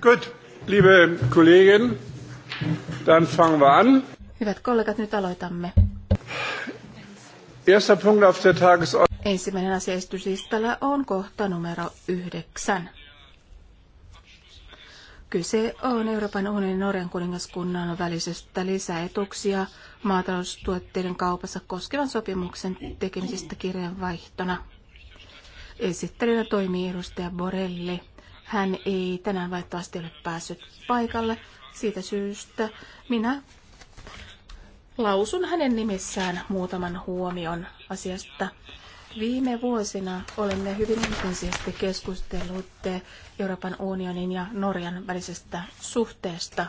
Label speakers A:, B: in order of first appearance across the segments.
A: Good. liebe Kollegen, dann fangen wir an.
B: Hyvät kollegat, nyt aloitamme.
A: Erster Punkt auf der Tagesordnung.
B: Ensimmäinen asia on kohta numero yhdeksän. Kyse on Euroopan unionin Norjan kuningaskunnan välisestä lisäetuksia maataloustuotteiden kaupassa koskevan sopimuksen tekemisestä kirjanvaihtona. Esittelijänä toimii edustaja Borelli. Hän ei tänään valitettavasti ole päässyt paikalle. Siitä syystä minä lausun hänen nimissään muutaman huomion asiasta. Viime vuosina olemme hyvin intensiivisesti keskustelleet Euroopan unionin ja Norjan välisestä suhteesta.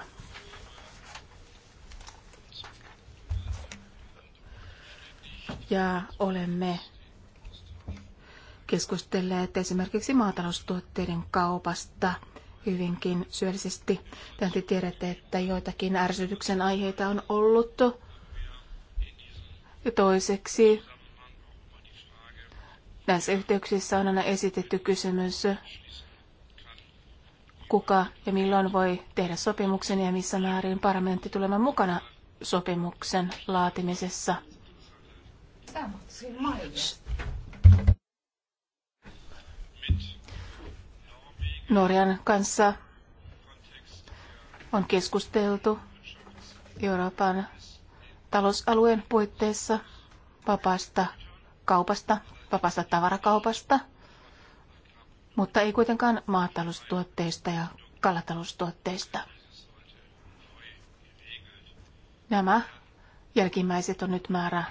B: Ja olemme keskustelleet esimerkiksi maataloustuotteiden kaupasta hyvinkin syöllisesti. Te tiedätte, että joitakin ärsytyksen aiheita on ollut. Ja toiseksi näissä yhteyksissä on aina esitetty kysymys, kuka ja milloin voi tehdä sopimuksen ja missä määrin parlamentti tulemaan mukana sopimuksen laatimisessa. Tämä Norjan kanssa on keskusteltu Euroopan talousalueen puitteissa vapaasta kaupasta, vapaasta tavarakaupasta, mutta ei kuitenkaan maataloustuotteista ja kalataloustuotteista. Nämä jälkimmäiset on nyt määrä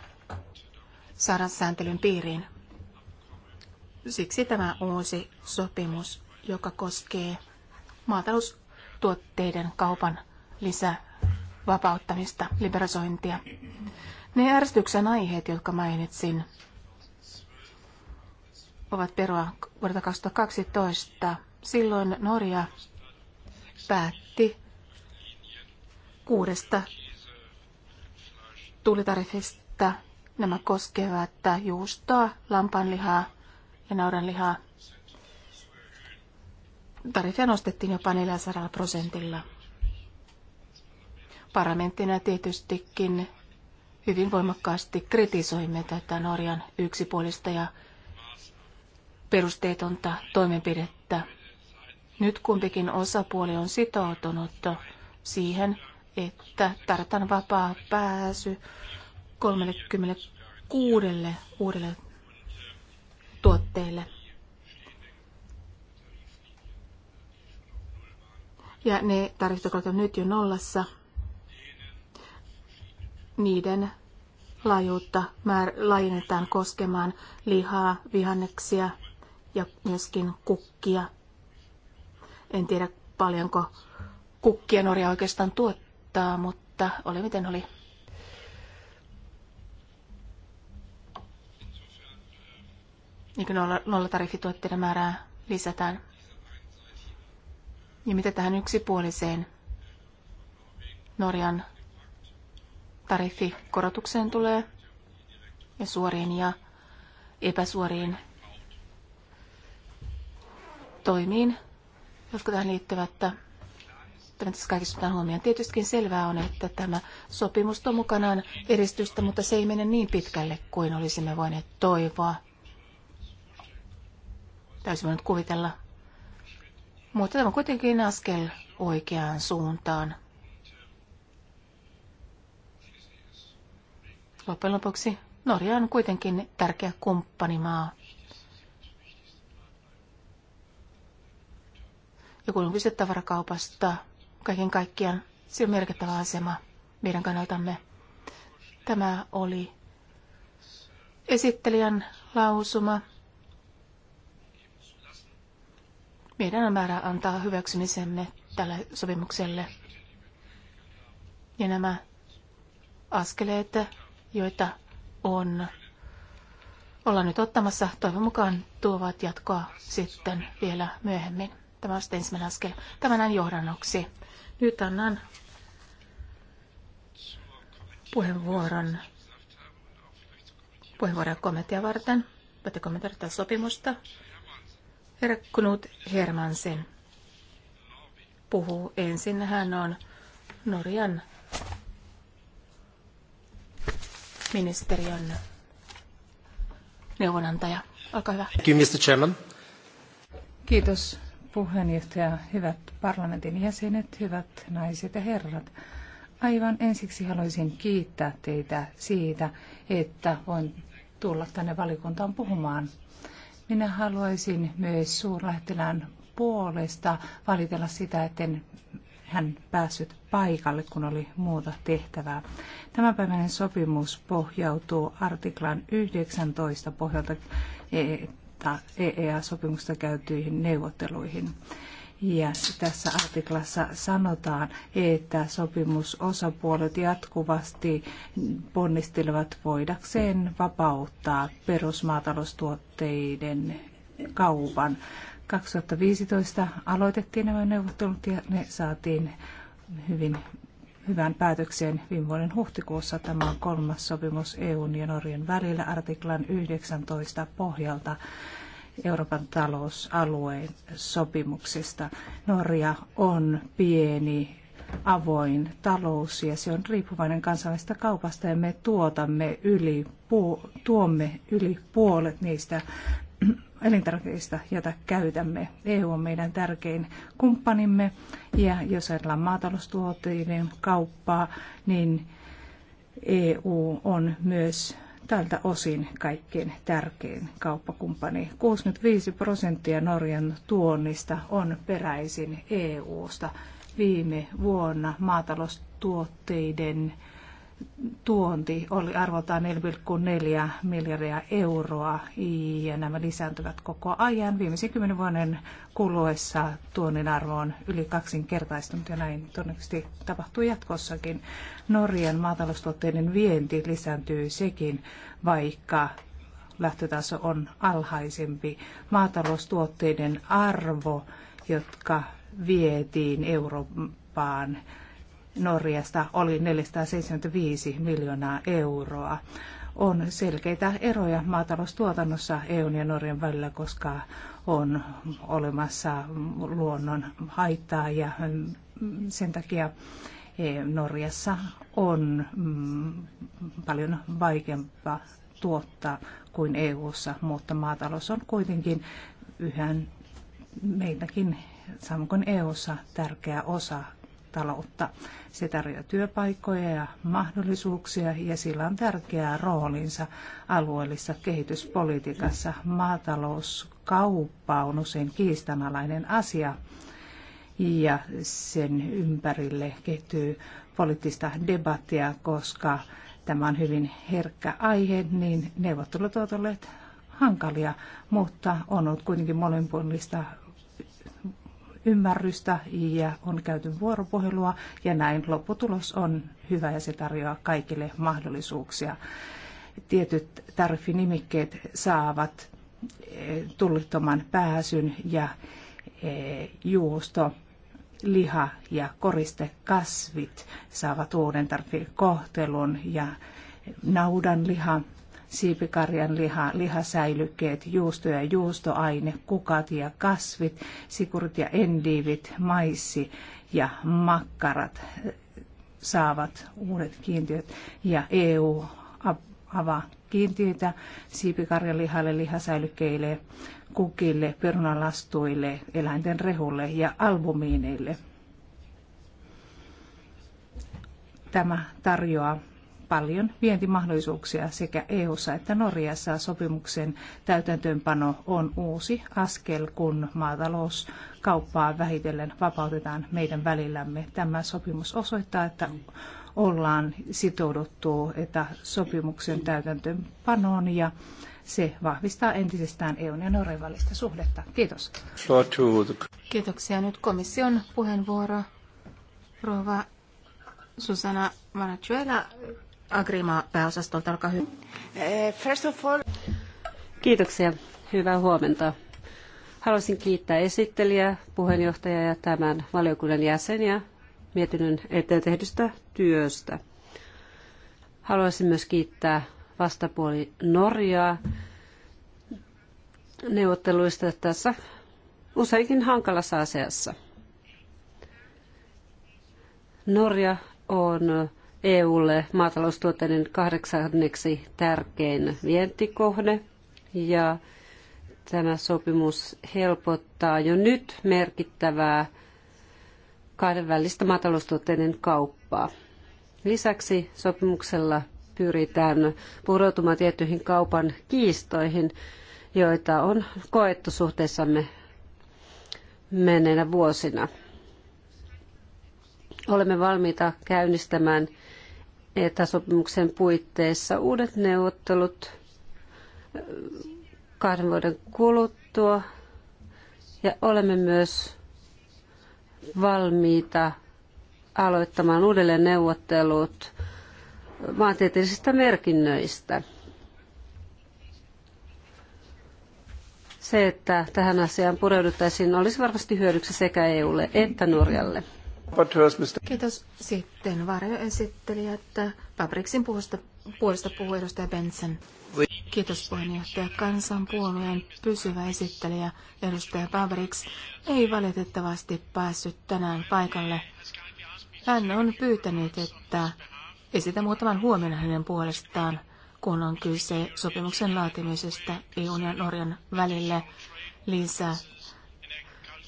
B: saada sääntelyn piiriin. Siksi tämä uusi sopimus joka koskee maataloustuotteiden kaupan lisävapauttamista, liberalisointia. Ne järjestyksen aiheet, jotka mainitsin, ovat perua vuodelta 2012. Silloin Norja päätti kuudesta tulitarifista. Nämä koskevat juustoa, lampanlihaa ja naudanlihaa tariffia nostettiin jopa 400 prosentilla. Parlamenttina tietystikin hyvin voimakkaasti kritisoimme tätä Norjan yksipuolista ja perusteetonta toimenpidettä. Nyt kumpikin osapuoli on sitoutunut siihen, että tartan vapaa pääsy 36 uudelle tuotteelle – ja ne tarkistukset ovat nyt jo nollassa. Niiden laajuutta määr, laajennetaan koskemaan lihaa, vihanneksia ja myöskin kukkia. En tiedä paljonko kukkia Norja oikeastaan tuottaa, mutta oli miten oli. Niin nolla, nollatariffituotteiden määrää lisätään ja mitä tähän yksipuoliseen Norjan tariffikorotukseen tulee ja suoriin ja epäsuoriin toimiin, jotka tähän liittyvät, että tämä tässä kaikessa otetaan huomioon. Tietystikin selvää on, että tämä sopimus on mukanaan edistystä, mutta se ei mene niin pitkälle kuin olisimme voineet toivoa. Täysin voinut kuvitella mutta tämä on kuitenkin askel oikeaan suuntaan. Loppujen lopuksi Norja on kuitenkin tärkeä kumppanimaa. Ja kun on kyse tavarakaupasta, kaiken kaikkiaan se on merkittävä asema meidän kannaltamme. Tämä oli esittelijän lausuma. Meidän on määrä antaa hyväksymisemme tälle sopimukselle. Ja nämä askeleet, joita on, ollaan nyt ottamassa, toivon mukaan tuovat jatkoa sitten vielä myöhemmin. Tämä on ensimmäinen askel. Tämä näin johdannoksi. Nyt annan puheenvuoron puheenvuoron kommenttia varten. Voitte kommentoida tätä sopimusta Herra Knut Hermansen puhuu ensin. Hän on Norjan ministeriön
C: neuvonantaja. Olkaa hyvä.
D: Thank you, Mr. Chairman.
C: Kiitos puheenjohtaja, hyvät parlamentin jäsenet, hyvät naiset ja herrat. Aivan ensiksi haluaisin kiittää teitä siitä, että voin tulla tänne valikuntaan puhumaan. Minä haluaisin myös suurlähettilään puolesta valitella sitä, en hän päässyt paikalle, kun oli muuta tehtävää. Tämänpäiväinen sopimus pohjautuu artiklan 19 pohjalta EEA-sopimuksesta e käytyihin neuvotteluihin. Ja tässä artiklassa sanotaan, että sopimusosapuolet jatkuvasti ponnistelevat voidakseen vapauttaa perusmaataloustuotteiden kaupan. 2015 aloitettiin nämä neuvottelut ja ne saatiin hyvin hyvään päätökseen viime vuoden huhtikuussa. Tämä on kolmas sopimus EUn ja Norjan välillä artiklan 19 pohjalta. Euroopan talousalueen sopimuksesta. Norja on pieni avoin talous ja se on riippuvainen kansainvälisestä kaupasta ja me tuotamme yli, tuomme yli puolet niistä elintarvikkeista, joita käytämme. EU on meidän tärkein kumppanimme ja jos ajatellaan maataloustuotteiden kauppaa, niin EU on myös tältä osin kaikkein tärkein kauppakumppani. 65 prosenttia Norjan tuonnista on peräisin EU-sta. Viime vuonna maataloustuotteiden tuonti oli arvoltaan 4,4 miljardia euroa ja nämä lisääntyvät koko ajan. Viimeisen kymmenen vuoden kuluessa tuonnin arvo on yli kaksinkertaistunut ja näin todennäköisesti tapahtuu jatkossakin. Norjan maataloustuotteiden vienti lisääntyy sekin, vaikka lähtötaso on alhaisempi. Maataloustuotteiden arvo, jotka vietiin Euroopan Norjasta oli 475 miljoonaa euroa. On selkeitä eroja maataloustuotannossa EUn ja Norjan välillä, koska on olemassa luonnon haittaa ja sen takia e, Norjassa on mm, paljon vaikeampaa tuottaa kuin EU:ssa, mutta maatalous on kuitenkin yhä meitäkin samoin kuin EU:ssa tärkeä osa taloutta. Se tarjoaa työpaikkoja ja mahdollisuuksia ja sillä on tärkeää roolinsa alueellisessa kehityspolitiikassa. Maatalouskauppa on usein kiistanalainen asia ja sen ympärille kehittyy poliittista debattia, koska tämä on hyvin herkkä aihe, niin neuvottelut ovat olleet hankalia, mutta on ollut kuitenkin molempuolista ymmärrystä ja on käyty vuoropuhelua ja näin lopputulos on hyvä ja se tarjoaa kaikille mahdollisuuksia. Tietyt tariffinimikkeet saavat eh, tullittoman pääsyn ja eh, juusto, liha ja koristekasvit saavat uuden tariffikohtelun ja naudanliha siipikarjan liha, lihasäilykkeet, juusto ja juustoaine, kukat ja kasvit, sikurit ja endiivit, maissi ja makkarat eh, saavat uudet kiintiöt ja EU avaa kiintiöitä siipikarjalihalle, lihasäilykkeille, kukille, perunalastuille, eläinten rehulle ja albumiineille. Tämä tarjoaa paljon vientimahdollisuuksia sekä EU:ssa että Norjassa. Sopimuksen täytäntöönpano on uusi askel, kun maatalouskauppaa vähitellen vapautetaan meidän välillämme. Tämä sopimus osoittaa, että ollaan sitouduttu että sopimuksen täytäntöönpanoon ja se vahvistaa entisestään EUn ja Norjan välistä suhdetta. Kiitos. Kiitoksia. Nyt komission puheenvuoro. Rova
D: Susanna
B: Marachuela
D: pääosastolta, olkaa hyvä.
B: Eh, first of all...
D: Kiitoksia. Hyvää huomenta. Haluaisin kiittää esittelijää, puheenjohtajaa ja tämän valiokunnan jäseniä mietinnön eteen tehdystä työstä. Haluaisin myös kiittää vastapuoli Norjaa neuvotteluista tässä useinkin hankalassa asiassa. Norja on EUlle maataloustuotteiden kahdeksanneksi tärkein vientikohde ja tämä sopimus helpottaa jo nyt merkittävää kahdenvälistä maataloustuotteiden kauppaa. Lisäksi sopimuksella pyritään pureutumaan tiettyihin kaupan kiistoihin, joita on koettu suhteessamme menneinä vuosina. Olemme valmiita käynnistämään ETA-sopimuksen puitteissa. Uudet neuvottelut kahden vuoden kuluttua ja olemme myös valmiita aloittamaan uudelleen neuvottelut maantieteellisistä merkinnöistä. Se, että tähän asiaan pureuduttaisiin, olisi varmasti hyödyksi sekä EUlle että Norjalle. Kiitos. Sitten
B: varjoesittelijä, että Pabriksin puolesta, puolesta puhuu edustaja Benson. Kiitos puheenjohtaja. Kansanpuolueen pysyvä esittelijä edustaja Pabriks ei valitettavasti päässyt tänään paikalle. Hän on pyytänyt, että esitä muutaman huomion hänen puolestaan, kun on kyse sopimuksen laatimisesta EUn ja Norjan välille lisää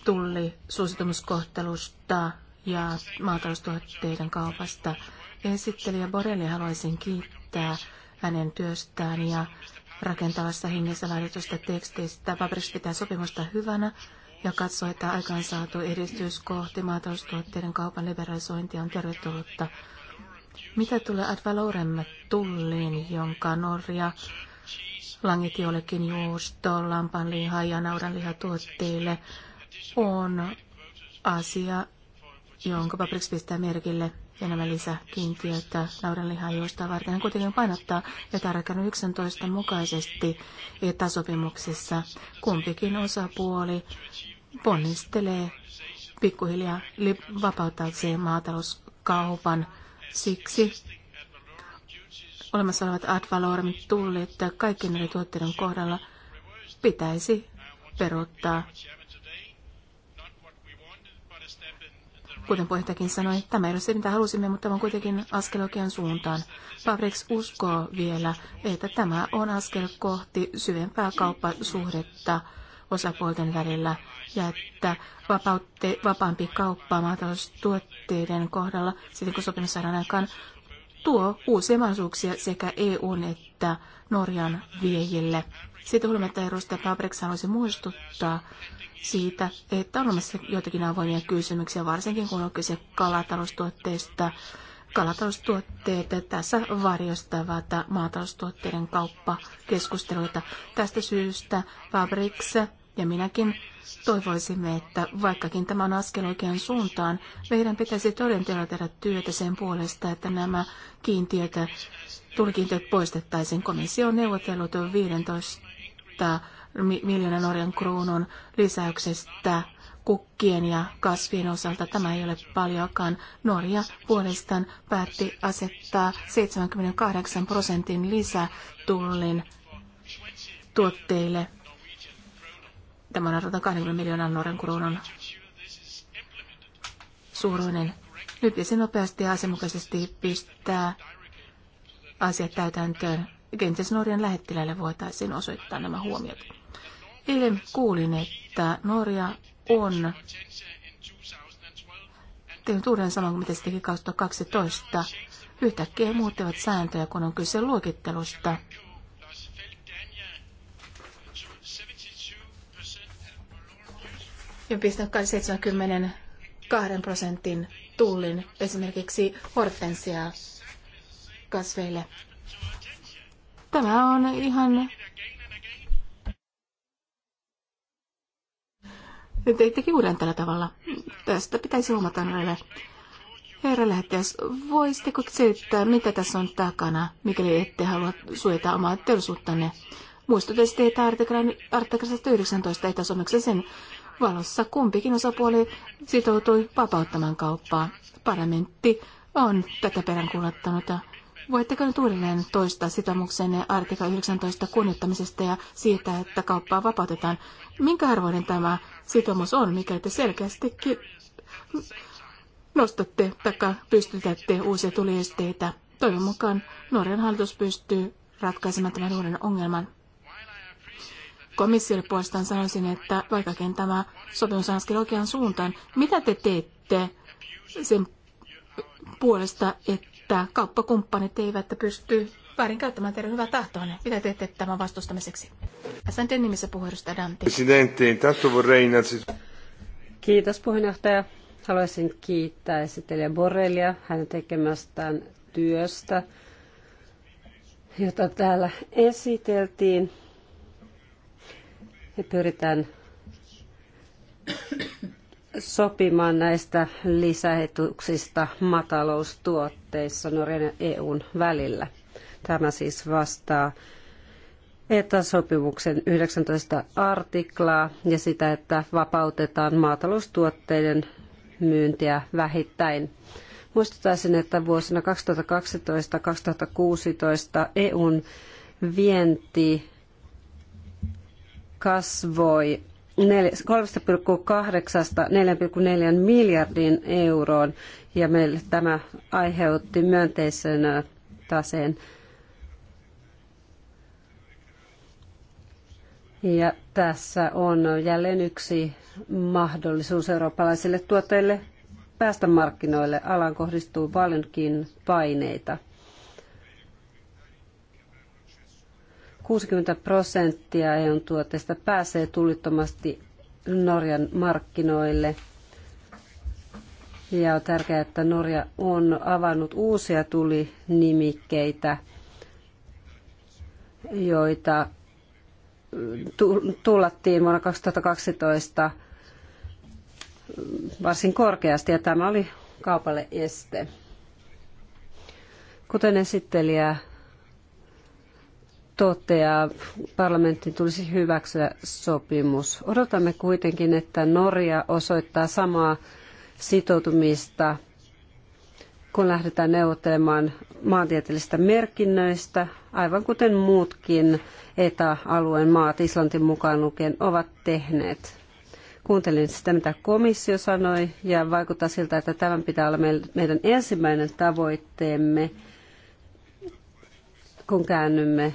B: tulli suositumuskohtelusta ja maataloustuotteiden kaupasta. Esittelijä Borelli haluaisin kiittää hänen työstään ja rakentavassa hengessä laaditusta tekstistä. Paperissa pitää sopimusta hyvänä ja katsoo, että aikaansaatu edistys kohti maataloustuotteiden kaupan liberalisointia on tervetullutta. Mitä tulee Advaloremme tulliin, jonka Norja jollekin juusto, lampanliha ja naudanliha tuotteille on asia, jonka Paprix pistää merkille ja nämä lisäkiintiöt naudanlihaa, joista varten hän kuitenkin painottaa ja tarkan 19 mukaisesti etäsopimuksessa kumpikin osapuoli ponnistelee pikkuhiljaa vapauttaakseen maatalouskaupan. Siksi olemassa olevat ad valorem tullit kaikkien eri tuotteiden kohdalla pitäisi peruuttaa Kuten puheenjohtajakin sanoi, tämä ei ole se, mitä halusimme, mutta on kuitenkin askel oikean suuntaan. Pavrix uskoo vielä, että tämä on askel kohti syvempää kauppasuhdetta osapuolten välillä ja että vapautte, vapaampi kauppa maataloustuotteiden kohdalla, sitten kun sopimus saadaan aikaan, tuo uusia mahdollisuuksia sekä EUn että Norjan viejille siitä huolimatta edustaja Pabrek sanoisi muistuttaa siitä, että on olemassa joitakin avoimia kysymyksiä, varsinkin kun on kyse kalataloustuotteista. Kalataloustuotteet tässä varjostavat maataloustuotteiden kauppakeskusteluita. Tästä syystä Fabriks ja minäkin toivoisimme, että vaikkakin tämä on askel oikeaan suuntaan, meidän pitäisi todentella tehdä työtä sen puolesta, että nämä kiintiöt, tulikiintiöt poistettaisiin. Komissio on neuvotellut 15 päättää miljoonan orjan kruunun lisäyksestä kukkien ja kasvien osalta. Tämä ei ole paljonkaan. Norja puolestaan päätti asettaa 78 prosentin lisätullin tuotteille. Tämä on arvota 20 miljoonan norjan kruunun suuruinen. Nyt se nopeasti ja asianmukaisesti pistää asiat täytäntöön ja kenties Norjan lähettiläille voitaisiin osoittaa nämä huomiot. Eilen kuulin, että Norja on tehnyt uuden saman kuin mitä se teki 2012. Yhtäkkiä he muuttivat sääntöjä, kun on kyse luokittelusta. Ja pistän 72 prosentin tullin esimerkiksi hortensia kasveille. Tämä on ihan... Te teki uuden tällä tavalla. Tästä pitäisi huomata näille. Herra lähettäjäs, voisitteko selittää, mitä tässä on takana, mikäli ette halua suojata omaa teollisuuttanne? Muistuttaisi teitä artiklasta 19 etäsomeksen sen valossa kumpikin osapuoli sitoutui vapauttamaan kauppaa. Parlamentti on tätä peräänkuulattanut Voitteko nyt uudelleen toistaa sitoumuksenne artikla 19 kunnioittamisesta ja siitä, että kauppaa vapautetaan? Minkä arvoinen tämä sitoumus on, mikä te selkeästikin nostatte tai pystytätte uusia tuliesteitä? Toivon mukaan Norjan hallitus pystyy ratkaisemaan tämän uuden ongelman. Komissiolle puolestaan sanoisin, että vaikkakin tämä sopimus on askel oikeaan suuntaan, mitä te teette sen puolesta, että että kauppakumppanit eivät pysty väärin käyttämään teidän hyvää tahtoanne. Mitä teette tämän vastustamiseksi?
D: SNT nimissä puheenjohtaja Dantti.
A: Presidente, intanto vorrei
D: Kiitos puheenjohtaja. Haluaisin kiittää esittelijä Borrelia hänen tekemästään työstä, jota täällä esiteltiin. Ja pyritään sopimaan näistä lisäetuksista mataloustuotteissa Norjan ja EUn välillä. Tämä siis vastaa ETA-sopimuksen 19 artiklaa ja sitä, että vapautetaan maataloustuotteiden myyntiä vähittäin. Muistuttaisin, että vuosina 2012-2016 EUn vienti kasvoi 4,4 miljardin euroon ja meille tämä aiheutti myönteisen äh, taseen. Ja tässä on jälleen yksi mahdollisuus eurooppalaisille tuotteille päästä markkinoille. Alan kohdistuu paljonkin paineita. 60 prosenttia EUn tuotteista pääsee tulittomasti Norjan markkinoille. Ja on tärkeää, että Norja on avannut uusia tulinimikkeitä, joita tullattiin vuonna 2012 varsin korkeasti ja tämä oli kaupalle este. Kuten esittelijä toteaa, parlamentin tulisi hyväksyä sopimus. Odotamme kuitenkin, että Norja osoittaa samaa sitoutumista, kun lähdetään neuvottelemaan maantieteellisistä merkinnöistä, aivan kuten muutkin etäalueen maat Islantin mukaan lukien ovat tehneet. Kuuntelin sitä, mitä komissio sanoi, ja vaikuttaa siltä, että tämän pitää olla meidän ensimmäinen tavoitteemme kun käännymme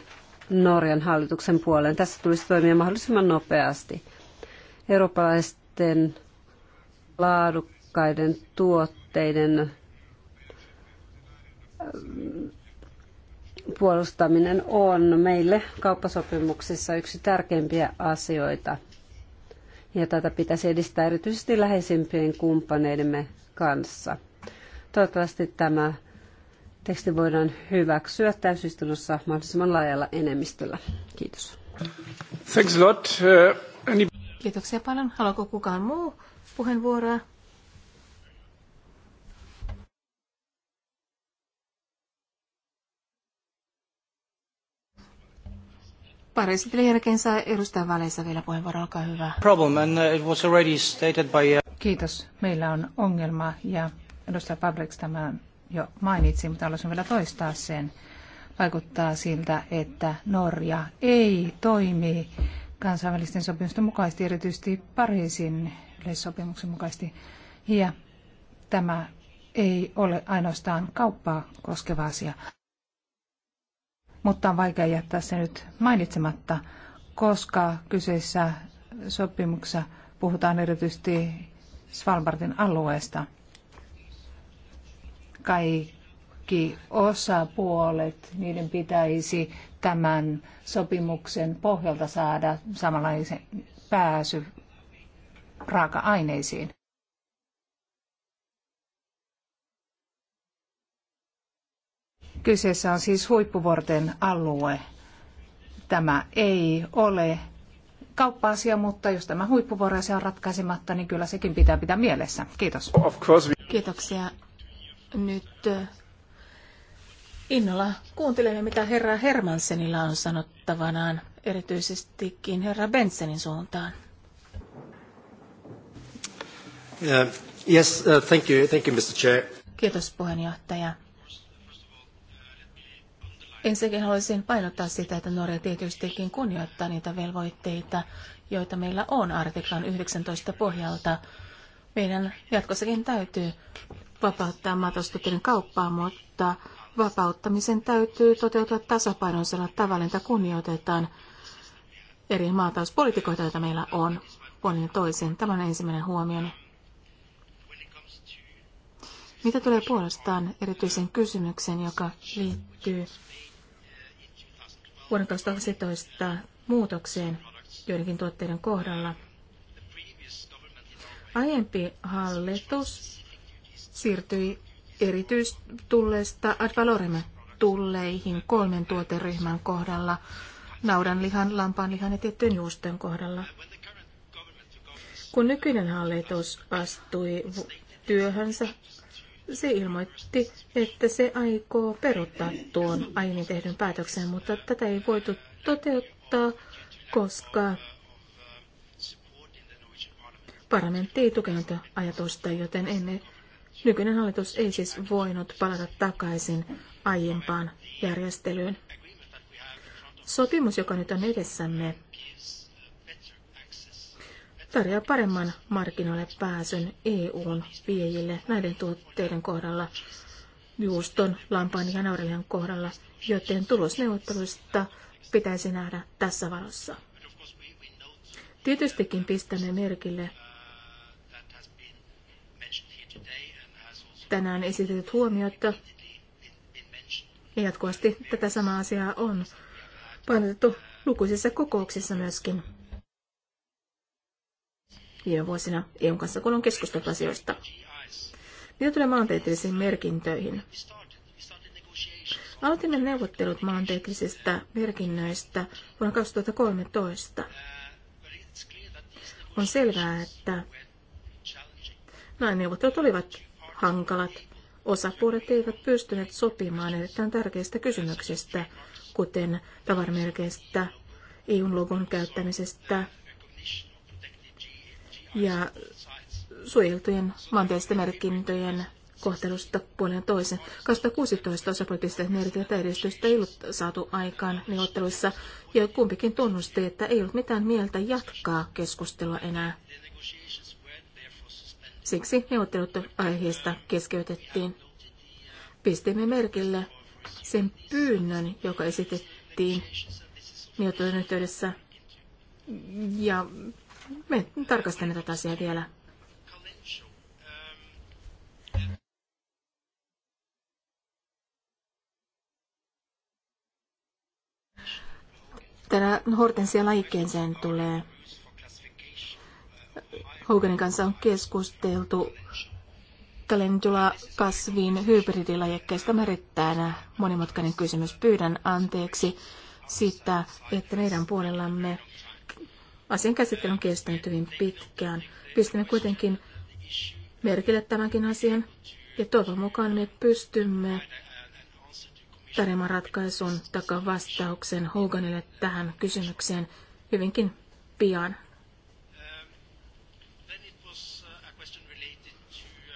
D: Norjan hallituksen puoleen. Tässä tulisi toimia mahdollisimman nopeasti. Eurooppalaisten laadukkaiden tuotteiden ähm, puolustaminen on meille kauppasopimuksissa yksi tärkeimpiä asioita. Ja tätä pitäisi edistää erityisesti läheisimpien kumppaneidemme kanssa. Toivottavasti tämä teksti voidaan hyväksyä täysistunnossa mahdollisimman laajalla enemmistöllä. Kiitos.
A: Thanks a lot. Uh,
D: any... Kiitoksia paljon. Haluaako kukaan muu
B: puheenvuoroa?
C: Parisittelyn jälkeen saa edustaja Väleissä vielä puheenvuoro, olkaa hyvä.
A: Problem and uh, it was already stated by...
C: Uh- Kiitos. Meillä on ongelma ja edustaja Pabriks tämän jo mainitsin, mutta haluaisin vielä toistaa sen. Vaikuttaa siltä, että Norja ei toimi kansainvälisten sopimusten mukaisesti, erityisesti Pariisin yleissopimuksen mukaisesti. Ja tämä ei ole ainoastaan kauppaa koskeva asia. Mutta on vaikea jättää se nyt mainitsematta, koska kyseessä sopimuksessa puhutaan erityisesti Svalbardin alueesta – kaikki osapuolet, niiden pitäisi tämän sopimuksen pohjalta saada samanlaisen pääsy raaka-aineisiin. Kyseessä on siis huippuvuorten alue. Tämä ei ole kauppa-asia, mutta jos tämä huippuvuoro on ratkaisematta, niin kyllä sekin pitää pitää mielessä. Kiitos. Kiitoksia nyt äh,
B: innolla kuuntelemme, mitä herra Hermansenilla on sanottavanaan, erityisestikin herra Bensenin suuntaan.
A: Uh, yes, uh, thank you, thank you, Mr. Chair.
B: Kiitos puheenjohtaja. Ensinnäkin haluaisin painottaa sitä, että Norja tietystikin kunnioittaa niitä velvoitteita, joita meillä on artiklan 19 pohjalta. Meidän jatkossakin täytyy vapauttaa maataloustuotteiden kauppaa, mutta vapauttamisen täytyy toteutua tasapainoisella tavalla, että kunnioitetaan eri maatauspolitiikoita, joita meillä on puolin toisen. Tämä on ensimmäinen huomioni. Mitä tulee puolestaan erityisen kysymyksen, joka liittyy vuonna 2017 muutokseen joidenkin tuotteiden kohdalla. Aiempi hallitus siirtyi erityistulleista ad valorem tulleihin kolmen tuoteryhmän kohdalla, naudanlihan, lampaanlihan ja tiettyjen juusten kohdalla. Kun nykyinen hallitus astui työhönsä, se ilmoitti, että se aikoo peruttaa tuon aiemmin tehdyn päätöksen, mutta tätä ei voitu toteuttaa, koska parlamentti ei tukenut ajatusta, joten ennen Nykyinen hallitus ei siis voinut palata takaisin aiempaan järjestelyyn. Sopimus, joka nyt on edessämme, tarjoaa paremman markkinoille pääsyn EUn viejille näiden tuotteiden kohdalla, juuston, lampaan ja naurelihan kohdalla, joten tulosneuvotteluista pitäisi nähdä tässä valossa. Tietystikin pistämme merkille tänään esitetyt huomiot. Ja jatkuvasti tätä samaa asiaa on painotettu lukuisissa kokouksissa myöskin viime vuosina EUn kanssa, kun on keskusteltu asioista. Mitä tulee maantieteellisiin merkintöihin? Aloitimme neuvottelut maantieteellisistä merkinnöistä vuonna 2013. On selvää, että nämä neuvottelut olivat hankalat. Osapuolet eivät pystyneet sopimaan erittäin tärkeistä kysymyksistä, kuten tavarmerkeistä, EUn logon käyttämisestä ja suojeltujen maanteisten merkintöjen kohtelusta puolen toisen. 2016 osapuolista merkintä edistystä ei ollut saatu aikaan neuvotteluissa, ja kumpikin tunnusti, että ei ollut mitään mieltä jatkaa keskustelua enää. Siksi neuvottelut aiheesta keskeytettiin. Pistimme merkille sen pyynnön, joka esitettiin neuvottelun yhteydessä. Ja me tarkastamme tätä asiaa vielä. Tänä hortensia laikkeeseen tulee Hoganin kanssa on keskusteltu Calendula kasvin hybridilajekkeesta. Tämä monimutkainen kysymys. Pyydän anteeksi sitä, että meidän puolellamme asian käsittely on kestänyt hyvin pitkään. Pistämme kuitenkin merkille tämänkin asian ja toivon mukaan me pystymme tarjoamaan ratkaisun takavastauksen Hoganille tähän kysymykseen hyvinkin pian.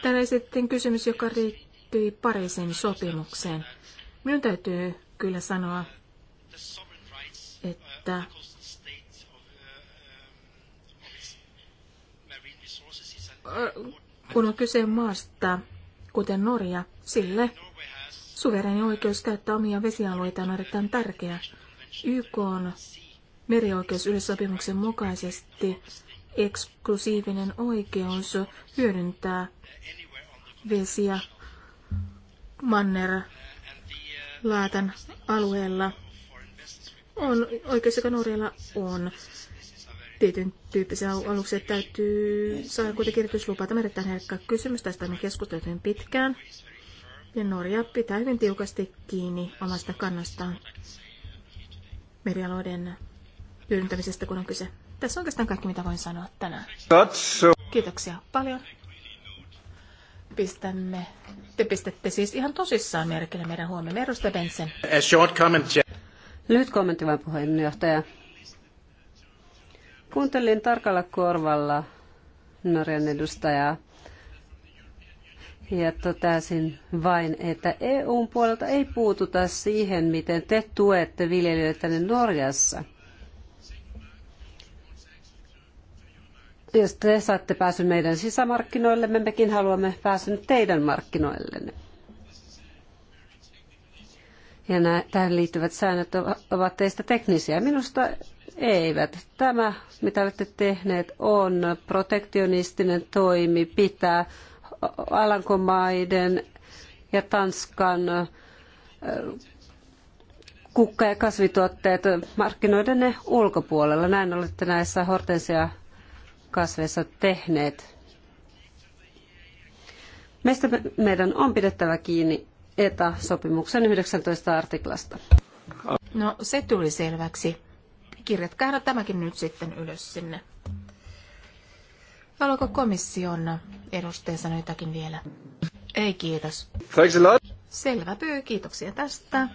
B: Täällä esitettiin kysymys, joka liittyi Pariisin sopimukseen. Minun täytyy kyllä sanoa, että kun on kyse maasta, kuten Norja, sille suvereni oikeus käyttää omia vesialueita on erittäin tärkeä. YK on merioikeusyleissopimuksen mukaisesti eksklusiivinen oikeus hyödyntää vesiä manner laatan alueella on oikeus, joka Norjalla on. Tietyn tyyppisiä aluksia täytyy saada kuitenkin kirjoituslupaa. Tämä on erittäin herkkä kysymys. Tästä me keskusteltiin pitkään. Ja Norja pitää hyvin tiukasti kiinni omasta kannastaan merialoiden hyödyntämisestä, kun on kyse. Tässä on oikeastaan kaikki, mitä voin sanoa tänään. Kiitoksia paljon. Pistämme. Te pistätte siis ihan tosissaan merkille meidän
D: huomioon. Merusta Benson. Lyhyt kommentti vain puheenjohtaja. Kuuntelin tarkalla korvalla Norjan edustajaa ja totesin vain, että EUn puolelta ei puututa siihen, miten te tuette viljelijöitä Norjassa – jos te saatte pääsyn meidän sisämarkkinoillemme, mekin haluamme pääsyn teidän markkinoillenne. Ja nämä, tähän liittyvät säännöt ovat teistä teknisiä. Minusta eivät. Tämä, mitä olette tehneet, on protektionistinen toimi pitää Alankomaiden ja Tanskan kukka- ja kasvituotteet markkinoiden ulkopuolella. Näin olette näissä hortensia kasveissa tehneet. Meistä meidän on pidettävä kiinni ETA-sopimuksen 19 artiklasta. No se tuli selväksi. Kirjatkaa
B: tämäkin nyt sitten ylös sinne. Haluaako komission edustaja sanoa jotakin vielä? Ei kiitos. Thanks a lot. Selvä pyy, kiitoksia tästä.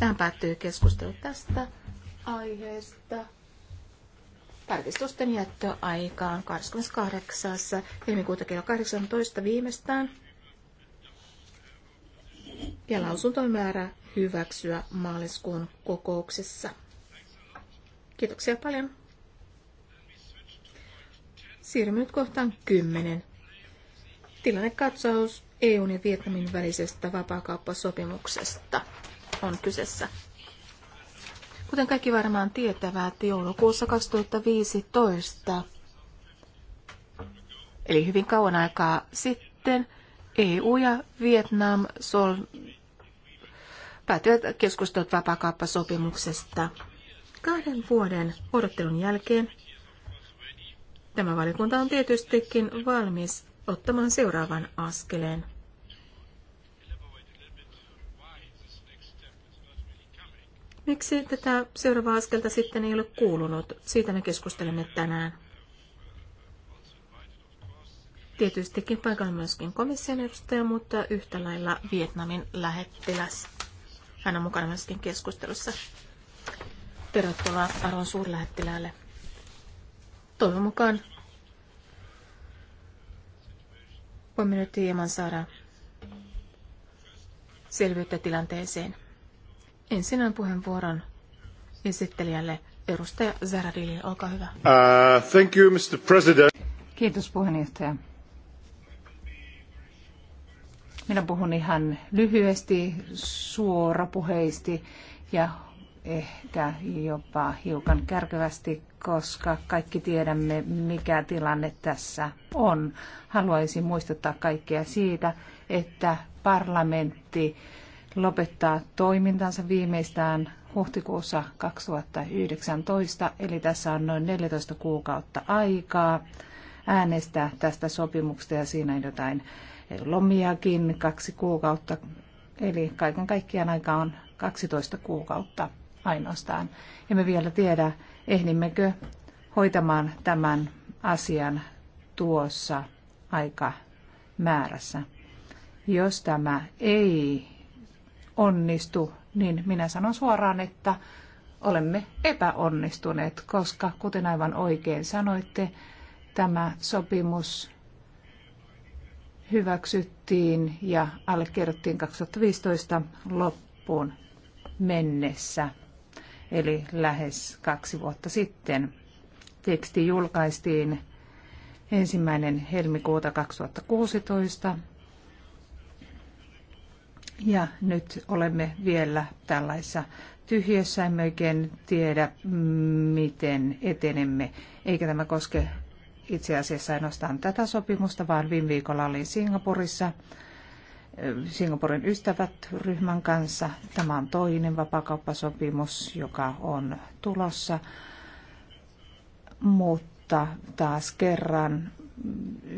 B: Tähän päättyy keskustelu tästä aiheesta. Tarkistusten jättöaikaan 28. helmikuuta kello 18 viimeistään. Ja lausunto on määrä hyväksyä maaliskuun kokouksessa. Kiitoksia paljon. Siirrymme nyt kohtaan 10. Tilannekatsaus EUn ja Vietnamin välisestä vapaakauppasopimuksesta on kyseessä. Kuten kaikki varmaan tietävät, joulukuussa 2015, eli hyvin kauan aikaa sitten, EU ja Vietnam sol päätyivät keskustelut vapaakauppasopimuksesta. Kahden vuoden odottelun jälkeen tämä valikunta on tietystikin valmis ottamaan seuraavan askeleen. Miksi tätä seuraavaa askelta sitten ei ole kuulunut? Siitä me keskustelemme tänään. Tietystikin paikalla myöskin komission edustaja, mutta yhtä lailla Vietnamin lähettiläs. Hän on mukana myöskin keskustelussa. Tervetuloa Aron suurlähettiläälle. Toivon mukaan voimme nyt hieman saada selvyyttä tilanteeseen. Ensin on puheenvuoron esittelijälle edustaja
C: Zaradili, olkaa hyvä.
A: Uh, thank you, Mr. President.
C: Kiitos puheenjohtaja. Minä puhun ihan lyhyesti, suorapuheisesti ja ehkä jopa hiukan kärkevästi, koska kaikki tiedämme, mikä tilanne tässä on. Haluaisin muistuttaa kaikkia siitä, että parlamentti lopettaa toimintansa viimeistään huhtikuussa 2019, eli tässä on noin 14 kuukautta aikaa äänestää tästä sopimuksesta ja siinä on jotain lomiakin kaksi kuukautta, eli kaiken kaikkiaan aika on 12 kuukautta ainoastaan. Emme vielä tiedä, ehdimmekö hoitamaan tämän asian tuossa aikamäärässä. Jos tämä ei onnistu, niin minä sanon suoraan, että olemme epäonnistuneet, koska kuten aivan oikein sanoitte, tämä sopimus hyväksyttiin ja allekirjoittiin 2015 loppuun mennessä, eli lähes kaksi vuotta sitten. Teksti julkaistiin ensimmäinen helmikuuta 2016 ja nyt olemme vielä tällaisessa tyhjössä, emme oikein tiedä, miten etenemme. Eikä tämä koske itse asiassa ainoastaan tätä sopimusta, vaan viime viikolla olin Singapurissa Singaporen ystävät-ryhmän kanssa. Tämä on toinen vapakauppasopimus, joka on tulossa, mutta taas kerran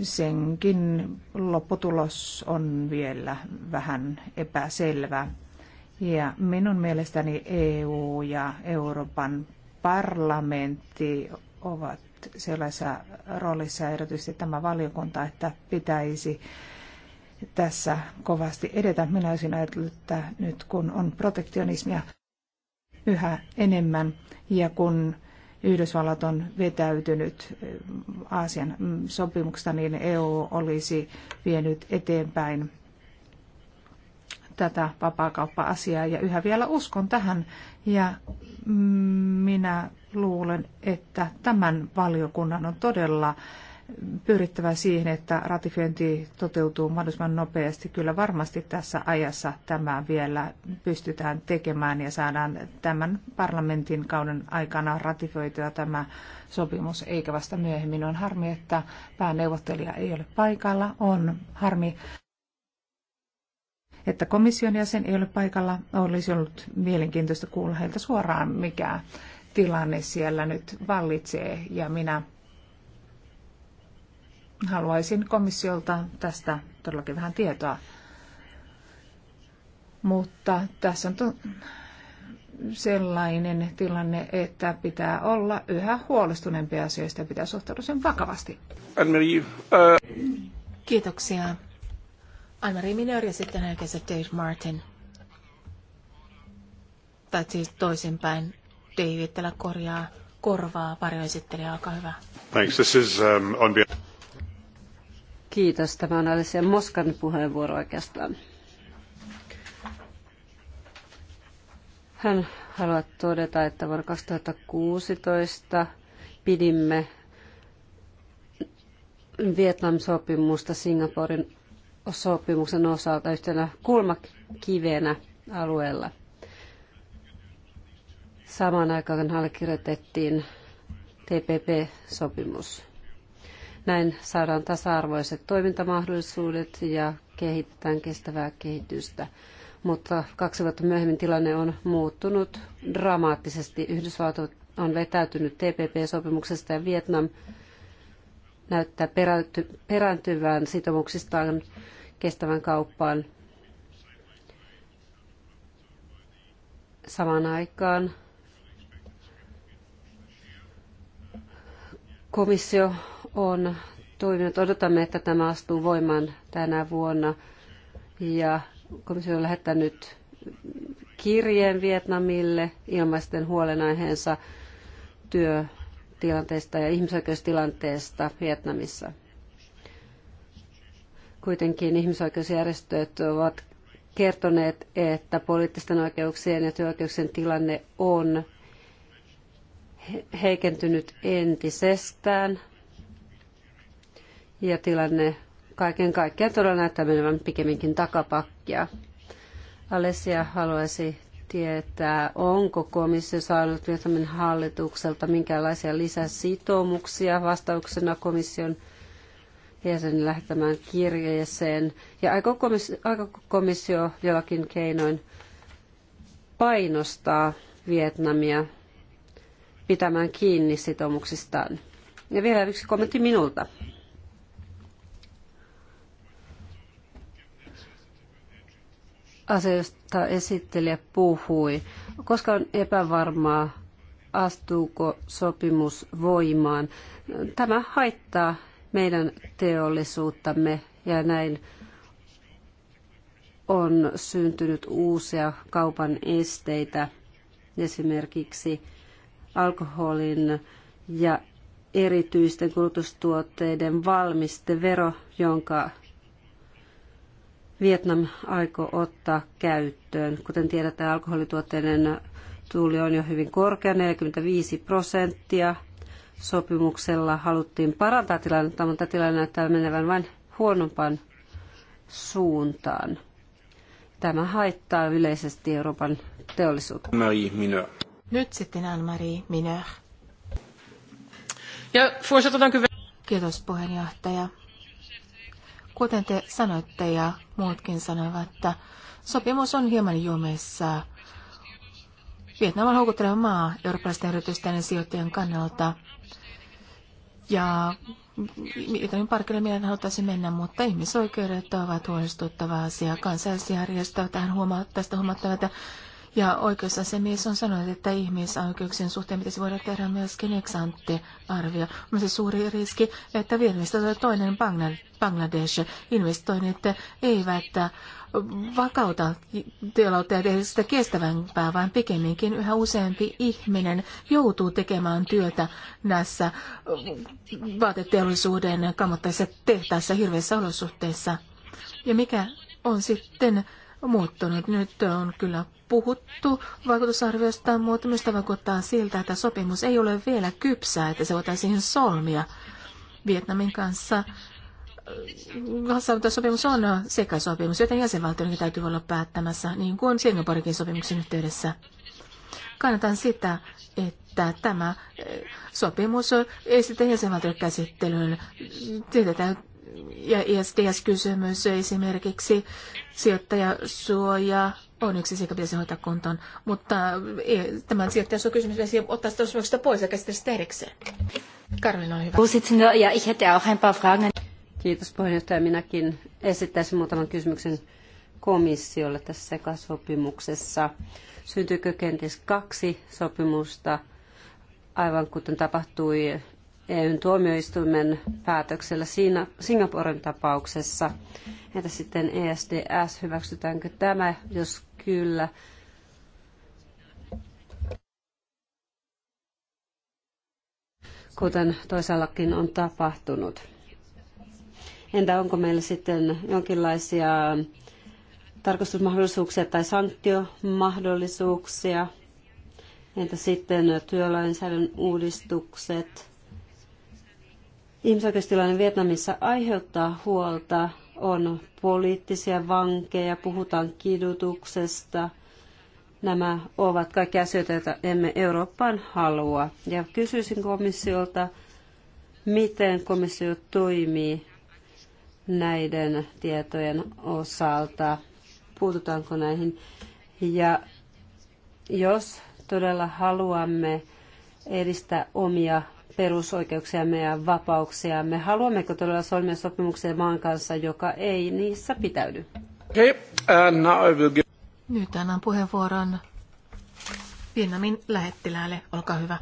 C: senkin lopputulos on vielä vähän epäselvä. Ja minun mielestäni EU ja Euroopan parlamentti ovat sellaisessa roolissa, erityisesti tämä valiokunta, että pitäisi tässä kovasti edetä. Minä olisin ajatellut, että nyt kun on protektionismia yhä enemmän ja kun Yhdysvallat on vetäytynyt eh, Aasian mm, sopimuksesta, niin EU olisi vienyt eteenpäin tätä vapaakauppa-asiaa ja yhä vielä uskon tähän ja mm, minä luulen, että tämän valiokunnan on todella pyrittävä siihen, että ratifiointi toteutuu mahdollisimman nopeasti. Kyllä varmasti tässä ajassa tämä vielä pystytään tekemään ja saadaan tämän parlamentin kauden aikana ratifioitua tämä sopimus, eikä vasta myöhemmin. On harmi, että pääneuvottelija ei ole paikalla. On harmi että komission jäsen ei ole paikalla. Olisi ollut mielenkiintoista kuulla heiltä suoraan, mikä tilanne siellä nyt vallitsee. Ja minä Haluaisin komissiolta tästä todellakin vähän tietoa. Mutta tässä on sellainen tilanne, että pitää olla yhä huolestuneempia asioista ja pitää suhtautua sen vakavasti.
A: Äh.
B: Kiitoksia. anna Minör ja sitten hänessä Dave Martin. Tai siis toisinpäin. David tällä korjaa
D: korvaa varjoesittelijä, olkaa hyvä.
A: Thanks, this is um, on
D: Kiitos. Tämä on Alicia Moskan puheenvuoro oikeastaan. Hän haluaa todeta, että vuonna 2016 pidimme Vietnam-sopimusta Singaporen sopimuksen osalta yhtenä kulmakivenä alueella. Samaan aikaan allekirjoitettiin TPP-sopimus. Näin saadaan tasa-arvoiset toimintamahdollisuudet ja kehitetään kestävää kehitystä. Mutta kaksi vuotta myöhemmin tilanne on muuttunut dramaattisesti. Yhdysvallat on vetäytynyt TPP-sopimuksesta ja Vietnam näyttää peräyty, perääntyvän sitoumuksistaan kestävän kauppaan samaan aikaan. Komissio on toiminut. Odotamme, että tämä astuu voimaan tänä vuonna. Ja komissio on lähettänyt kirjeen Vietnamille ilmaisten huolenaiheensa työtilanteesta ja ihmisoikeustilanteesta Vietnamissa. Kuitenkin ihmisoikeusjärjestöt ovat kertoneet, että poliittisten oikeuksien ja työoikeuksien tilanne on heikentynyt entisestään – ja tilanne kaiken kaikkiaan todella näyttää menevän pikemminkin takapakkia. Alessia haluaisi tietää, onko komissio saanut Vietnamin hallitukselta minkälaisia lisäsitoumuksia vastauksena komission jäsenen lähettämään kirjeeseen. Ja aikooko komissio, komissio jollakin keinoin painostaa Vietnamia pitämään kiinni sitoumuksistaan? Ja vielä yksi kommentti minulta. asioista esittelijä puhui. Koska on epävarmaa, astuuko sopimus voimaan. Tämä haittaa meidän teollisuuttamme ja näin on syntynyt uusia kaupan esteitä, esimerkiksi alkoholin ja erityisten kulutustuotteiden valmistevero, jonka Vietnam aikoo ottaa käyttöön. Kuten tiedetään, alkoholituotteiden tuuli on jo hyvin korkea, 45 prosenttia. Sopimuksella haluttiin parantaa tilannetta, mutta tilanne näyttää menevän vain huonompaan suuntaan. Tämä haittaa yleisesti Euroopan teollisuutta. Marie Nyt sitten Anne-Marie Mineur.
B: Ja, Kiitos puheenjohtaja. Kuten te sanoitte ja muutkin sanoivat, että sopimus on hieman jumessa. Vietnam on houkutteleva maa eurooppalaisten yritysten ja sijoittajien kannalta. Ja Vietnamin parkille mielen haluaisi mennä, mutta ihmisoikeudet ovat huolestuttava asia. Kansallisjärjestö tähän huoma- tästä huomattavat, että ja oikeusasiamies on sanonut, että ihmisoikeuksien suhteen pitäisi voida tehdä myöskin ante arvio On se suuri riski, että Vietnamista tulee toinen Bangladesh. Investoinnit eivät vakauta työlautta ja tehdä sitä kestävämpää, vaan pikemminkin yhä useampi ihminen joutuu tekemään työtä näissä vaateteollisuuden kamottaisissa tehtaissa hirveissä olosuhteissa. Ja mikä on sitten muuttunut? Nyt on kyllä puhuttu vaikutusarviosta, mutta minusta vaikuttaa siltä, että sopimus ei ole vielä kypsää, että se voitaisiin solmia Vietnamin kanssa. Äh, sopimus on sopimus joten jäsenvaltioiden täytyy olla päättämässä, niin kuin Singaporekin sopimuksen yhteydessä. Kannatan sitä, että tämä äh, sopimus ei sitten jäsenvaltioiden käsittelyyn. ja ISDS-kysymys esimerkiksi sijoittajasuoja, on yksi sekä pitäisi hoitaa kuntoon, mutta eh, tämän sijoittajan kysymys pitäisi ottaa sitä pois ja käsitellä sitä erikseen. Karolina, ole
D: hyvä. ja ich hätte auch ein paar Fragen. Kiitos puheenjohtaja. Minäkin esittäisin muutaman kysymyksen komissiolle tässä sekasopimuksessa. Syntyykö kenties kaksi sopimusta, aivan kuten tapahtui EUn tuomioistuimen päätöksellä siinä Singaporen tapauksessa. Entä sitten ESDS, hyväksytäänkö tämä, jos kyllä? Kuten toisaallakin on tapahtunut. Entä onko meillä sitten jonkinlaisia tarkastusmahdollisuuksia tai sanktiomahdollisuuksia? Entä sitten työlainsäädännön uudistukset? Ihmisoikeustilanne Vietnamissa aiheuttaa huolta, on poliittisia vankeja, puhutaan kidutuksesta. Nämä ovat kaikki asioita, joita emme Eurooppaan halua. Ja kysyisin komissiolta, miten komissio toimii näiden tietojen osalta, puututaanko näihin. Ja jos todella haluamme edistää omia perusoikeuksiamme ja vapauksiamme. Haluammeko todella solmia sopimuksia maan kanssa, joka ei niissä pitäydy?
A: Okay, uh, give...
D: Nyt annan
B: puheenvuoron Vietnamin lähettiläälle. Olkaa hyvä.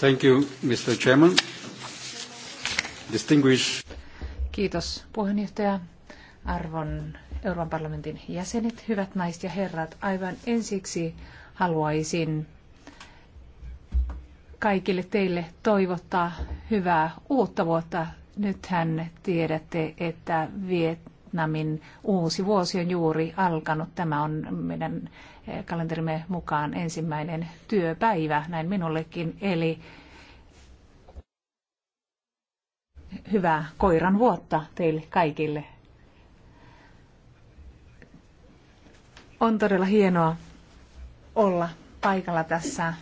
A: Thank you, Mr. Chairman. Distinguished...
C: Kiitos puheenjohtaja. Arvon Euroopan parlamentin jäsenet, hyvät naiset ja herrat, aivan ensiksi haluaisin kaikille teille toivottaa hyvää uutta vuotta. Nythän tiedätte, että Vietnamin uusi vuosi on juuri alkanut. Tämä on meidän eh, kalenterimme mukaan ensimmäinen työpäivä, näin minullekin. Eli hyvää koiran vuotta teille kaikille. On todella hienoa olla paikalla tässä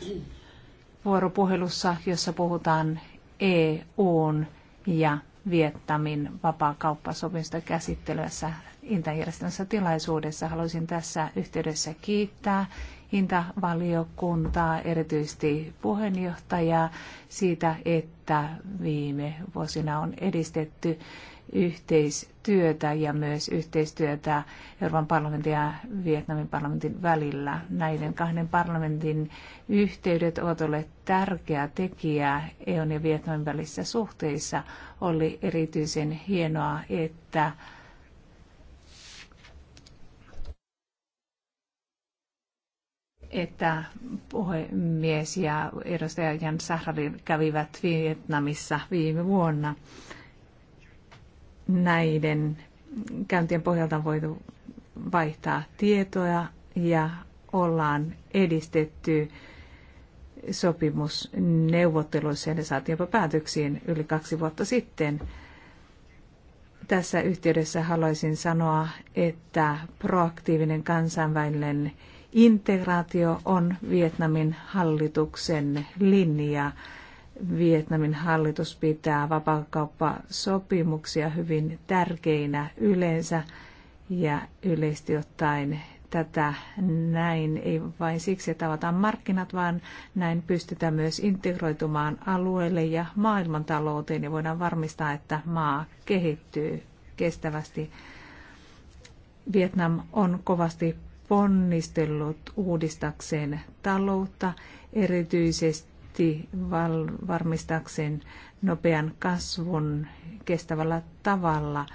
C: vuoropuhelussa, jossa puhutaan EUn ja Viettamin vapaakauppasopimusta käsittelevässä Intajärjestelmässä tilaisuudessa. Haluaisin tässä yhteydessä kiittää Intavaliokuntaa, erityisesti puheenjohtajaa, siitä, että viime vuosina on edistetty yhteistyötä ja myös yhteistyötä Euroopan parlamentin ja Vietnamin parlamentin välillä. Näiden kahden parlamentin yhteydet ovat olleet tärkeä tekijä EUn ja Vietnamin välissä suhteissa. Oli erityisen hienoa, että että puhemies ja edustaja Jan Sahradin kävivät Vietnamissa viime vuonna näiden käyntien pohjalta on voitu vaihtaa tietoja ja ollaan edistetty sopimusneuvotteluissa ja ne saatiin jopa päätöksiin yli kaksi vuotta sitten. Tässä yhteydessä haluaisin sanoa, että proaktiivinen kansainvälinen integraatio on Vietnamin hallituksen linja Vietnamin hallitus pitää vapaakauppasopimuksia hyvin tärkeinä yleensä ja yleisesti ottaen tätä näin, ei vain siksi, että avataan markkinat, vaan näin pystytään myös integroitumaan alueelle ja maailmantalouteen ja voidaan varmistaa, että maa kehittyy kestävästi. Vietnam on kovasti ponnistellut uudistakseen taloutta, erityisesti budjetti val- varmistaakseen nopean kasvun kestävällä tavalla.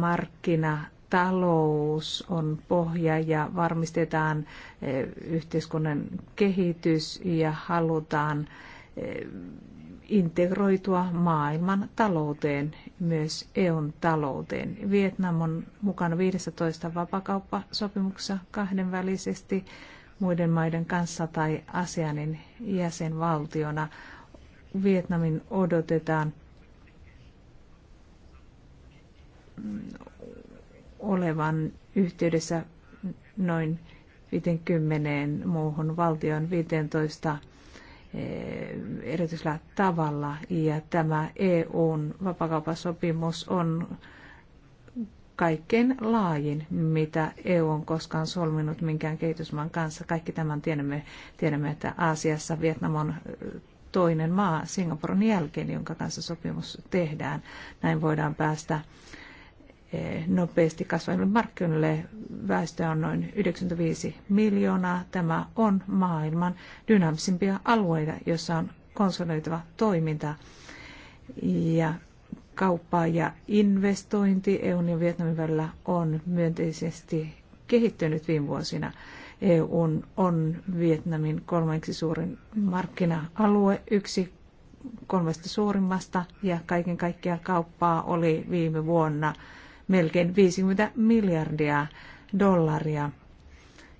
C: Markkinatalous on pohja ja varmistetaan eh, yhteiskunnan kehitys ja halutaan eh, integroitua maailman talouteen, myös EUn talouteen. Vietnam on mukana 15 vapakauppasopimuksessa kahdenvälisesti muiden maiden kanssa tai ASEANin jäsenvaltiona. Vietnamin odotetaan olevan yhteydessä noin 50 muuhun valtion 15 erityisellä eh, tavalla. Ja tämä EUn vapakaupasopimus on kaikkein laajin, mitä EU on koskaan solminut minkään kehitysmaan kanssa. Kaikki tämän tiedämme, tiedämme että Aasiassa Vietnam on toinen maa Singaporen jälkeen, jonka kanssa sopimus tehdään. Näin voidaan päästä nopeasti kasvaville markkinoille. Väestö on noin 95 miljoonaa. Tämä on maailman dynaamisimpia alueita, jossa on konsolidoitava toiminta. Ja Kauppa ja investointi EUn ja Vietnamin välillä on myönteisesti kehittynyt viime vuosina. EUn on Vietnamin kolmanneksi suurin markkina-alue, yksi kolmesta suurimmasta ja kaiken kaikkiaan kauppaa oli viime vuonna melkein 50 miljardia dollaria.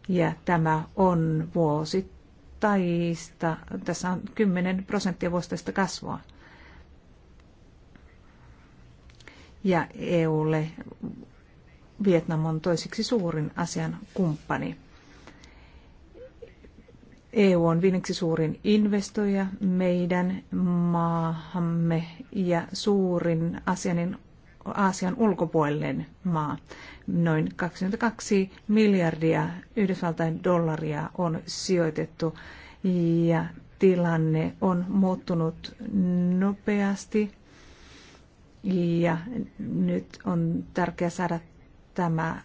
C: Ja tämä on vuosittaista, tässä on 10 prosenttia vuosittaista kasvua. ja EUlle Vietnam on toiseksi suurin asian kumppani. EU on viimeksi suurin investoija meidän maahamme ja suurin Aasianin, Aasian ulkopuolinen maa. Noin 22 miljardia Yhdysvaltain dollaria on sijoitettu ja tilanne on muuttunut nopeasti ja nyt on tärkeää saada tämä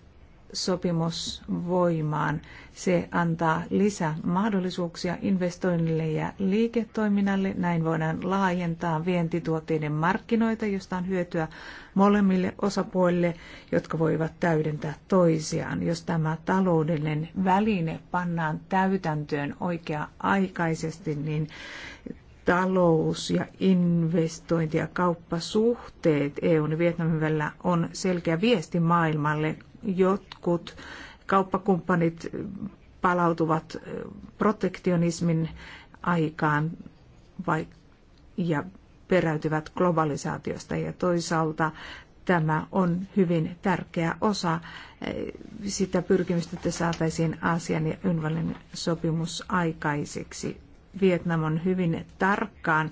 C: sopimus voimaan. Se antaa lisää mahdollisuuksia investoinnille ja liiketoiminnalle. Näin voidaan laajentaa vientituotteiden markkinoita, josta on hyötyä molemmille osapuolille, jotka voivat täydentää toisiaan. Jos tämä taloudellinen väline pannaan täytäntöön oikea-aikaisesti, niin talous- ja investointi- ja kauppasuhteet EUn ja Vietnamin välillä on selkeä viesti maailmalle. Jotkut kauppakumppanit palautuvat protektionismin aikaan ja peräytyvät globalisaatiosta ja toisaalta tämä on hyvin tärkeä osa sitä pyrkimystä, että saataisiin Aasian ja Ynvalin sopimus aikaiseksi. Vietnam on hyvin tarkkaan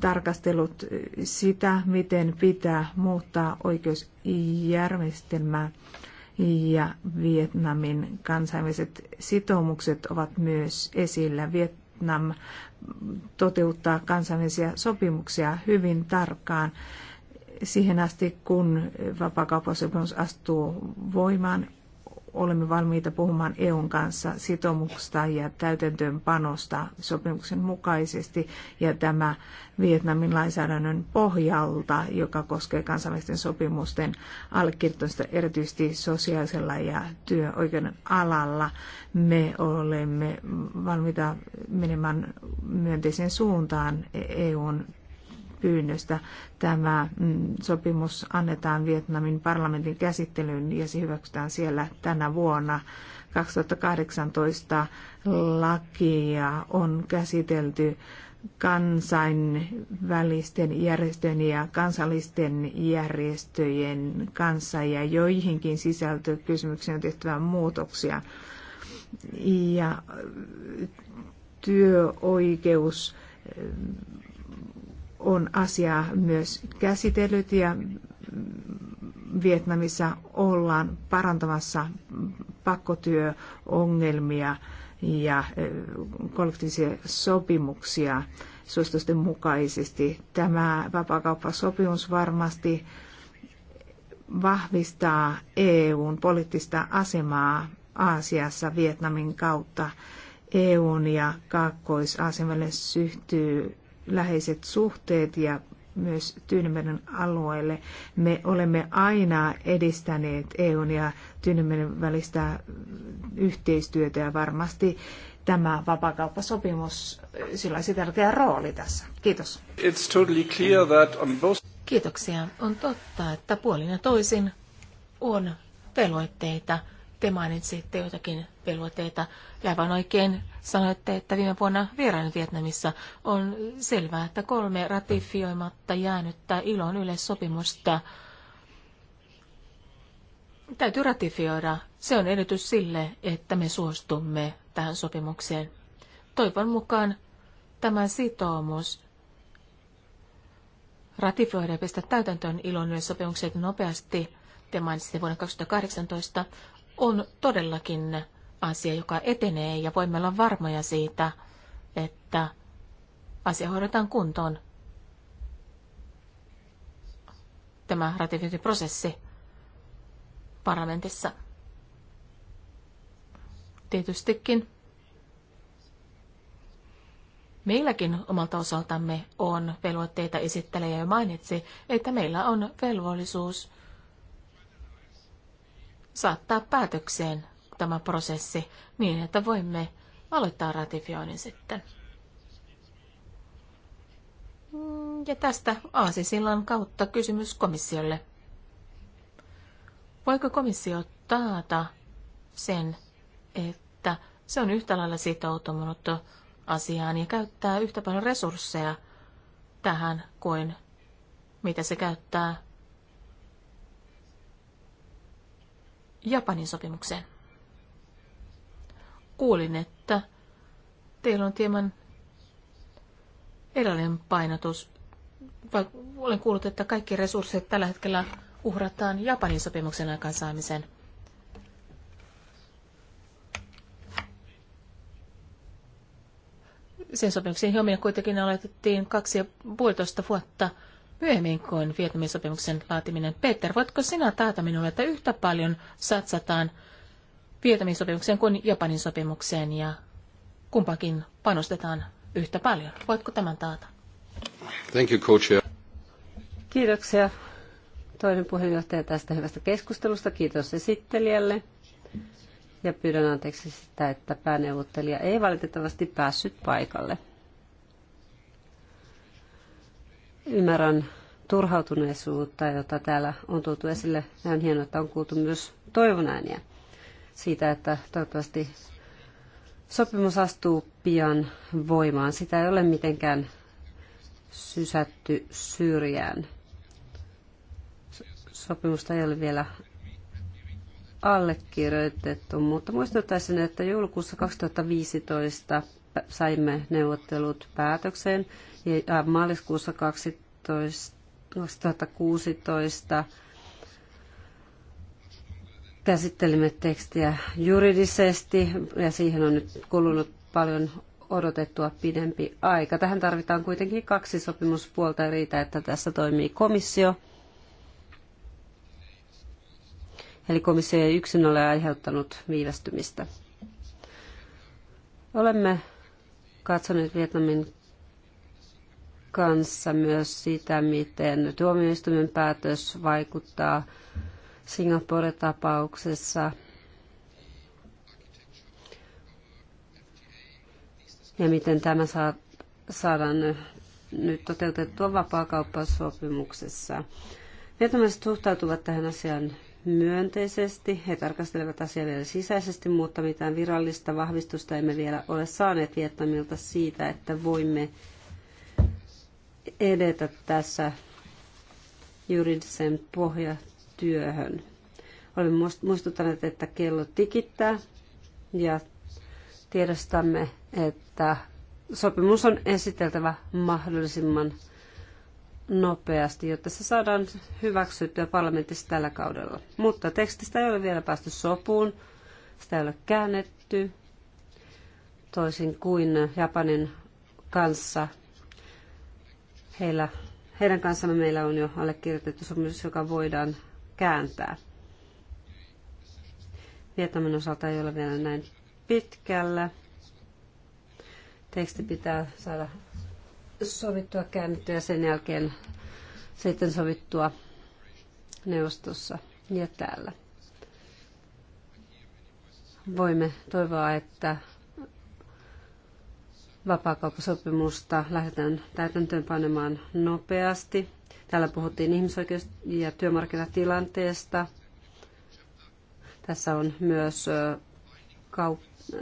C: tarkastellut sitä, miten pitää muuttaa oikeusjärjestelmää ja Vietnamin kansainväliset sitoumukset ovat myös esillä. Vietnam toteuttaa kansainvälisiä sopimuksia hyvin tarkkaan siihen asti, kun vapaakauppasopimus astuu voimaan olemme valmiita puhumaan EUn kanssa sitoumuksesta ja täytäntöönpanosta sopimuksen mukaisesti ja tämä Vietnamin lainsäädännön pohjalta, joka koskee kansainvälisten sopimusten allekirjoitusta erityisesti sosiaalisella ja työoikeuden alalla. Me olemme valmiita menemään myönteiseen suuntaan e- EUn pyynnöstä. Tämä mm, sopimus annetaan Vietnamin parlamentin käsittelyyn ja se hyväksytään siellä tänä vuonna. 2018 lakia on käsitelty kansainvälisten järjestöjen ja kansallisten järjestöjen kanssa ja joihinkin sisältökysymyksiin on tehtävä muutoksia. Ja työoikeus on asiaa myös käsitellyt ja Vietnamissa ollaan parantamassa pakkotyöongelmia ja kollektiivisia sopimuksia suositusten mukaisesti. Tämä vapaakauppasopimus varmasti vahvistaa EUn poliittista asemaa Aasiassa Vietnamin kautta. EUn ja kaakkois-Aasian syhtyy läheiset suhteet ja myös Tyynemeren alueelle. Me olemme aina edistäneet EUn ja Tyynemeren välistä yhteistyötä ja varmasti tämä vapakauppasopimus, sillä olisi tärkeä rooli tässä. Kiitos.
A: It's totally clear that on both...
C: Kiitoksia. On totta, että puolin
B: ja toisin on velvoitteita te mainitsitte jotakin velvoitteita. aivan oikein sanoitte, että viime vuonna vierailin Vietnamissa. On selvää, että kolme ratifioimatta jäänyttä ilon yleissopimusta täytyy ratifioida. Se on edellytys sille, että me suostumme tähän sopimukseen. Toivon mukaan tämä sitoumus ratifioida ja pistää täytäntöön ilon yleissopimukset nopeasti. Te mainitsitte vuonna 2018 on todellakin asia, joka etenee ja voimme olla varmoja siitä, että asia hoidetaan kuntoon. Tämä ratifiointiprosessi parlamentissa. Tietystikin meilläkin omalta osaltamme on velvoitteita esittelejä jo mainitsi, että meillä on velvollisuus saattaa päätökseen tämä prosessi niin, että voimme aloittaa ratifioinnin sitten. Mm, ja tästä aasisillan kautta kysymys komissiolle. Voiko komissio taata sen, että se on yhtä lailla sitoutunut asiaan ja käyttää yhtä paljon resursseja tähän kuin mitä se käyttää Japanin sopimukseen. Kuulin, että teillä on hieman erilainen painotus. Olen kuullut, että kaikki resurssit tällä hetkellä uhrataan Japanin sopimuksen aikaansaamiseen. Sen sopimuksen hiomia kuitenkin aloitettiin kaksi ja puolitoista vuotta myöhemmin kuin Vietnamin sopimuksen laatiminen. Peter, voitko sinä taata minulle, että yhtä paljon satsataan Vietnamin sopimukseen kuin Japanin sopimukseen ja kumpakin panostetaan yhtä paljon? Voitko tämän taata?
A: Thank you, coach.
D: Kiitoksia toinen puheenjohtaja tästä hyvästä keskustelusta. Kiitos esittelijälle. Ja pyydän anteeksi sitä, että pääneuvottelija ei valitettavasti päässyt paikalle. Ymmärrän turhautuneisuutta, jota täällä on tuotu esille. Ja on hienoa, että on kuultu myös toivon ääniä siitä, että toivottavasti sopimus astuu pian voimaan. Sitä ei ole mitenkään sysätty syrjään. Sopimusta ei ole vielä allekirjoitettu, mutta muistuttaisin, että joulukuussa 2015 saimme neuvottelut päätökseen ja äh, maaliskuussa 12, 2016 käsittelimme tekstiä juridisesti ja siihen on nyt kulunut paljon odotettua pidempi aika. Tähän tarvitaan kuitenkin kaksi sopimuspuolta ja riitä, että tässä toimii komissio. Eli komissio ei yksin ole aiheuttanut viivästymistä. Olemme katsoneet Vietnamin kanssa myös sitä, miten tuomioistuimen päätös vaikuttaa Singapore-tapauksessa ja miten tämä saa, saadaan nyt toteutettua vapaakauppasopimuksessa. Vietnamilaiset suhtautuvat tähän asiaan myönteisesti. He tarkastelevat asiaa vielä sisäisesti, mutta mitään virallista vahvistusta emme vielä ole saaneet Vietnamilta siitä, että voimme edetä tässä juridisen pohjatyöhön. Olemme muistuttaneet, että kello tikittää ja tiedostamme, että sopimus on esiteltävä mahdollisimman nopeasti, jotta se saadaan hyväksyttyä parlamentissa tällä kaudella. Mutta tekstistä ei ole vielä päästy sopuun, sitä ei ole käännetty, toisin kuin Japanin kanssa Heillä, heidän kanssamme meillä on jo allekirjoitettu sopimus, joka voidaan kääntää. Vietnamin osalta ei ole vielä näin pitkällä. Teksti pitää saada sovittua käännettyä ja sen jälkeen sitten sovittua neuvostossa ja täällä. Voimme toivoa, että vapaakauppasopimusta lähdetään täytäntöönpanemaan nopeasti. Täällä puhuttiin ihmisoikeus- ja työmarkkinatilanteesta. Tässä on myös kaup-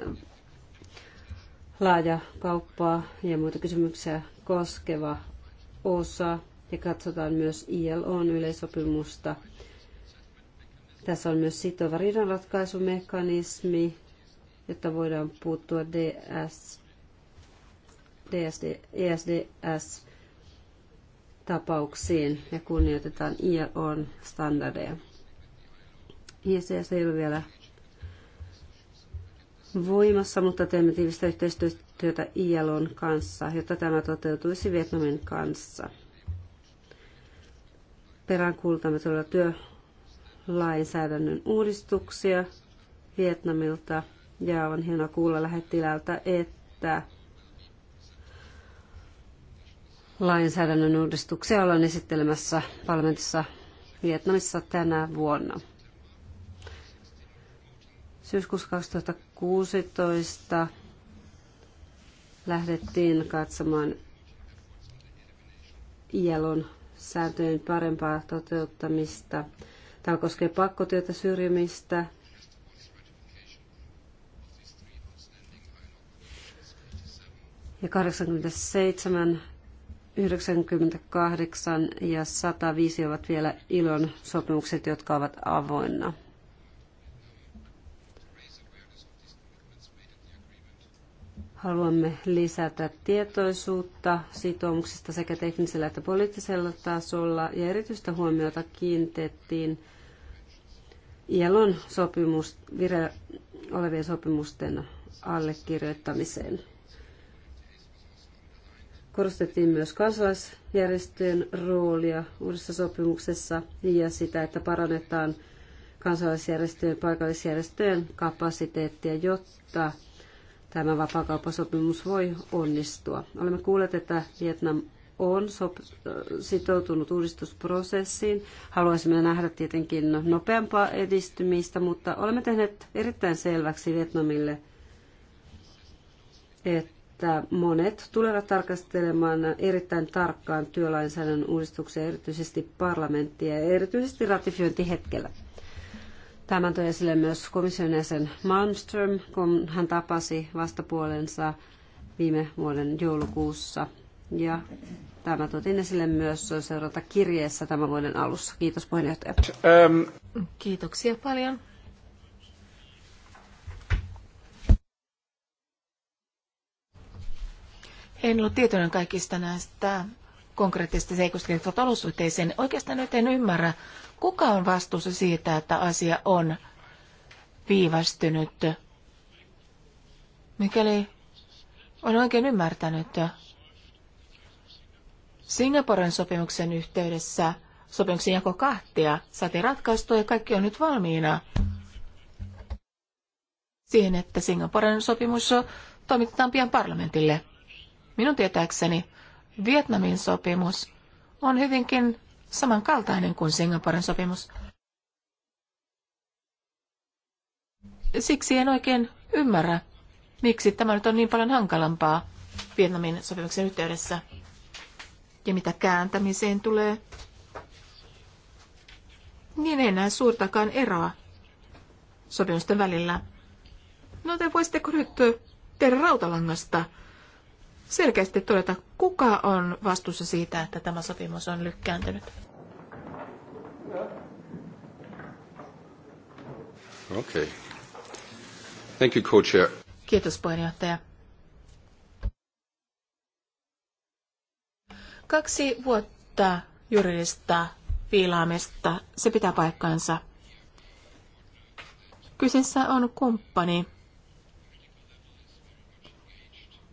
D: laaja kauppaa ja muita kysymyksiä koskeva osa. Ja katsotaan myös on yleisopimusta. Tässä on myös sitova riidanratkaisumekanismi, jotta voidaan puuttua DSP DSD, ESDS-tapauksiin ja kunnioitetaan ILOn standardeja. ICS ei ole vielä voimassa, mutta teemme tiivistä yhteistyötä ILOn kanssa, jotta tämä toteutuisi Vietnamin kanssa. Peräänkuultamme tuolla työlainsäädännön uudistuksia Vietnamilta ja on hienoa kuulla lähettilältä, että lainsäädännön uudistuksia ollaan esittelemässä parlamentissa Vietnamissa tänä vuonna. Syyskuussa 2016 lähdettiin katsomaan ILOn sääntöjen parempaa toteuttamista. Tämä koskee pakkotyötä, syrjimistä, ja 87 98 ja 105 ovat vielä ilon sopimukset, jotka ovat avoinna. Haluamme lisätä tietoisuutta sitoumuksista sekä teknisellä että poliittisella tasolla ja erityistä huomiota kiinteettiin ILON sopimus, olevien sopimusten allekirjoittamiseen. Korostettiin myös kansalaisjärjestöjen roolia uudessa sopimuksessa ja sitä, että parannetaan kansalaisjärjestöjen ja paikallisjärjestöjen kapasiteettia, jotta tämä vapaakauppasopimus voi onnistua. Olemme kuulleet, että Vietnam on sitoutunut uudistusprosessiin. Haluaisimme nähdä tietenkin nopeampaa edistymistä, mutta olemme tehneet erittäin selväksi Vietnamille, että että monet tulevat tarkastelemaan erittäin tarkkaan työlainsäädännön uudistuksia, erityisesti parlamenttia ja erityisesti ratifiointihetkellä. Tämän toi esille myös komission jäsen Malmström, kun hän tapasi vastapuolensa viime vuoden joulukuussa. Ja tämä totin esille myös seurata kirjeessä tämän vuoden alussa. Kiitos puheenjohtaja. Kiitoksia paljon.
B: En ollut tietoinen kaikista näistä konkreettisista seikoista liittyvät olosuhteisiin. Oikeastaan nyt en ymmärrä, kuka on vastuussa siitä, että asia on viivästynyt. Mikäli on oikein ymmärtänyt, Singaporen sopimuksen yhteydessä sopimuksen jako kahtia saatiin ratkaistua ja kaikki on nyt valmiina siihen, että Singaporen sopimus toimitetaan pian parlamentille. Minun tietääkseni Vietnamin sopimus on hyvinkin samankaltainen kuin Singaporen sopimus. Siksi en oikein ymmärrä, miksi tämä nyt on niin paljon hankalampaa Vietnamin sopimuksen yhteydessä. Ja mitä kääntämiseen tulee, niin ei enää suurtakaan eroa sopimusten välillä. No te voisitteko nyt tehdä rautalangasta selkeästi todeta, kuka on vastuussa siitä, että tämä sopimus on lykkääntynyt.
A: Okay. Thank you, co-chair.
B: Kiitos puheenjohtaja. Kaksi vuotta juridista viilaamista, se pitää paikkansa. Kyseessä on kumppani,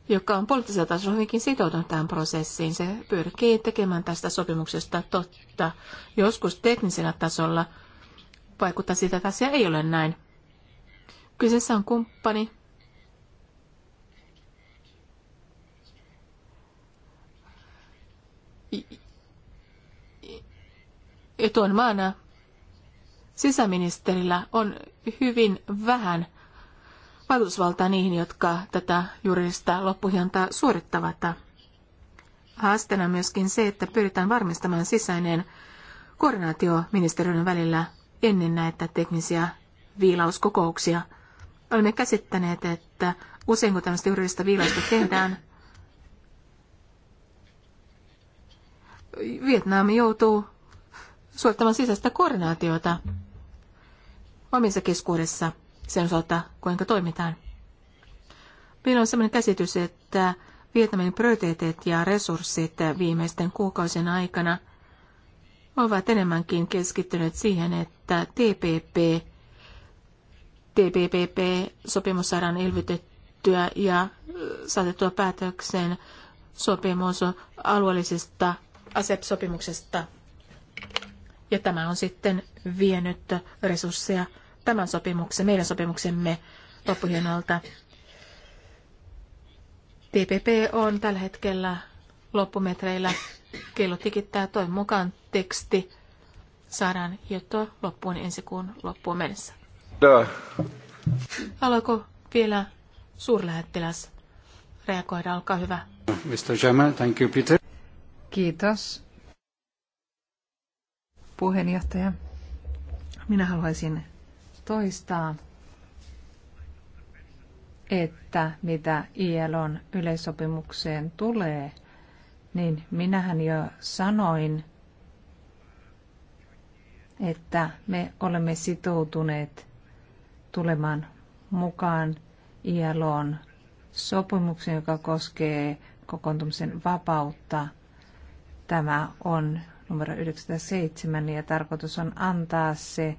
B: joka on poliittisella tasolla hyvinkin sitoutunut tähän prosessiin. Se pyrkii tekemään tästä sopimuksesta totta. Joskus teknisellä tasolla vaikuttaa sitä että asia ei ole näin. Kyseessä on kumppani, tuon maana sisäministerillä on hyvin vähän vaikutusvaltaa niihin, jotka tätä juridista loppuhintaa suorittavat. Haasteena myöskin se, että pyritään varmistamaan sisäinen koordinaatio ministeriön välillä ennen näitä teknisiä viilauskokouksia. Olemme käsittäneet, että usein kun tämmöistä juridista viilausta tehdään, Vietnam joutuu suorittamaan sisäistä koordinaatiota omissa keskuudessa sen osalta, kuinka toimitaan. Meillä on sellainen käsitys, että Vietnamin prioriteetit ja resurssit viimeisten kuukausien aikana ovat enemmänkin keskittyneet siihen, että TPP, TPPP-sopimus saadaan elvytettyä ja saatettua päätökseen sopimus alueellisesta ASEP-sopimuksesta. Ja tämä on sitten vienyt resursseja tämän sopimuksen, meidän sopimuksemme loppuhienolta. TPP on tällä hetkellä loppumetreillä. Kello tikittää toin mukaan teksti. Saadaan hiottua loppuun ensi kuun loppuun mennessä. Haluatko vielä suurlähettiläs reagoida? Olkaa hyvä.
A: Mr. Jamal, thank you, Peter.
C: Kiitos. Puheenjohtaja, minä haluaisin toistaa, että mitä ILOn yleisopimukseen tulee, niin minähän jo sanoin, että me olemme sitoutuneet tulemaan mukaan ILOn sopimuksen, joka koskee kokoontumisen vapautta. Tämä on numero 97 ja tarkoitus on antaa se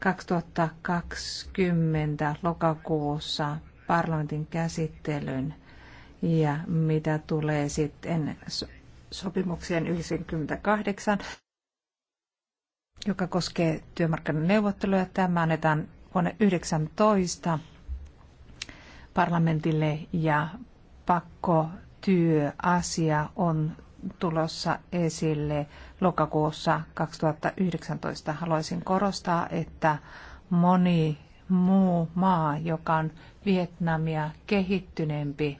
C: 2020 lokakuussa parlamentin käsittelyn ja mitä tulee sitten sopimukseen 98, joka koskee työmarkkinaneuvotteluja. Tämä annetaan vuonna 19 parlamentille ja pakkotyöasia on tulossa esille lokakuussa 2019. Haluaisin korostaa, että moni muu maa, joka on Vietnamia kehittyneempi,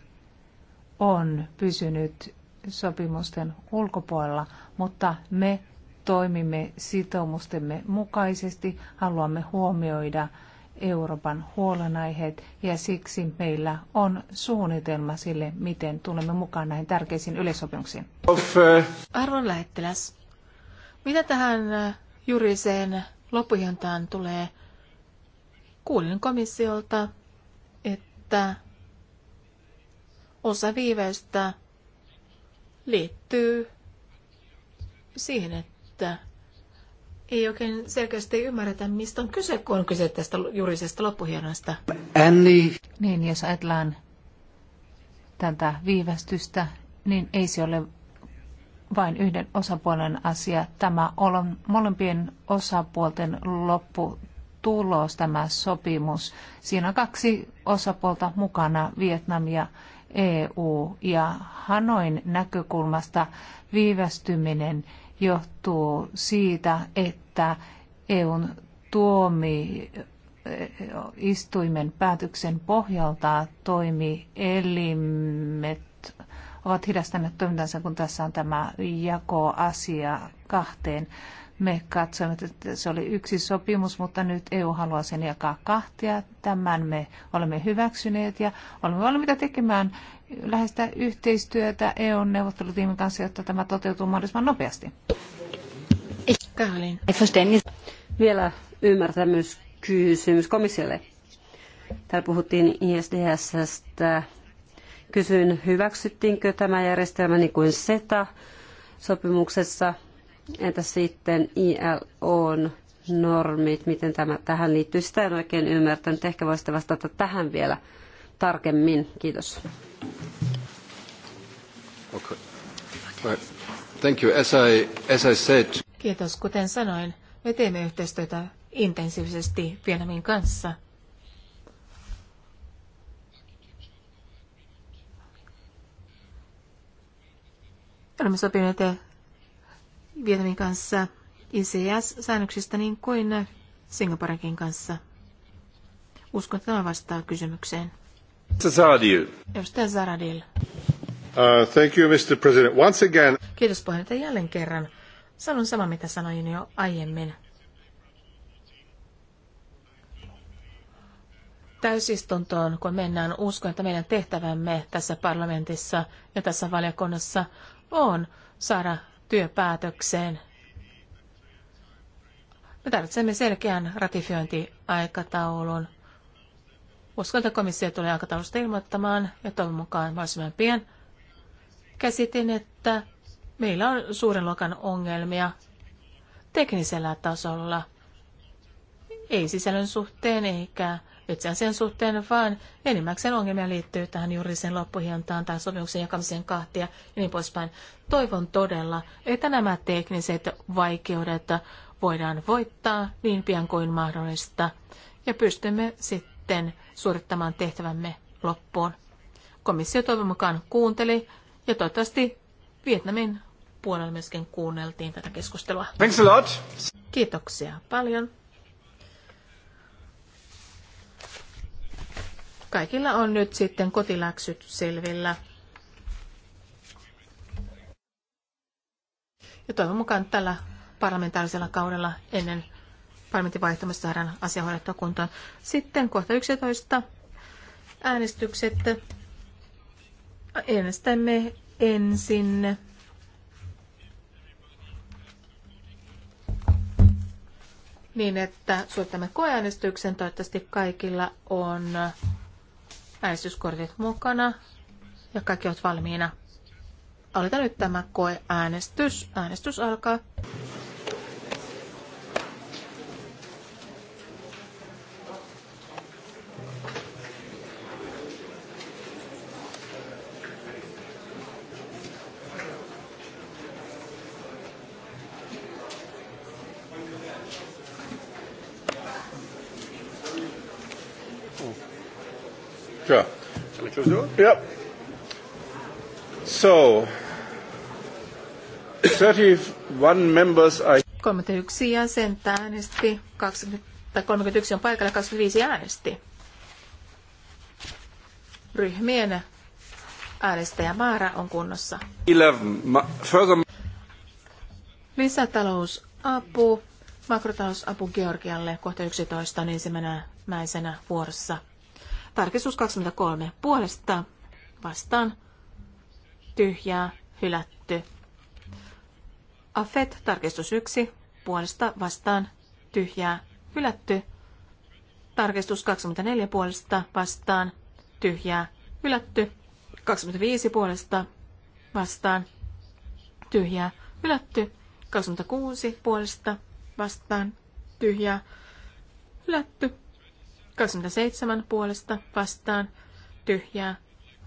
C: on pysynyt sopimusten ulkopuolella, mutta me toimimme sitoumustemme mukaisesti, haluamme huomioida Euroopan huolenaiheet ja siksi meillä on suunnitelma sille, miten tulemme mukaan näihin tärkeisiin yleissopimuksiin. Arvon lähettiläs, mitä tähän juriseen
B: loppuhintaan tulee? Kuulin komissiolta, että osa viiveistä liittyy siihen, että ei oikein selkeästi ymmärretä, mistä on kyse, kun on kyse tästä juridisesta loppuhienoista.
C: Anni. Niin, jos ajatellaan tätä viivästystä, niin ei se ole vain yhden osapuolen asia. Tämä on molempien osapuolten loppu tulos tämä sopimus. Siinä on kaksi osapuolta mukana, Vietnam ja EU. Ja Hanoin näkökulmasta viivästyminen johtuu siitä, että EUn tuomi eh, istuimen päätöksen pohjalta toimi elimet ovat hidastaneet toimintansa, kun tässä on tämä jakoasia kahteen me katsoimme, että se oli yksi sopimus, mutta nyt EU haluaa sen jakaa kahtia. Tämän me olemme hyväksyneet ja olemme valmiita tekemään lähestä yhteistyötä EUn neuvottelutiimin kanssa,
D: jotta tämä toteutuu mahdollisimman nopeasti. Vielä ymmärtämyskysymys komissiolle. Täällä puhuttiin ISDSstä. Kysyin, hyväksyttiinkö tämä järjestelmä niin kuin SETA sopimuksessa – Entä sitten ILOn normit, miten tämä tähän liittyy? Sitä en oikein ymmärtänyt. Ehkä voisitte vastata tähän vielä tarkemmin. Kiitos. Okay.
A: Thank you. As I, as I said...
D: Kiitos. Kuten sanoin, me teemme yhteistyötä
B: intensiivisesti Vietnamin kanssa. Olemme sopineet Vietnamin kanssa ICS-säännöksistä niin kuin Singaporekin kanssa. Uskon, että tämä vastaa kysymykseen. Edustaja Zaradil.
A: Uh, thank you, Mr. President. Once again...
B: Kiitos puheenjohtaja jälleen kerran. Sanon sama, mitä sanoin jo aiemmin. Täysistuntoon, kun mennään, uskon, että meidän tehtävämme tässä parlamentissa ja tässä valiokunnassa on saada työpäätökseen. Me tarvitsemme selkeän ratifiointiaikataulun. Uskon, että komissio tulee aikataulusta ilmoittamaan ja toivon mukaan mahdollisimman pian. Käsitin, että meillä on suuren luokan ongelmia teknisellä tasolla, ei sisällön suhteen eikä itse asian suhteen, vaan enimmäkseen ongelmia liittyy tähän juridiseen loppuhintaan tai sopimuksen jakamiseen kahtia ja niin poispäin. Toivon todella, että nämä tekniset vaikeudet voidaan voittaa niin pian kuin mahdollista ja pystymme sitten suorittamaan tehtävämme loppuun. Komissio toivon mukaan kuunteli ja toivottavasti Vietnamin puolella myöskin kuunneltiin tätä keskustelua. Thanks a lot. Kiitoksia paljon. Kaikilla on nyt sitten kotiläksyt selvillä. Ja toivon mukaan tällä parlamentaarisella kaudella ennen parlamentin vaihtamista saadaan asia hoidettua kuntoon. Sitten kohta 11 äänestykset. Äänestämme ensin niin, että suorittamme koeäänestyksen. Toivottavasti kaikilla on äänestyskortit mukana ja kaikki ovat valmiina. Aloitetaan nyt tämä koeäänestys. Äänestys alkaa.
A: Yep. So, 31 members are...
B: 31 jäsentä äänesti, 20, 31 on paikalla, 25 äänesti. Ryhmien äänestäjämäärä on kunnossa.
A: 11. Ma-
B: Lisätalousapu, makrotalousapu Georgialle kohta 11 on niin ensimmäisenä vuorossa. Tarkistus 23. Puolesta vastaan tyhjää hylätty. Affet. tarkistus 1. Puolesta vastaan tyhjää hylätty. Tarkistus 24 puolesta vastaan tyhjää hylätty. 25 puolesta vastaan tyhjää hylätty. 26 puolesta vastaan tyhjää hylätty. 27 puolesta vastaan tyhjää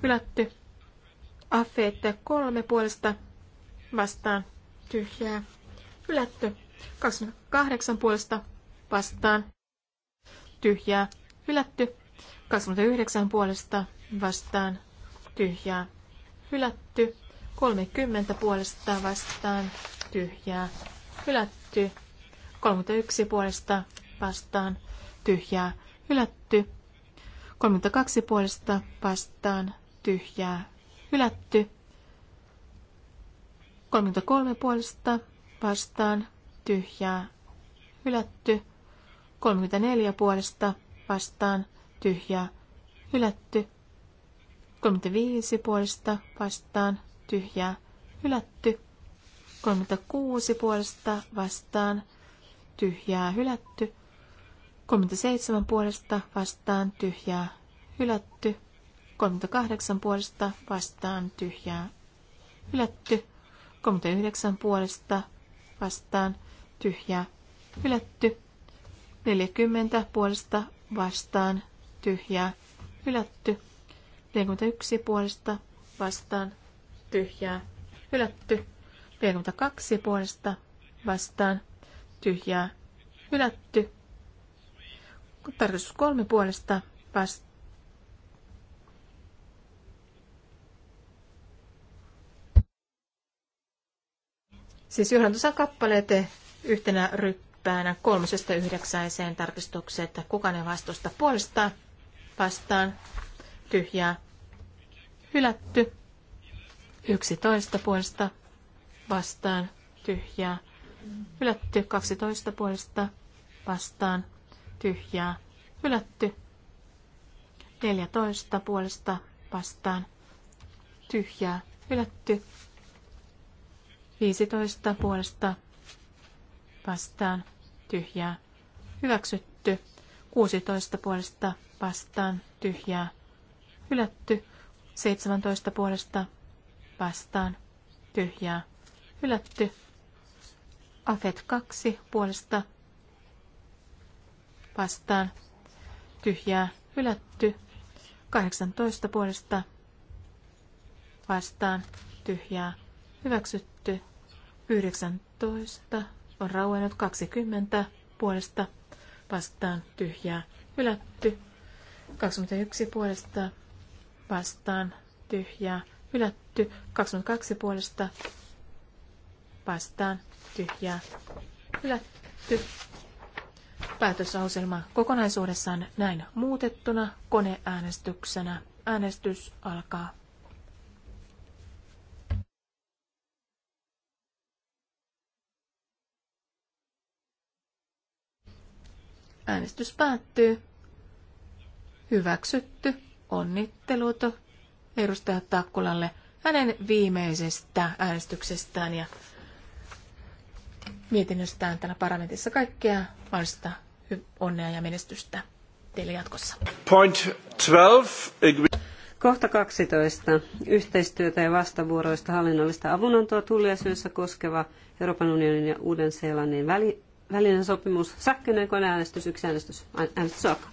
B: hylätty. Affeette 3 puolesta vastaan tyhjää hylätty. 28 puolesta vastaan tyhjää hylätty. 29 puolesta vastaan tyhjää hylätty. 30 puolesta vastaan tyhjää hylätty. 31 puolesta vastaan tyhjää hylätty. 32 puolesta vastaan tyhjää hylätty. 33 puolesta vastaan tyhjää hylätty. 34 puolesta vastaan tyhjää hylätty. 35 puolesta vastaan tyhjää hylätty. 36 puolesta vastaan tyhjää hylätty. 37 puolesta vastaan tyhjää hylätty. 38 puolesta vastaan tyhjää hylätty. 39 puolesta vastaan tyhjää hylätty. 40 puolesta vastaan tyhjää hylätty. 41 puolesta vastaan tyhjää hylätty. 42 puolesta vastaan tyhjää hylätty. Tarkistus kolme puolesta vasta. Siis johdantosan kappaleet yhtenä ryppäänä kolmosesta yhdeksäiseen tarkistukseen, että kuka ne vastusta puolesta vastaan tyhjää hylätty. 11 puolesta vastaan tyhjää hylätty. 12 puolesta vastaan tyhjää, hylätty. 14 puolesta vastaan, tyhjää, hylätty. 15 puolesta vastaan, tyhjää, hyväksytty. 16 puolesta vastaan, tyhjää, hylätty. 17 puolesta vastaan, tyhjää, hylätty. Afet 2 puolesta vastaan tyhjää hylätty. 18 puolesta vastaan tyhjää hyväksytty. 19 on rauennut 20 puolesta vastaan tyhjää hylätty. 21 puolesta vastaan tyhjää hylätty. 22 puolesta vastaan tyhjää hylätty. Päätösauselma kokonaisuudessaan näin muutettuna koneäänestyksenä. Äänestys alkaa. Äänestys päättyy. Hyväksytty. Onnittelut edustaja Takkulalle hänen viimeisestä äänestyksestään ja mietinnöstään täällä parlamentissa kaikkea mahdollista onnea ja menestystä teille jatkossa.
D: Point 12. Kohta 12. Yhteistyötä ja vastavuoroista hallinnollista avunantoa tulliasioissa koskeva Euroopan unionin ja Uuden-Seelannin väli, välinen sopimus. Sähköinen koneäänestys, yksi äänestys. Äänestys alkaa.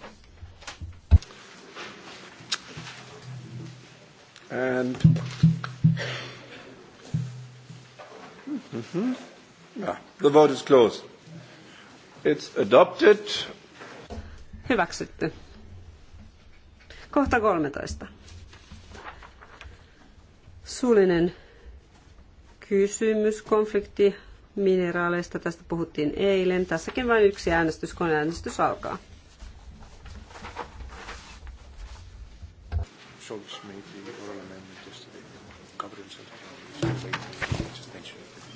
A: And mm-hmm. yeah, the vote is closed. It's adopted.
D: Hyväksytty. Kohta 13. Suullinen kysymys konflikti mineraaleista. Tästä puhuttiin eilen. Tässäkin vain yksi äänestys, kun äänestys alkaa.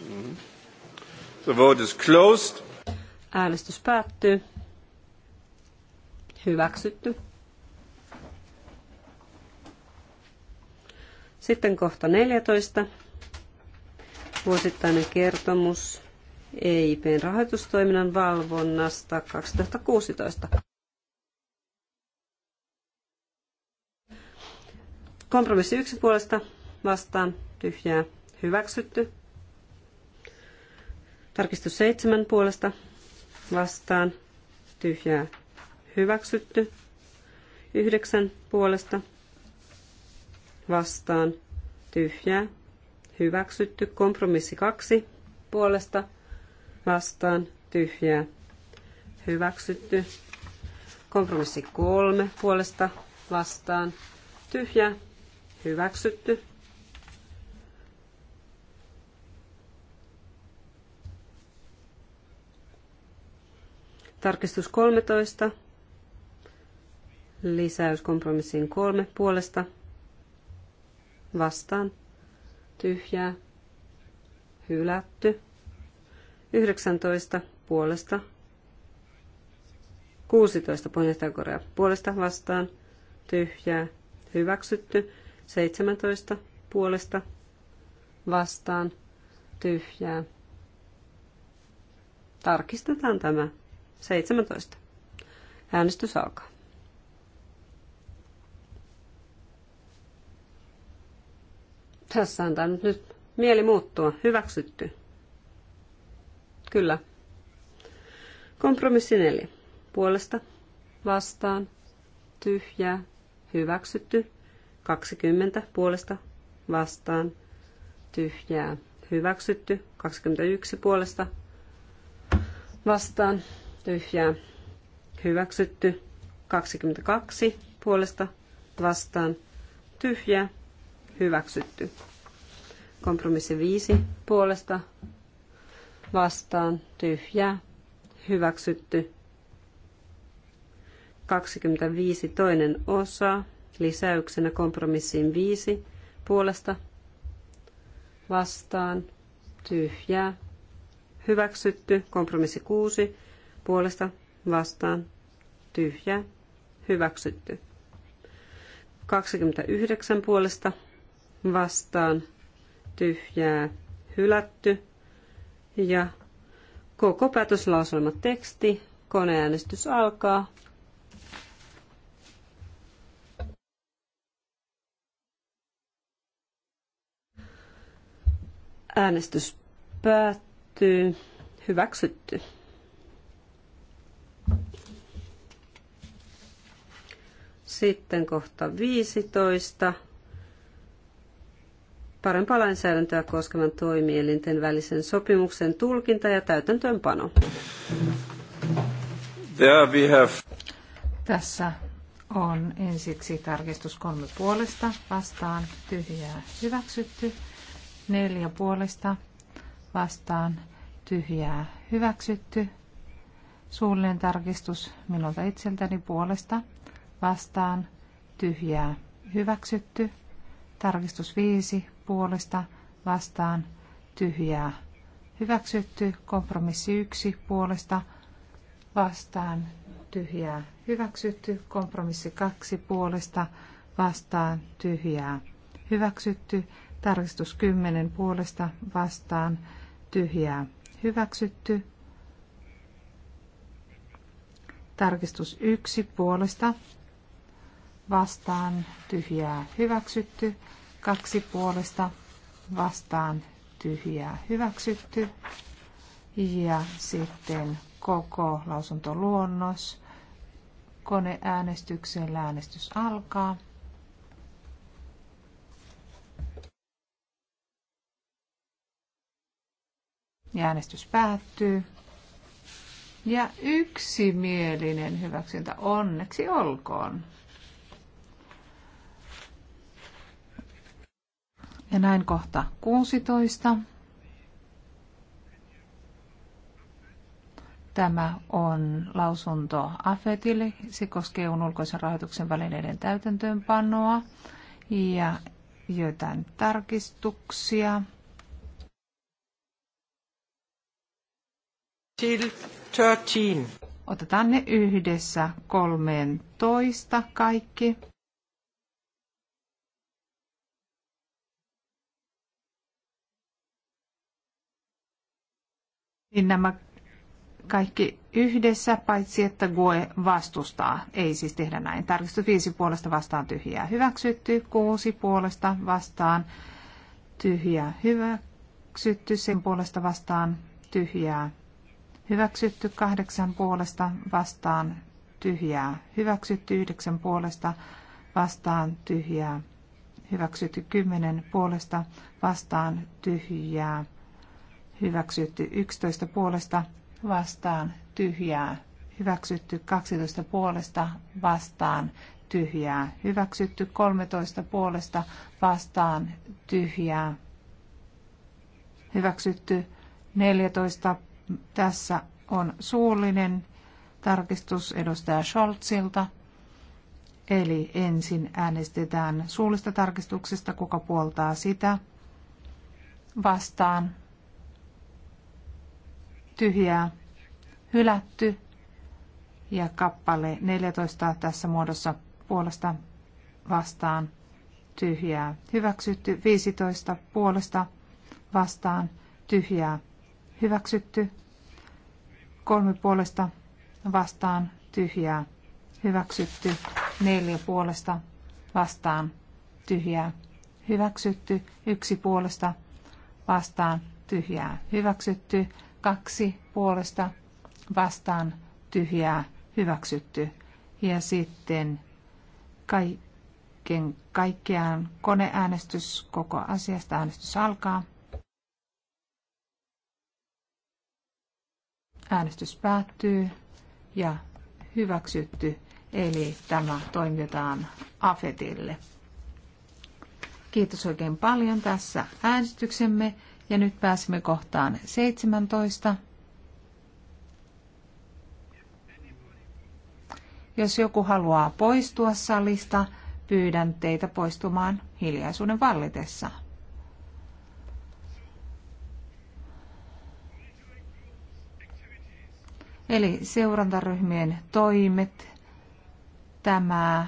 D: Mm-hmm.
A: The vote is closed.
D: Äänestys päättyy. Hyväksytty. Sitten kohta 14. Vuosittainen kertomus EIPn rahoitustoiminnan valvonnasta 2016. Kompromissi yksi puolesta vastaan tyhjää hyväksytty. Tarkistus seitsemän puolesta vastaan tyhjää hyväksytty. Yhdeksän puolesta vastaan tyhjää hyväksytty. Kompromissi kaksi puolesta vastaan tyhjää hyväksytty. Kompromissi kolme puolesta vastaan tyhjää hyväksytty. Tarkistus 13. Lisäys kompromissiin kolme puolesta. Vastaan. Tyhjää. Hylätty. 19 puolesta. 16 Pohjois-Korea puolesta vastaan. Tyhjää. Hyväksytty. 17 puolesta vastaan. Tyhjää. Tarkistetaan tämä 17. Äänestys alkaa. Tässä antaa nyt, nyt mieli muuttua. Hyväksytty. Kyllä. Kompromissi 4. Puolesta, vastaan, tyhjää, hyväksytty. 20. Puolesta, vastaan, tyhjää, hyväksytty. 21. Puolesta, vastaan, tyhjää hyväksytty. 22 puolesta vastaan tyhjä hyväksytty. Kompromissi 5 puolesta vastaan tyhjä hyväksytty. 25 toinen osa lisäyksenä kompromissiin 5 puolesta vastaan tyhjä hyväksytty. Kompromissi 6 puolesta vastaan tyhjä hyväksytty. 29 puolesta vastaan tyhjää hylätty ja koko päätöslauselma teksti, koneäänestys alkaa. Äänestys päättyy. Hyväksytty. Sitten kohta 15. Parempaa lainsäädäntöä koskevan toimielinten välisen sopimuksen tulkinta ja täytäntöönpano.
A: There we have.
D: Tässä on ensiksi tarkistus kolme
C: puolesta, vastaan tyhjää hyväksytty, neljä puolesta, vastaan tyhjää hyväksytty, suullinen tarkistus minulta itseltäni puolesta, vastaan tyhjää hyväksytty. Tarkistus 5 puolesta vastaan tyhjää hyväksytty. Kompromissi 1 puolesta vastaan tyhjää hyväksytty. Kompromissi 2 puolesta vastaan tyhjää hyväksytty. Tarkistus 10 puolesta vastaan tyhjää hyväksytty. Tarkistus 1 puolesta vastaan tyhjää hyväksytty. Kaksi puolesta vastaan tyhjää hyväksytty. Ja sitten koko lausuntoluonnos. Koneäänestyksellä äänestys alkaa. Ja äänestys päättyy. Ja yksimielinen hyväksyntä onneksi olkoon. Ja näin kohta 16. Tämä on lausunto AFETille. Se koskee EUn ulkoisen rahoituksen välineiden täytäntöönpanoa ja joitain tarkistuksia.
D: Till 13.
C: Otetaan ne yhdessä 13 kaikki. niin nämä kaikki yhdessä, paitsi että GUE vastustaa. Ei siis tehdä näin. Tarkistus 5 puolesta vastaan tyhjää hyväksytty, 6 puolesta vastaan tyhjää hyväksytty, sen puolesta vastaan tyhjää hyväksytty, 8 puolesta vastaan tyhjää hyväksytty, 9 puolesta vastaan tyhjää hyväksytty, 10 puolesta vastaan tyhjää hyväksytty 11 puolesta vastaan tyhjää, hyväksytty 12 puolesta vastaan tyhjää, hyväksytty 13 puolesta vastaan tyhjää, hyväksytty 14. Tässä on suullinen tarkistus edustaja Scholzilta. Eli ensin äänestetään suullista tarkistuksesta, kuka puoltaa sitä vastaan tyhjää, hylätty ja kappale 14 tässä muodossa puolesta vastaan tyhjää. Hyväksytty 15 puolesta vastaan tyhjää. Hyväksytty kolme puolesta vastaan tyhjää. Hyväksytty neljä puolesta vastaan tyhjää. Hyväksytty yksi puolesta vastaan tyhjää. Hyväksytty kaksi puolesta vastaan tyhjää hyväksytty. Ja sitten kaiken kaikkiaan koneäänestys koko asiasta. Äänestys alkaa. Äänestys päättyy ja hyväksytty. Eli tämä toimitetaan AFETille. Kiitos oikein paljon tässä äänestyksemme. Ja nyt pääsemme kohtaan 17. Jos joku haluaa poistua salista, pyydän teitä poistumaan hiljaisuuden vallitessa. Eli seurantaryhmien toimet, tämä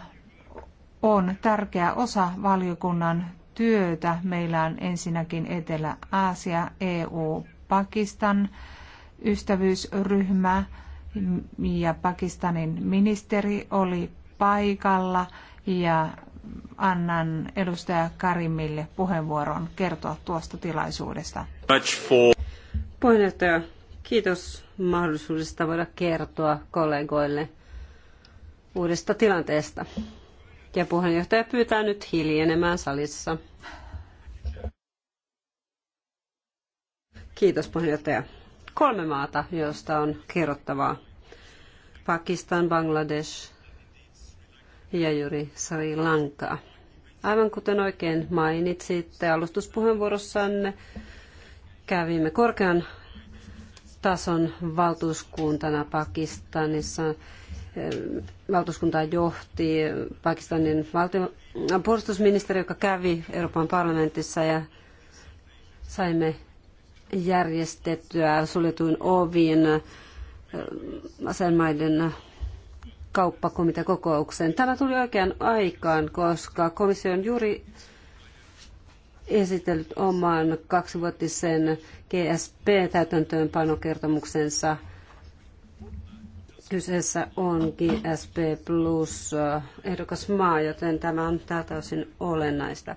C: on tärkeä osa valiokunnan työtä. Meillä on ensinnäkin Etelä-Aasia, EU, Pakistan ystävyysryhmä ja Pakistanin ministeri oli paikalla ja annan edustaja Karimille puheenvuoron kertoa tuosta tilaisuudesta.
D: Puheenjohtaja, kiitos mahdollisuudesta voida kertoa kollegoille uudesta tilanteesta. Ja puheenjohtaja pyytää nyt hiljenemään salissa. Kiitos puheenjohtaja. Kolme maata, joista on kerrottavaa. Pakistan, Bangladesh ja juuri Sri Lanka. Aivan kuten oikein mainitsitte alustuspuheenvuorossanne, kävimme korkean tason valtuuskuntana Pakistanissa valtuuskuntaa johti Pakistanin valtio- puolustusministeri, joka kävi Euroopan parlamentissa ja saimme järjestettyä suljetuin ovin asenmaiden kauppakomiteakokoukseen. Tämä tuli oikean aikaan, koska komissio on juuri esitellyt oman kaksivuotisen GSP-täytäntöönpanokertomuksensa – Kyseessä on GSP plus äh, ehdokasmaa, joten tämä on tältä osin olennaista.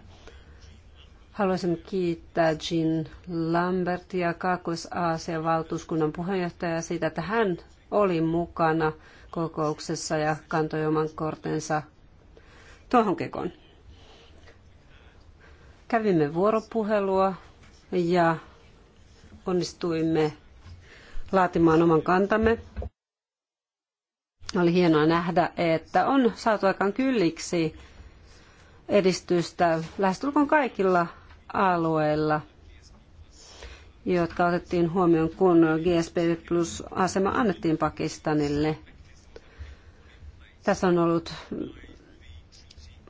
D: Haluaisin kiittää Jean Lambertia, Kaakkois-Aasian valtuuskunnan puheenjohtajaa siitä, että hän oli mukana kokouksessa ja kantoi oman kortensa tuohon kekoon. Kävimme vuoropuhelua ja onnistuimme laatimaan oman kantamme. Oli hienoa nähdä, että on saatu aikaan kylliksi edistystä lähestulkoon kaikilla alueilla, jotka otettiin huomioon, kun GSP Plus-asema annettiin Pakistanille. Tässä on ollut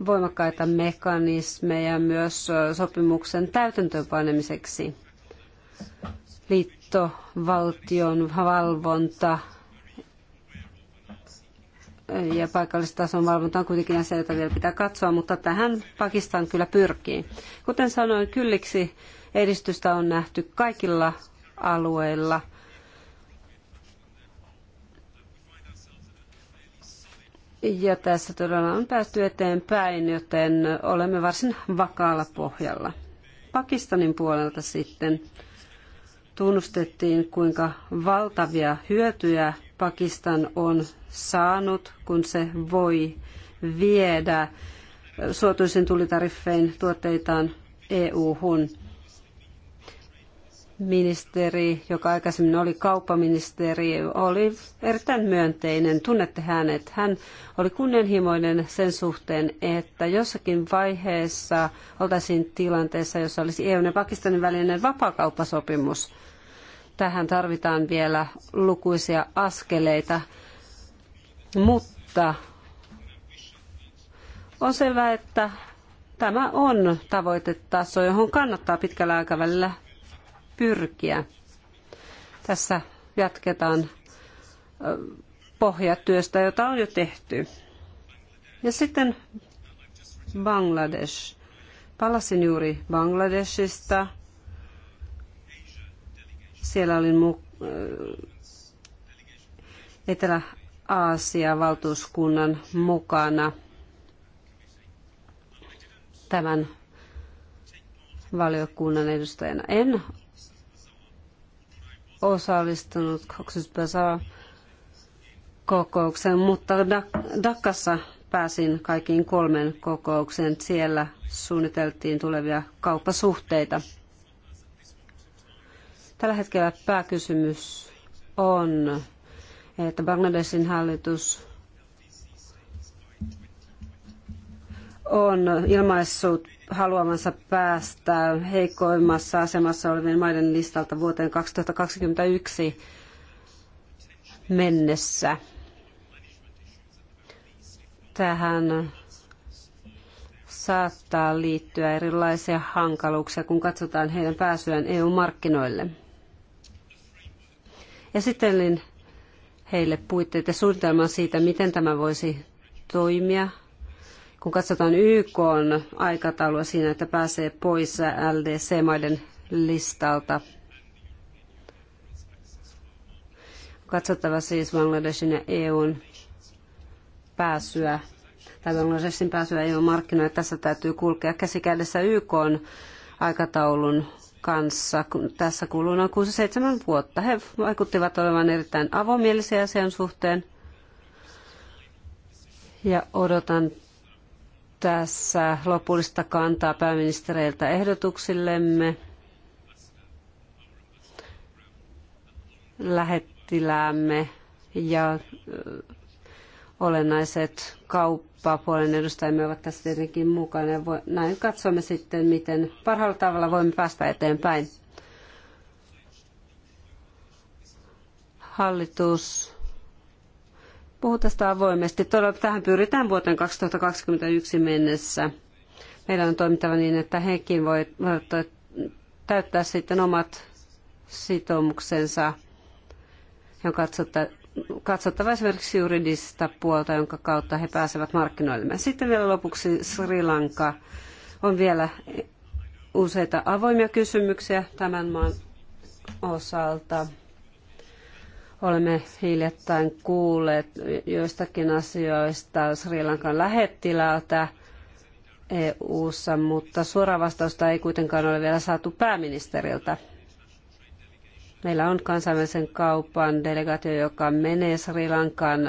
D: voimakkaita mekanismeja myös sopimuksen täytäntöönpanemiseksi. Liittovaltion valvonta ja paikallistason valvonta on kuitenkin asia, jota vielä pitää katsoa, mutta tähän Pakistan kyllä pyrkii. Kuten sanoin, kylliksi edistystä on nähty kaikilla alueilla. Ja tässä todella on päästy eteenpäin, joten olemme varsin vakaalla pohjalla. Pakistanin puolelta sitten tunnustettiin, kuinka valtavia hyötyjä Pakistan on saanut, kun se voi viedä suotuisin tulitariffein tuotteitaan EU-hun. Ministeri, joka aikaisemmin oli kauppaministeri, oli erittäin myönteinen. Tunnette hänet. Hän oli kunnianhimoinen sen suhteen, että jossakin vaiheessa oltaisiin tilanteessa, jossa olisi EU ja Pakistanin välinen vapaakauppasopimus – Tähän tarvitaan vielä lukuisia askeleita, mutta on selvää, että tämä on tavoitetaso, johon kannattaa pitkällä aikavälillä pyrkiä. Tässä jatketaan pohjatyöstä, jota on jo tehty. Ja sitten Bangladesh. Palasin juuri Bangladeshista siellä olin mu- äh, Etelä-Aasia valtuuskunnan mukana tämän valiokunnan edustajana. En osallistunut Koksisbasaan kokoukseen, mutta Dakassa pääsin kaikkiin kolmen kokoukseen. Siellä suunniteltiin tulevia kauppasuhteita. Tällä hetkellä pääkysymys on, että Bangladesin hallitus on ilmaissut haluamansa päästä heikoimmassa asemassa olevien maiden listalta vuoteen 2021 mennessä. Tähän saattaa liittyä erilaisia hankaluuksia, kun katsotaan heidän pääsyään EU-markkinoille. Esittelin heille puitteet ja suunnitelman siitä, miten tämä voisi toimia. Kun katsotaan YK on aikataulua siinä, että pääsee pois LDC-maiden listalta, katsottava siis Bangladeshin ja EUn pääsyä tai Bangladeshin pääsyä EUn markkinoille. Tässä täytyy kulkea käsikädessä YK on aikataulun kanssa. Tässä kuluu noin 6-7 vuotta. He vaikuttivat olevan erittäin avomielisiä asian suhteen. Ja odotan tässä lopullista kantaa pääministereiltä ehdotuksillemme. lähettiläämme ja olennaiset kaup- Papuolen edustajamme ovat tässä tietenkin mukana. näin katsomme sitten, miten parhaalla tavalla voimme päästä eteenpäin. Hallitus puhuu tästä avoimesti. Todella tähän pyritään vuoteen 2021 mennessä. Meidän on toimittava niin, että hekin voivat täyttää sitten omat sitoumuksensa ja on katsottava esimerkiksi juridista puolta, jonka kautta he pääsevät markkinoille. Sitten vielä lopuksi Sri Lanka. On vielä useita avoimia kysymyksiä tämän maan osalta. Olemme hiljattain kuulleet joistakin asioista Sri Lankan lähettilältä EU-ssa, mutta suoraa vastausta ei kuitenkaan ole vielä saatu pääministeriltä. Meillä on kansainvälisen kaupan delegaatio, joka menee Sri Lankaan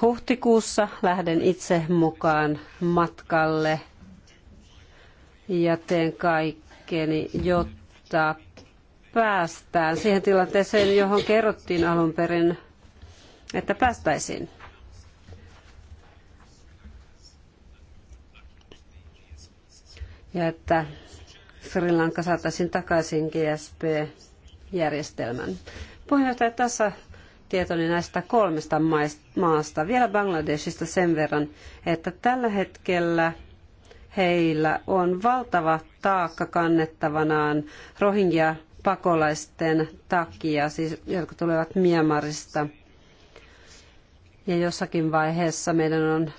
D: huhtikuussa. Lähden itse mukaan matkalle ja teen kaikkeni, jotta päästään siihen tilanteeseen, johon kerrottiin alun perin, että päästäisiin. Ja että Sri Lanka saataisiin takaisin GSP-järjestelmän. Puheenjohtaja, tässä tietoni näistä kolmesta maasta. Vielä Bangladesista sen verran, että tällä hetkellä heillä on valtava taakka kannettavanaan rohingya pakolaisten takia, siis, jotka tulevat Miemarista. Ja jossakin vaiheessa meidän on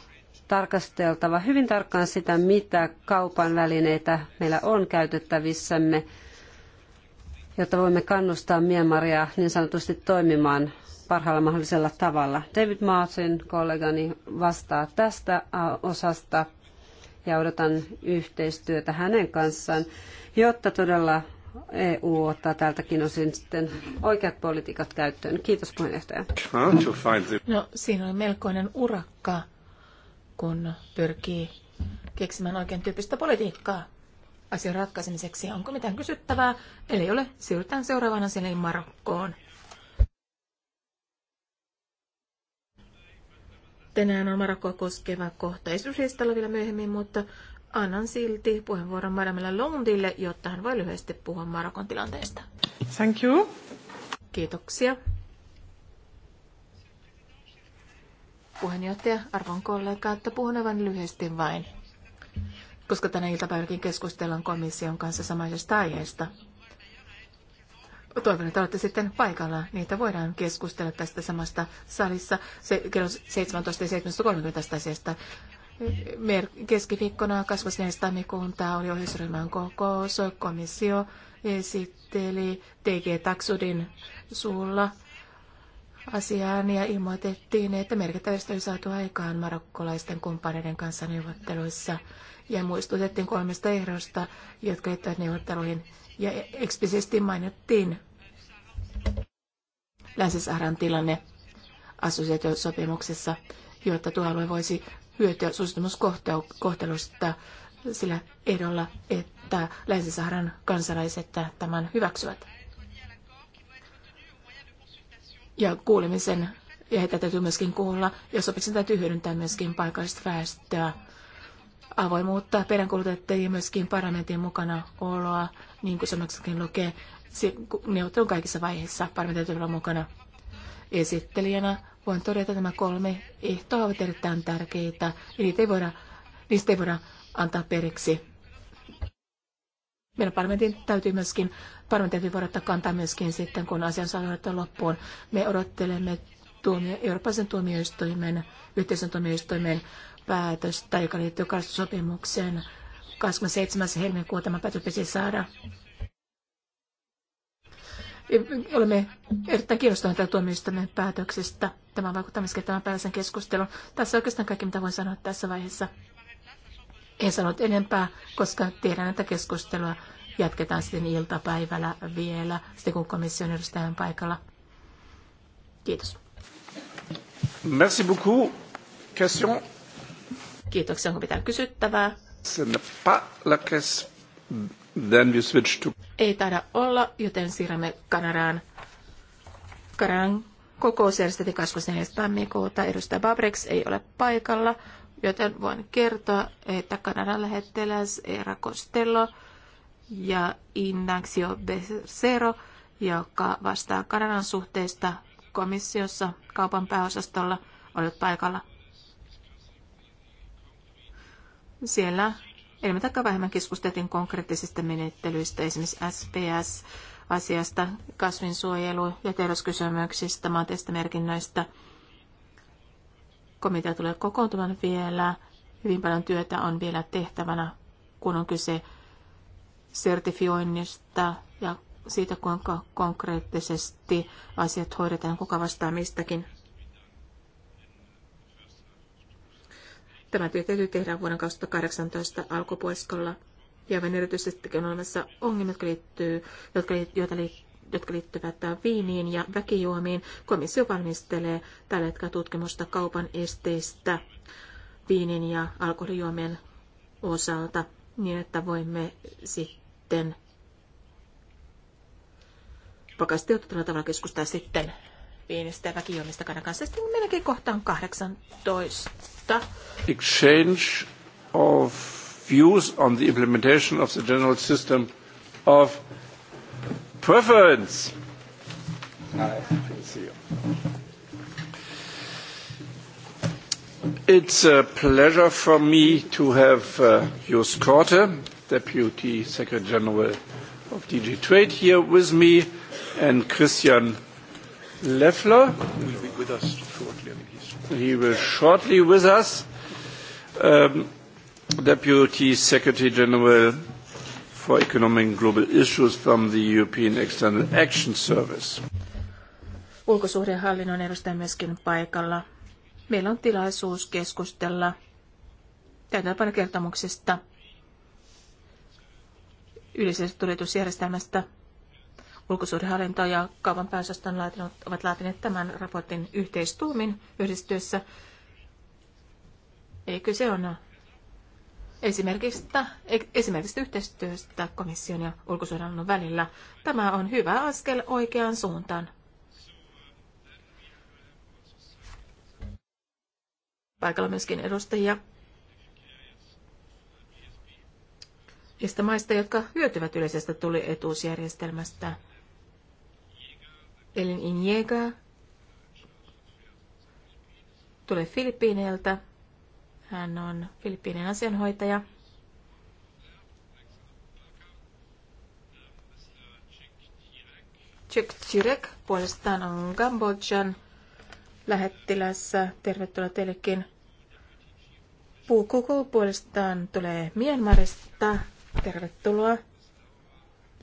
D: tarkasteltava hyvin tarkkaan sitä, mitä kaupan välineitä meillä on käytettävissämme, jotta voimme kannustaa Myanmaria niin sanotusti toimimaan parhaalla mahdollisella tavalla. David Martin, kollegani, vastaa tästä osasta ja odotan yhteistyötä hänen kanssaan, jotta todella EU ottaa tältäkin osin sitten oikeat politiikat käyttöön. Kiitos puheenjohtaja. No, siinä oli melkoinen urakka kun pyrkii
B: keksimään oikein tyyppistä politiikkaa asian ratkaisemiseksi. Onko mitään kysyttävää? Eli ole, siirrytään seuraavana asiaan Marokkoon. Tänään on Marokkoa koskeva kohta esityslistalla vielä myöhemmin, mutta annan silti puheenvuoron Madamella Londille, jotta hän voi lyhyesti puhua Marokon tilanteesta. Thank you. Kiitoksia. puheenjohtaja, arvon kollega, että puhun aivan lyhyesti vain, koska tänä iltapäivälläkin keskustellaan komission kanssa samaisesta aiheesta. Toivon, että olette sitten paikalla. Niitä voidaan keskustella tästä samasta salissa se, kello 17.30 tästä asiasta. Mer- keskiviikkona 24. tammikuuta oli ohjausryhmän kokous. Komissio esitteli TG Taksudin suulla asiaan ja ilmoitettiin, että merkittävästi oli saatu aikaan marokkolaisten kumppaneiden kanssa neuvotteluissa ja muistutettiin kolmesta ehdosta, jotka liittyvät neuvotteluihin ja eksplisiisti mainittiin länsi tilanne assosiaatiosopimuksessa, jotta tuo alue voisi hyötyä suostumuskohtelusta sillä ehdolla, että Länsi-Saharan kansalaiset tämän hyväksyvät ja kuulemisen, ja heitä täytyy myöskin kuulla, ja sopimuksen täytyy hyödyntää myöskin paikallista väestöä. Avoimuutta peräänkuulutettiin myöskin parlamentin mukana oloa, niin kuin sanoksikin lukee, neuvottelun kaikissa vaiheissa parlamentin täytyy olla mukana. Esittelijänä voin todeta, että nämä kolme ehtoa ovat erittäin tärkeitä, eli ei voida, niistä ei voida antaa periksi meidän parlamentin täytyy myöskin, parlamentin täytyy ottaa kantaa myöskin sitten, kun asian saadaan loppuun. Me odottelemme tuomio, Euroopan tuomioistuimen, yhteisön tuomioistuimen päätöstä, joka liittyy kalastusopimukseen 27. helmikuuta. Tämä päätös pitäisi saada. Olemme erittäin kiinnostuneita tuomioistuimen päätöksestä. Tämä vaikuttaa myöskin tämän päiväisen keskustelun. Tässä oikeastaan kaikki, mitä voin sanoa tässä vaiheessa. En sanonut enempää, koska tiedän, että keskustelua jatketaan sitten iltapäivällä vielä, sitten kun komission edustajan paikalla. Kiitos.
A: Merci beaucoup. Question.
B: Kiitoksia, onko mitään kysyttävää?
A: Then we switch to...
B: Ei taida olla, joten siirrämme Kanadaan. Kanadan kokous järjestettiin 24. tammikuuta. Edustaja Babrex ei ole paikalla. Joten voin kertoa, että Kanadan lähettiläs Eera Costello ja Ignacio Becero, joka vastaa Kanadan suhteista komissiossa kaupan pääosastolla, olivat paikalla. Siellä enemmän tai vähemmän keskusteltiin konkreettisista menettelyistä, esimerkiksi SPS, asiasta, kasvinsuojelu- ja terveyskysymyksistä, maanteista merkinnöistä – komitea tulee kokoontumaan vielä. Hyvin paljon työtä on vielä tehtävänä, kun on kyse sertifioinnista ja siitä, kuinka konkreettisesti asiat hoidetaan, kuka vastaa mistäkin. Tämä työ täytyy tehdä vuoden 2018 alkupuoliskolla. Ja erityisesti on olemassa ongelmia, jotka liittyy, jotka, joita liittyy jotka liittyvät viiniin ja väkijuomiin. Komissio valmistelee tällä hetkellä tutkimusta kaupan esteistä viinin ja alkoholijuomien osalta niin, että voimme sitten vakaasti otettuna tavalla keskustella sitten viinistä ja väkijuomista kanan kanssa. Sitten melkein kohtaan 18.
A: Exchange of views on the implementation of the general system of preference. It's a pleasure for me to have uh, Jos Korte, Deputy Secretary General of DG Trade, here with me, and Christian Leffler. will be with us shortly. He will shortly with us. Um, Deputy Secretary General for Economic and Global Issues from the European External Action Service.
B: Ulkosuhdehallinnon edustaja myöskin paikalla. Meillä on tilaisuus keskustella täytäntöpanokertomuksesta, yleisestä tulitusjärjestelmästä. Ulkosuhdehallinto ja kaupan pääosasto ovat laatineet tämän raportin yhteistuumin yhdistyessä. Eikö se ole esimerkiksi, esimerkiksi yhteistyöstä komission ja ulkosuhdehallinnon välillä. Tämä on hyvä askel oikeaan suuntaan. Paikalla myöskin edustajia niistä maista, jotka hyötyvät yleisestä tulietuusjärjestelmästä. Elin Injega tulee Filippiineiltä hän on Filippiinien asianhoitaja. Chuk Chirek puolestaan on Kambodjan lähettilässä. Tervetuloa teillekin. Puukuku puolestaan tulee Myanmarista. Tervetuloa.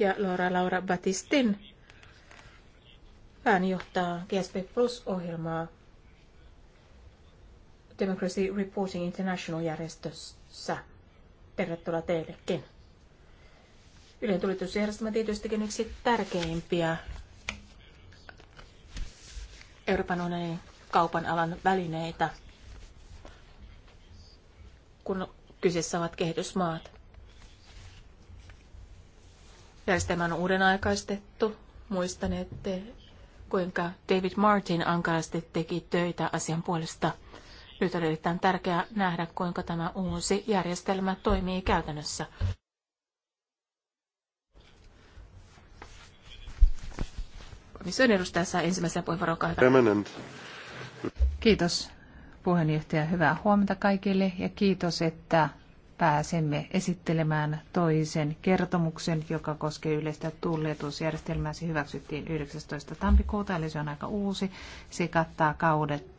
B: Ja Laura Laura Batistin. Hän johtaa GSP Plus-ohjelmaa Democracy Reporting International-järjestössä. Tervetuloa teillekin. Ylen tulitusjärjestelmä tietystikin yksi tärkeimpiä Euroopan unionin kaupan alan välineitä, kun kyseessä ovat kehitysmaat. Järjestelmä on uuden aikaistettu. Muistan, että kuinka David Martin ankarasti teki töitä asian puolesta – nyt on erittäin tärkeää nähdä, kuinka tämä uusi järjestelmä toimii käytännössä.
C: Komission edustaja saa ensimmäisen puheenvuoron kahden. Kiitos puheenjohtaja. Hyvää huomenta kaikille ja kiitos, että pääsemme esittelemään toisen kertomuksen, joka koskee yleistä tulletusjärjestelmää. Se hyväksyttiin 19. tammikuuta, eli se on aika uusi. Se kattaa kaudet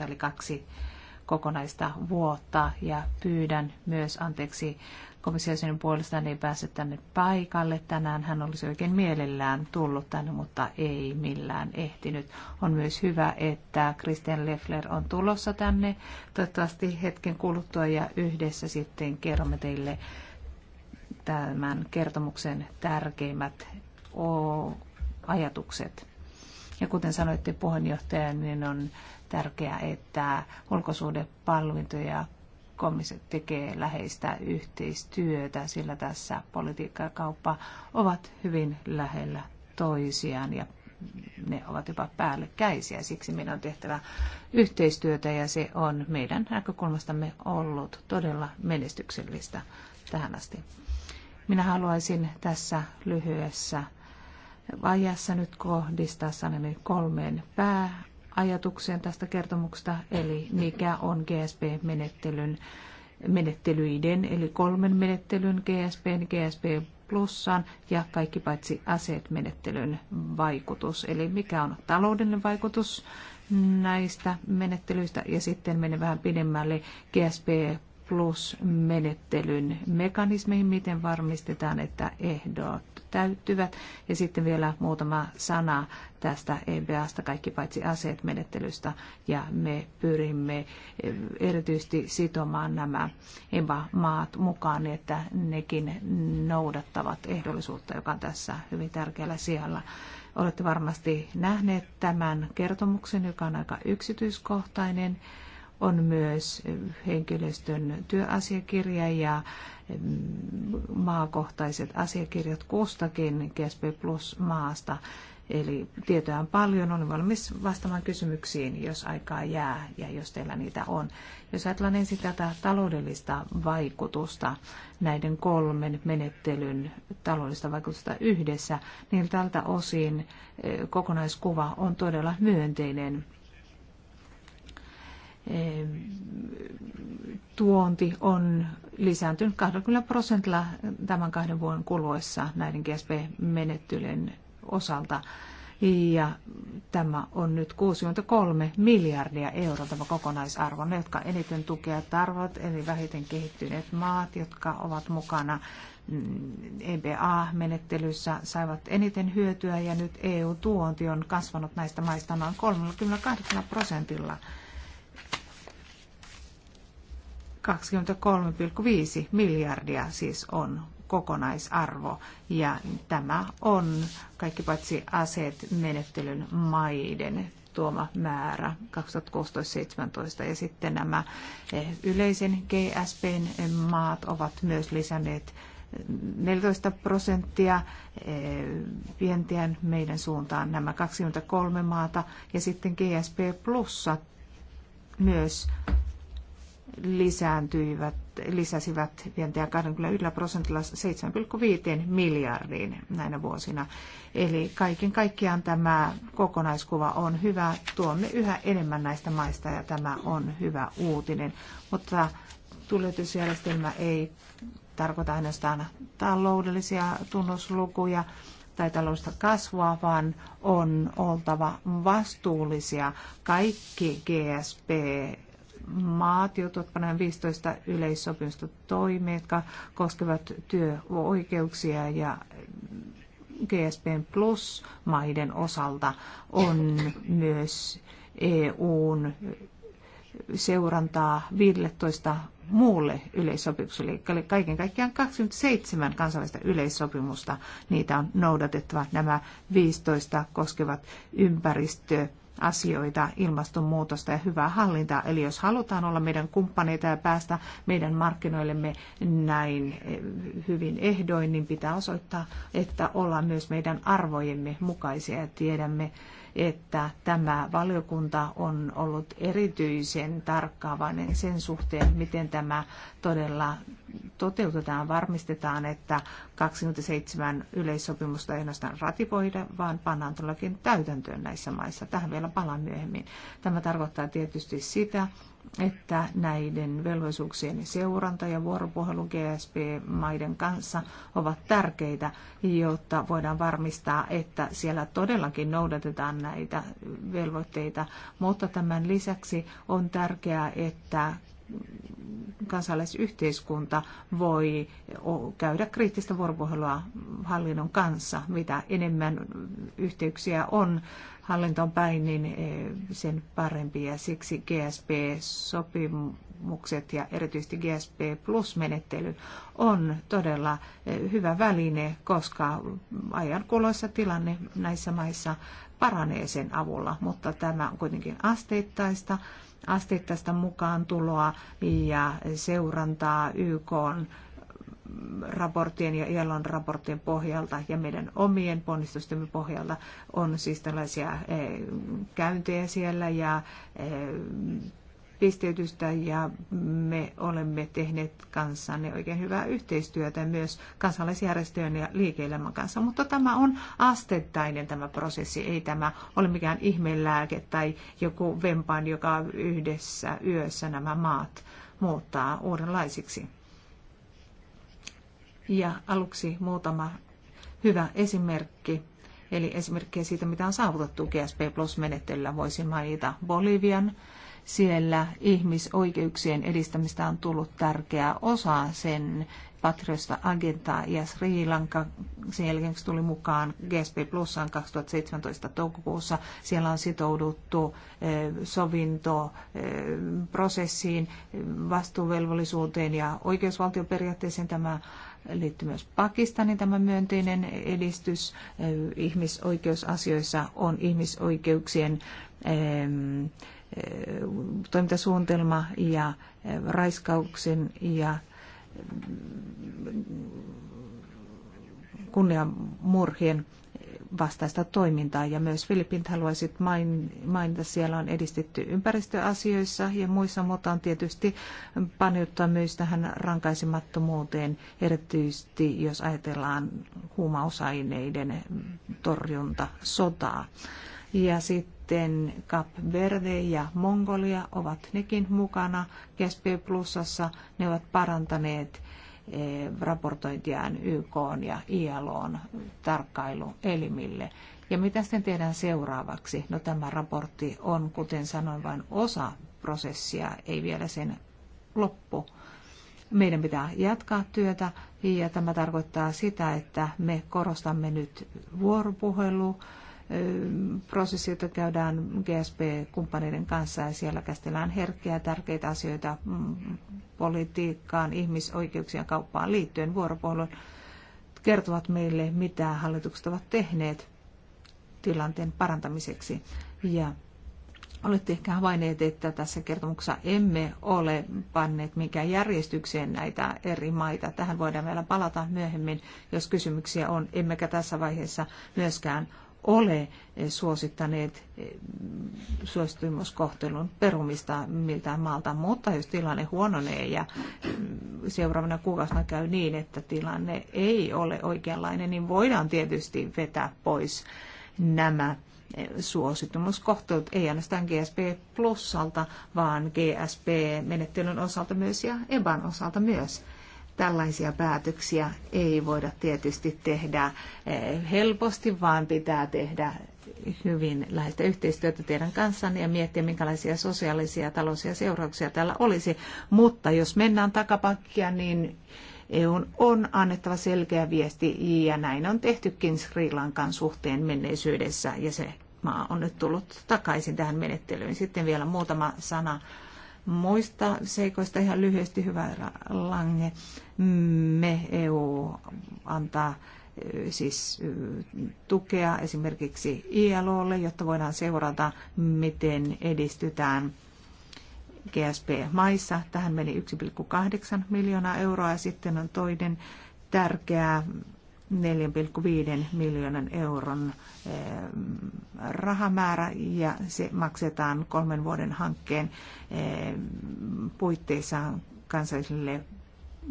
C: 2016-2017, eli kaksi kokonaista vuotta. Ja pyydän myös anteeksi komissiosin puolesta, hän ei pääse tänne paikalle. Tänään hän olisi oikein mielellään tullut tänne, mutta ei millään ehtinyt. On myös hyvä, että Christian Leffler on tulossa tänne toivottavasti hetken kuluttua ja yhdessä sitten kerromme teille tämän kertomuksen tärkeimmät ajatukset. Ja kuten sanoitte puheenjohtaja, niin on tärkeää, että ja komissio tekee läheistä yhteistyötä, sillä tässä politiikka ja kauppa ovat hyvin lähellä toisiaan ja ne ovat jopa päällekkäisiä. Siksi meidän on tehtävä yhteistyötä ja se on meidän näkökulmastamme ollut todella menestyksellistä tähän asti. Minä haluaisin tässä lyhyessä vaiheessa nyt kohdistaa sanani kolmeen pääajatukseen tästä kertomuksesta, eli mikä on GSP-menettelyn menettelyiden, eli kolmen menettelyn GSP, GSP plussan ja kaikki paitsi aseet menettelyn vaikutus, eli mikä on taloudellinen vaikutus näistä menettelyistä ja sitten menen vähän pidemmälle GSP plus-menettelyn mekanismeihin, miten varmistetaan, että ehdot täyttyvät. Ja sitten vielä muutama sana tästä EBAsta, kaikki paitsi aseet menettelystä. Ja me pyrimme eh, erityisesti sitomaan nämä EBA-maat mukaan, että nekin noudattavat ehdollisuutta, joka on tässä hyvin tärkeällä sijalla. Olette varmasti nähneet tämän kertomuksen, joka on aika yksityiskohtainen on myös henkilöstön työasiakirja ja mm, maakohtaiset asiakirjat kustakin GSP Plus maasta. Eli tietoja on paljon, on valmis vastaamaan kysymyksiin, jos aikaa jää ja jos teillä niitä on. Jos ajatellaan ensin tätä taloudellista vaikutusta, näiden kolmen menettelyn taloudellista vaikutusta yhdessä, niin tältä osin eh, kokonaiskuva on todella myönteinen tuonti on lisääntynyt 20 prosentilla tämän kahden vuoden kuluessa näiden GSP-menettelyjen osalta. Ja tämä on nyt 63 miljardia euroa tämä kokonaisarvo. Ne, jotka eniten tukea tarvitsevat, eli vähiten kehittyneet maat, jotka ovat mukana mm, EBA-menettelyssä, saivat eniten hyötyä ja nyt EU-tuonti on kasvanut näistä maista noin 38 prosentilla 23,5 miljardia siis on kokonaisarvo ja tämä on kaikki paitsi aseet menettelyn maiden tuoma määrä 2016-2017 ja sitten nämä eh, yleisen GSPn maat ovat myös lisänneet 14 eh, prosenttia eh, vientiään meidän suuntaan nämä 23 maata ja sitten GSP plussa myös lisääntyivät, lisäsivät vientiä 21 prosentilla 7,5 miljardiin näinä vuosina. Eli kaiken kaikkiaan tämä kokonaiskuva on hyvä. Tuomme yhä enemmän näistä maista ja tämä on hyvä uutinen. Mutta tuljetusjärjestelmä ei tarkoita ainoastaan taloudellisia tunnuslukuja, tai taloudellista kasvua, vaan on oltava vastuullisia. Kaikki GSP maat joutuvat panemaan 15 yleissopimusta toimeen, jotka koskevat työoikeuksia ja GSP Plus maiden osalta on myös EUn seurantaa 15 muulle yleissopimukselle. Eli kaiken kaikkiaan 27 kansallista yleissopimusta, niitä on noudatettava. Nämä 15 koskevat ympäristö, asioita, ilmastonmuutosta ja hyvää hallintaa. Eli jos halutaan olla meidän kumppaneita ja päästä meidän markkinoillemme näin eh, hyvin ehdoin, niin pitää osoittaa, että ollaan myös meidän arvojemme mukaisia ja tiedämme, että tämä valiokunta on ollut erityisen tarkkaavainen sen suhteen, miten tämä todella toteutetaan, varmistetaan, että 27 yleissopimusta ei ainoastaan ratifoida, vaan pannaan todellakin täytäntöön näissä maissa. Tähän vielä palaan myöhemmin. Tämä tarkoittaa tietysti sitä, että näiden velvollisuuksien seuranta ja vuoropuhelu GSP-maiden kanssa ovat tärkeitä, jotta voidaan varmistaa, että siellä todellakin noudatetaan näitä velvoitteita. Mutta tämän lisäksi on tärkeää, että kansalaisyhteiskunta voi käydä kriittistä vuoropuhelua hallinnon kanssa. Mitä enemmän yhteyksiä on hallintoon päin, niin e, sen parempi. Ja siksi GSP-sopimukset ja erityisesti GSP Plus-menettely on todella e, hyvä väline, koska ajan kuluessa tilanne näissä maissa paranee sen avulla, mutta tämä on kuitenkin asteittaista asteittaista mukaan tuloa ja seurantaa YK raporttien ja ILOn raporttien pohjalta ja meidän omien ponnistustemme pohjalta on siis tällaisia eh, käyntejä siellä ja eh, pisteytystä ja me olemme tehneet kanssanne oikein hyvää yhteistyötä myös kansalaisjärjestöjen ja liike-elämän kanssa. Mutta tämä on astettainen tämä prosessi, ei tämä ole mikään ihmelääke tai joku vempaan, joka yhdessä yössä nämä maat muuttaa uudenlaisiksi. Ja aluksi muutama hyvä esimerkki. Eli esimerkkejä siitä, mitä on saavutettu GSP Plus-menettelyllä, voisin mainita Bolivian, siellä ihmisoikeuksien edistämistä on tullut tärkeä osa sen Patriosta agentaa ja Sri Lanka sen jälkeen, kun tuli mukaan GSP Plusaan 2017 toukokuussa. Siellä on sitouduttu sovintoprosessiin, vastuuvelvollisuuteen ja oikeusvaltioperiaatteeseen tämä liittyy myös Pakistanin tämä myönteinen edistys ihmisoikeusasioissa on ihmisoikeuksien Eh, toimintasuunnitelma ja eh, raiskauksen ja mm, kunniamurhien vastaista toimintaa. Ja myös Filippiinit haluaisit mainita, siellä on edistetty ympäristöasioissa ja muissa, mutta on tietysti paneuttaa myös tähän rankaisemattomuuteen, erityisesti jos ajatellaan huumausaineiden torjunta sotaa. Ja sitten sitten Cap Verde ja Mongolia ovat nekin mukana GSP Plusassa. Ne ovat parantaneet eh, raportointiaan YK ja ILOn tarkkailuelimille. Ja mitä sitten tehdään seuraavaksi? No tämä raportti on, kuten sanoin, vain osa prosessia, ei vielä sen loppu. Meidän pitää jatkaa työtä ja tämä tarkoittaa sitä, että me korostamme nyt vuoropuhelua prosessi, jota käydään GSP-kumppaneiden kanssa ja siellä käsitellään herkkiä tärkeitä asioita mm, politiikkaan, ihmisoikeuksien kauppaan liittyen vuoropuhelun kertovat meille, mitä hallitukset ovat tehneet tilanteen parantamiseksi. Ja olette ehkä havainneet, että tässä kertomuksessa emme ole panneet mikään järjestykseen näitä eri maita. Tähän voidaan vielä palata myöhemmin, jos kysymyksiä on, emmekä tässä vaiheessa myöskään ole suosittaneet eh, suostumuskohtelun perumista miltään maalta, mutta jos tilanne huononee ja mm, seuraavana kuukausina käy niin, että tilanne ei ole oikeanlainen, niin voidaan tietysti vetää pois nämä eh, suositumuskohtelut, ei ainoastaan GSP plussalta, vaan GSP-menettelyn osalta myös ja EBAN osalta myös. Tällaisia päätöksiä ei voida tietysti tehdä eh, helposti, vaan pitää tehdä hyvin läheistä yhteistyötä teidän kanssanne ja miettiä, minkälaisia sosiaalisia ja taloudellisia seurauksia tällä olisi. Mutta jos mennään takapakkia, niin EUn on annettava selkeä viesti ja näin on tehtykin Sri Lankan suhteen menneisyydessä ja se maa on nyt tullut takaisin tähän menettelyyn. Sitten vielä muutama sana muista seikoista ihan lyhyesti, hyvä Lange. Me EU antaa siis tukea esimerkiksi ILOlle, jotta voidaan seurata, miten edistytään GSP-maissa. Tähän meni 1,8 miljoonaa euroa ja sitten on toinen tärkeä 4,5 miljoonan euron eh, rahamäärä ja se maksetaan kolmen vuoden hankkeen eh, puitteissa kansallisille,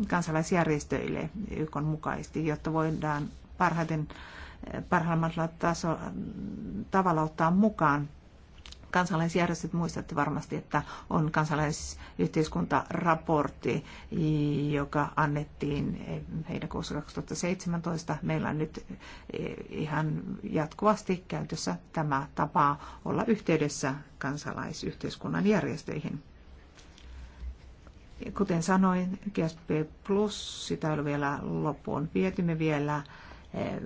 C: kansalaisjärjestöille YK mukaisesti, jotta voidaan parhaiten eh, parhaimmalla tasolla, tavalla ottaa mukaan kansalaisjärjestöt muistatte varmasti, että on kansalaisyhteiskuntaraportti, joka annettiin heinäkuussa 2017. Meillä on nyt eh, ihan jatkuvasti käytössä tämä tapa olla yhteydessä kansalaisyhteiskunnan järjestöihin kuten sanoin, GSP Plus, sitä ei ole vielä loppuun vietimme vielä eh,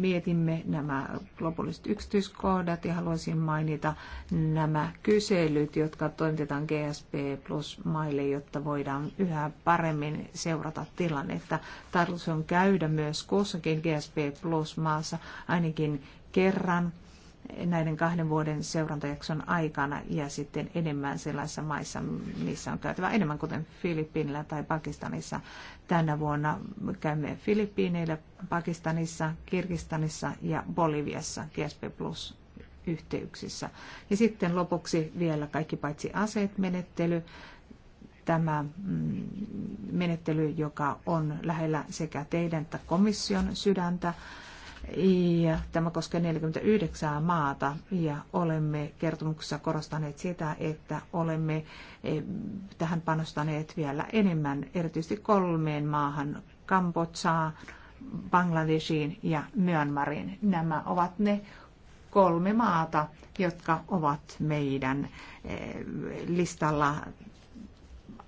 C: mietimme nämä globaaliset yksityiskohdat ja haluaisin mainita nämä kyselyt, jotka toimitetaan GSP Plus maille, jotta voidaan yhä paremmin seurata tilannetta. Tarkoitus on käydä myös kussakin GSP Plus maassa ainakin kerran näiden kahden vuoden seurantajakson aikana ja sitten enemmän sellaisissa maissa, missä on käytävä enemmän, kuten Filippiinillä tai Pakistanissa. Tänä vuonna käymme Filippiineillä, Pakistanissa, Kirgistanissa ja Boliviassa GSP Plus yhteyksissä. Ja sitten lopuksi vielä kaikki paitsi aseet menettely, tämä mm, menettely, joka on lähellä sekä teidän että komission sydäntä ja tämä koskee 49 maata ja olemme kertomuksessa korostaneet sitä, että olemme eh, tähän panostaneet vielä enemmän, erityisesti kolmeen maahan, Kambodsaa, Bangladeshiin ja Myanmariin. Nämä ovat ne kolme maata, jotka ovat meidän eh, listalla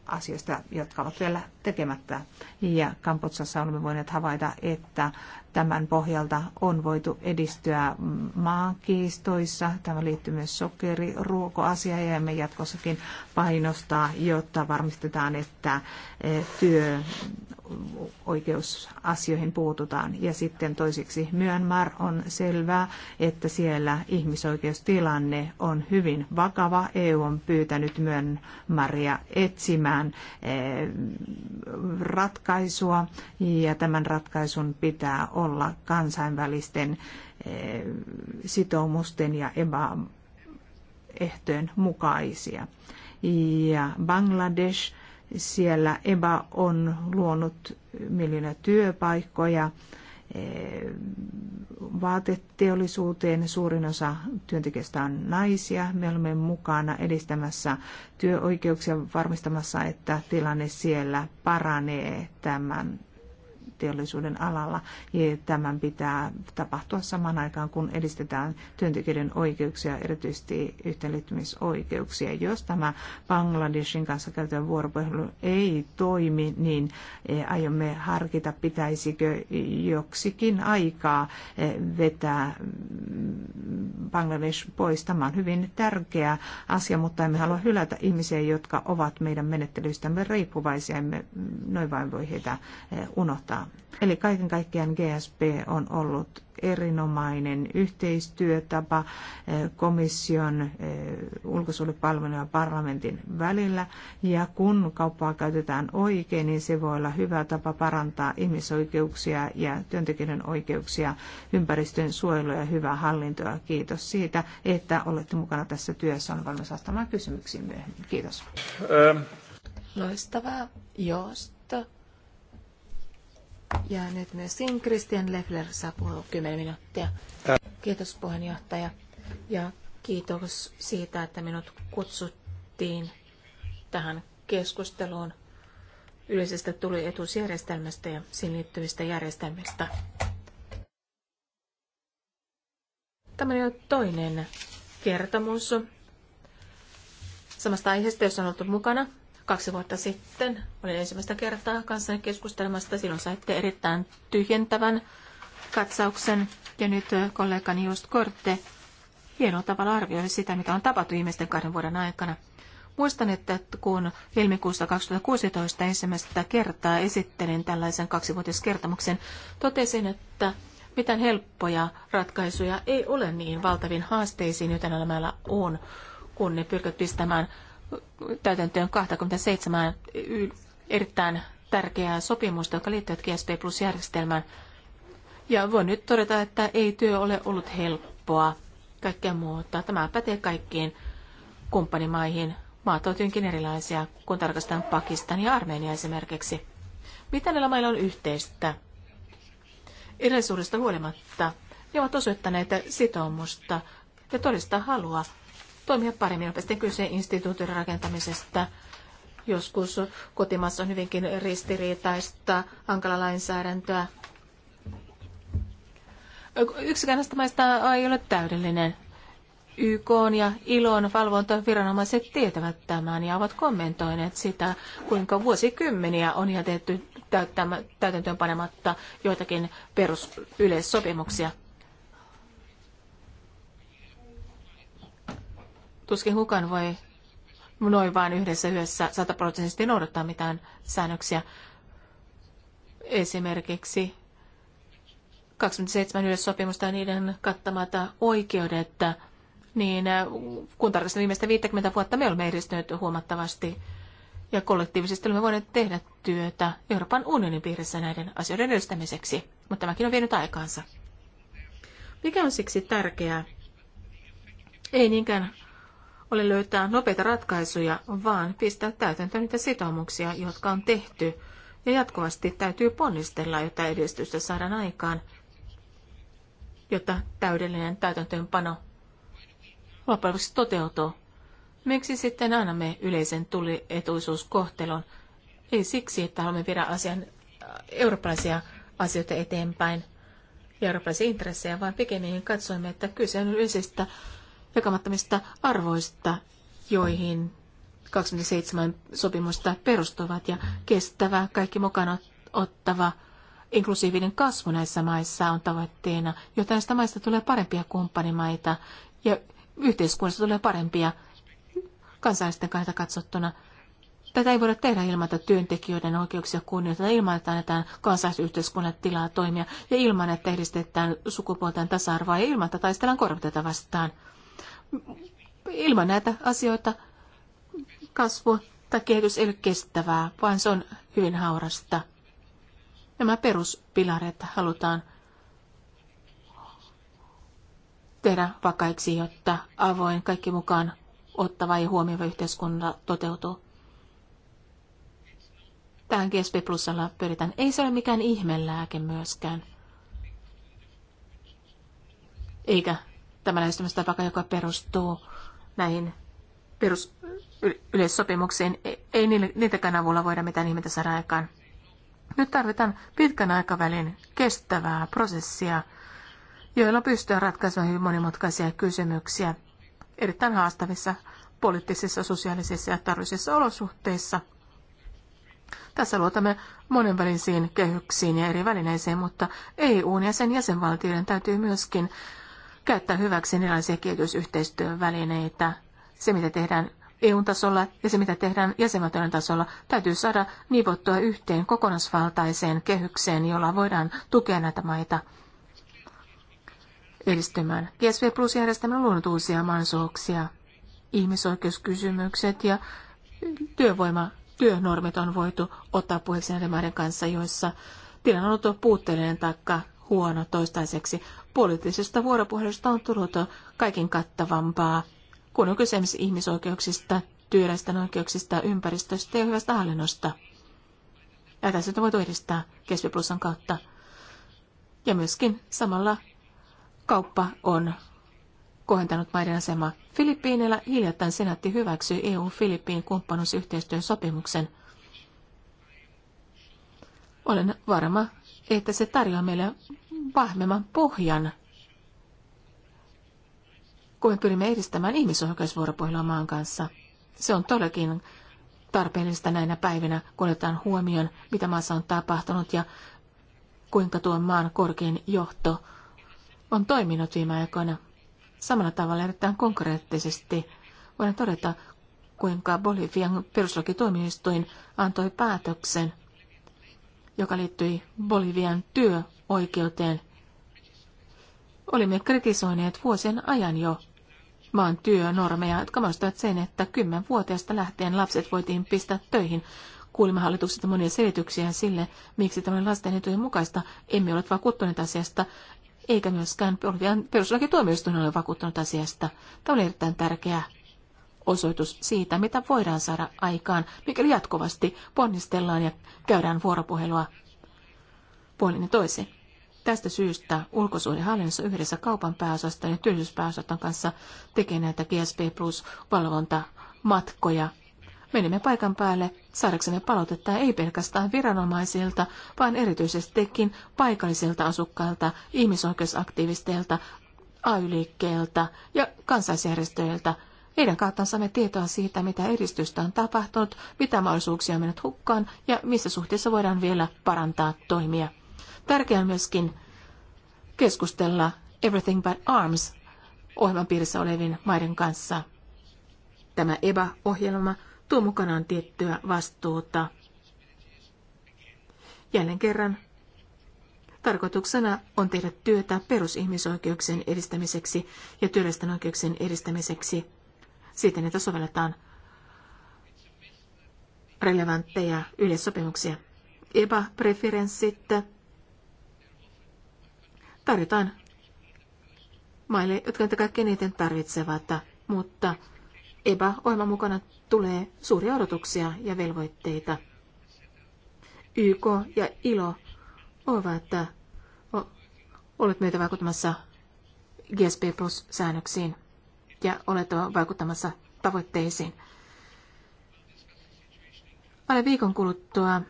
C: asioista, jotka ovat vielä tekemättä. Ja Kampotsassa olemme voineet havaita, että tämän pohjalta on voitu edistyä maakiistoissa. Tämä liittyy myös sokeriruokoasiaan ja me jatkossakin painostaa, jotta varmistetaan, että e, työoikeusasioihin puututaan. Ja sitten toiseksi Myanmar on selvää, että siellä ihmisoikeustilanne on hyvin vakava. EU on pyytänyt Myanmaria etsimään e, ratkaisua ja tämän ratkaisun pitää olla olla kansainvälisten eh, sitoumusten ja EBA-ehtojen mukaisia. Ja Bangladesh, siellä EBA on luonut miljoona työpaikkoja eh, vaateteollisuuteen. Suurin osa työntekijöistä on naisia. Me olemme mukana edistämässä työoikeuksia varmistamassa, että tilanne siellä paranee tämän teollisuuden alalla. Ja tämän pitää tapahtua samaan aikaan, kun edistetään työntekijöiden oikeuksia, erityisesti yhteenliittymisoikeuksia. Jos tämä Bangladeshin kanssa käytävä vuoropuhelu ei toimi, niin eh, aiomme harkita, pitäisikö joksikin aikaa eh, vetää mm, Bangladesh pois. Tämä on hyvin tärkeä asia, mutta emme halua hylätä ihmisiä, jotka ovat meidän menettelyistämme riippuvaisia. Emme mm, noin vain voi heitä eh, unohtaa. Eli kaiken kaikkiaan GSP on ollut erinomainen yhteistyötapa eh, komission eh, ulkosuudepalvelun ja parlamentin välillä. Ja kun kauppaa käytetään oikein, niin se voi olla hyvä tapa parantaa ihmisoikeuksia ja työntekijöiden oikeuksia, ympäristön suojelua ja hyvää hallintoa. Kiitos siitä, että olette mukana tässä työssä. on valmis vastaamaan kysymyksiin myöhemmin. Kiitos. Ähm. Loistavaa. Joo. Ja
B: nyt myöskin Christian Leffler saa puhua 10 minuuttia. Kiitos puheenjohtaja ja kiitos siitä, että minut kutsuttiin tähän keskusteluun yleisestä tulietuusjärjestelmästä ja siihen liittyvistä järjestelmistä. Tämä on jo toinen kertomus samasta aiheesta, jossa on oltu mukana Kaksi vuotta sitten olin ensimmäistä kertaa kanssanne keskustelemassa, silloin saitte erittäin tyhjentävän katsauksen. Ja nyt kollegani Just Korte hieno tavalla arvioi sitä, mitä on tapahtunut ihmisten kahden vuoden aikana. Muistan, että kun helmikuussa 2016 ensimmäistä kertaa esittelin tällaisen kaksivuotiskertomuksen, totesin, että mitään helppoja ratkaisuja ei ole niin valtaviin haasteisiin, joten elämällä on, kun ne pyrkät pistämään täytäntöön 27 erittäin tärkeää sopimusta, joka liittyy GSP Plus-järjestelmään. Ja voin nyt todeta, että ei työ ole ollut helppoa kaikkea muuta. Tämä pätee kaikkiin kumppanimaihin. Maat ovat hyvinkin erilaisia, kun tarkastetaan Pakistan ja Armenia esimerkiksi. Mitä näillä mailla on yhteistä? Erilaisuudesta huolimatta ne ovat osoittaneet sitoumusta ja todista halua toimia paremmin. Onpa sitten kyse instituutin rakentamisesta. Joskus kotimaassa on hyvinkin ristiriitaista, hankala lainsäädäntöä. Yksikään näistä maista ei ole täydellinen. YK ja ILOn valvontaviranomaiset tietävät tämän ja ovat kommentoineet sitä, kuinka vuosikymmeniä on jätetty täytäntöön panematta joitakin perusyleissopimuksia. Tuskin kukaan voi noin vain yhdessä yössä sataprosenttisesti noudattaa mitään säännöksiä. Esimerkiksi 27 yleissopimusta ja niiden kattamata oikeudet, niin kun tarkastelemme viimeistä 50 vuotta, me olemme edistyneet huomattavasti ja kollektiivisesti olemme voineet tehdä työtä Euroopan unionin piirissä näiden asioiden edistämiseksi, mutta tämäkin on vienyt aikaansa. Mikä on siksi tärkeää? Ei niinkään ole löytää nopeita ratkaisuja, vaan pistää täytäntöön niitä sitoumuksia, jotka on tehty. Ja jatkuvasti täytyy ponnistella, jotta edistystä saadaan aikaan, jotta täydellinen täytäntöönpano loppujen toteutuu. Miksi sitten annamme yleisen tulietuisuuskohtelun? Ei siksi, että haluamme viedä asian, äh, eurooppalaisia asioita eteenpäin ja eurooppalaisia intressejä, vaan pikemminkin katsoimme, että kyse on yleisestä jakamattomista arvoista, joihin 27 sopimusta perustuvat ja kestävä, kaikki mukana ottava inklusiivinen kasvu näissä maissa on tavoitteena, jotta näistä maista tulee parempia kumppanimaita ja yhteiskunnassa tulee parempia kansalaisten kannalta katsottuna. Tätä ei voida tehdä ilman, että työntekijöiden oikeuksia kunnioitetaan, ilman, että annetaan kansalaisyhteiskunnalle tilaa toimia ja ilman, että edistetään sukupuolten tasa-arvoa ja ilman, että taistellaan korruptiota vastaan. Ilman näitä asioita kasvu tai kehitys ei ole kestävää, vaan se on hyvin haurasta. Nämä peruspilareet halutaan tehdä vakaiksi, jotta avoin kaikki mukaan ottava ja huomioiva yhteiskunta toteutuu. Tähän GSP Plusalla pyritään. Ei se ole mikään ihmelääke myöskään. Eikä tämä lähestymistapa, joka perustuu näihin perus yleissopimuksiin, ei niitäkään avulla voida mitään ihmettä saada aikaan. Nyt tarvitaan pitkän aikavälin kestävää prosessia, joilla pystytään ratkaisemaan hyvin monimutkaisia kysymyksiä erittäin haastavissa poliittisissa, sosiaalisissa ja taloudellisissa olosuhteissa. Tässä luotamme monenvälisiin kehyksiin ja eri välineisiin, mutta EUn ja sen jäsenvaltioiden täytyy myöskin käyttää hyväksi erilaisia kehitysyhteistyön välineitä. Se, mitä tehdään EU-tasolla ja se, mitä tehdään jäsenvaltioiden tasolla, täytyy saada nivottua yhteen kokonaisvaltaiseen kehykseen, jolla voidaan tukea näitä maita edistymään. GSV Plus-järjestelmä on luonut uusia mansuuksia. Ihmisoikeuskysymykset ja työvoima, työnormit on voitu ottaa puheeksi näiden maiden kanssa, joissa tilanne on ollut puutteellinen taikka huono toistaiseksi. Poliittisesta vuoropuhelusta on tullut kaiken kattavampaa, kun on kyse ihmisoikeuksista, työläisten oikeuksista, ympäristöstä ja hyvästä hallinnosta. Ja tässä on voitu edistää Keski kautta. Ja myöskin samalla kauppa on kohentanut maiden asemaa. Filippiineillä hiljattain senaatti hyväksyi EU-Filippiin kumppanuusyhteistyön sopimuksen. Olen varma että se tarjoaa meille vahvemman pohjan, kun me pyrimme edistämään ihmisoikeusvuoropuhelua maan kanssa. Se on todellakin tarpeellista näinä päivinä, kun otetaan huomioon, mitä maassa on tapahtunut ja kuinka tuon maan korkein johto on toiminut viime aikoina. Samalla tavalla erittäin konkreettisesti voidaan todeta, kuinka Bolivian perustuslakituomioistuin antoi päätöksen – joka liittyi Bolivian työoikeuteen. Olimme kritisoineet vuosien ajan jo maan työnormeja, jotka muistavat sen, että kymmenvuotiaasta lähtien lapset voitiin pistää töihin. Kuulimme hallituksesta monia selityksiä sille, miksi tämä oli lasten etujen mukaista. Emme ole vakuuttuneet asiasta, eikä myöskään perustuslakituomioistuin ole vakuuttunut asiasta. Tämä oli erittäin tärkeää osoitus siitä, mitä voidaan saada aikaan, mikäli jatkuvasti ponnistellaan ja käydään vuoropuhelua puolin ja toisin. Tästä syystä ulkosuhdehallinnossa yhdessä kaupan pääosaston ja työllisyyspääosaston kanssa tekee näitä GSP Plus valvontamatkoja. Menemme paikan päälle saadaksemme palautetta ei pelkästään viranomaisilta, vaan erityisestikin paikallisilta asukkailta, ihmisoikeusaktiivisteilta, AY-liikkeeltä ja kansalaisjärjestöiltä – heidän kauttaan saamme tietoa siitä, mitä edistystä on tapahtunut, mitä mahdollisuuksia on mennyt hukkaan ja missä suhteessa voidaan vielä parantaa toimia. Tärkeää on myöskin keskustella Everything But Arms ohjelman piirissä olevin maiden kanssa. Tämä EBA-ohjelma tuo mukanaan tiettyä vastuuta. Jälleen kerran Tarkoituksena on tehdä työtä perusihmisoikeuksien edistämiseksi ja työllisten oikeuksien edistämiseksi. Sitten niitä sovelletaan relevantteja yleissopimuksia. EBA-preferenssit tarjotaan maille, jotka niitä kaikkein eniten tarvitsevat, mutta EBA-ohjelman mukana tulee suuria odotuksia ja velvoitteita. YK ja ILO ovat olleet meitä vaikuttamassa GSP Plus-säännöksiin ja olen vaikuttamassa tavoitteisiin. Alle viikon kuluttua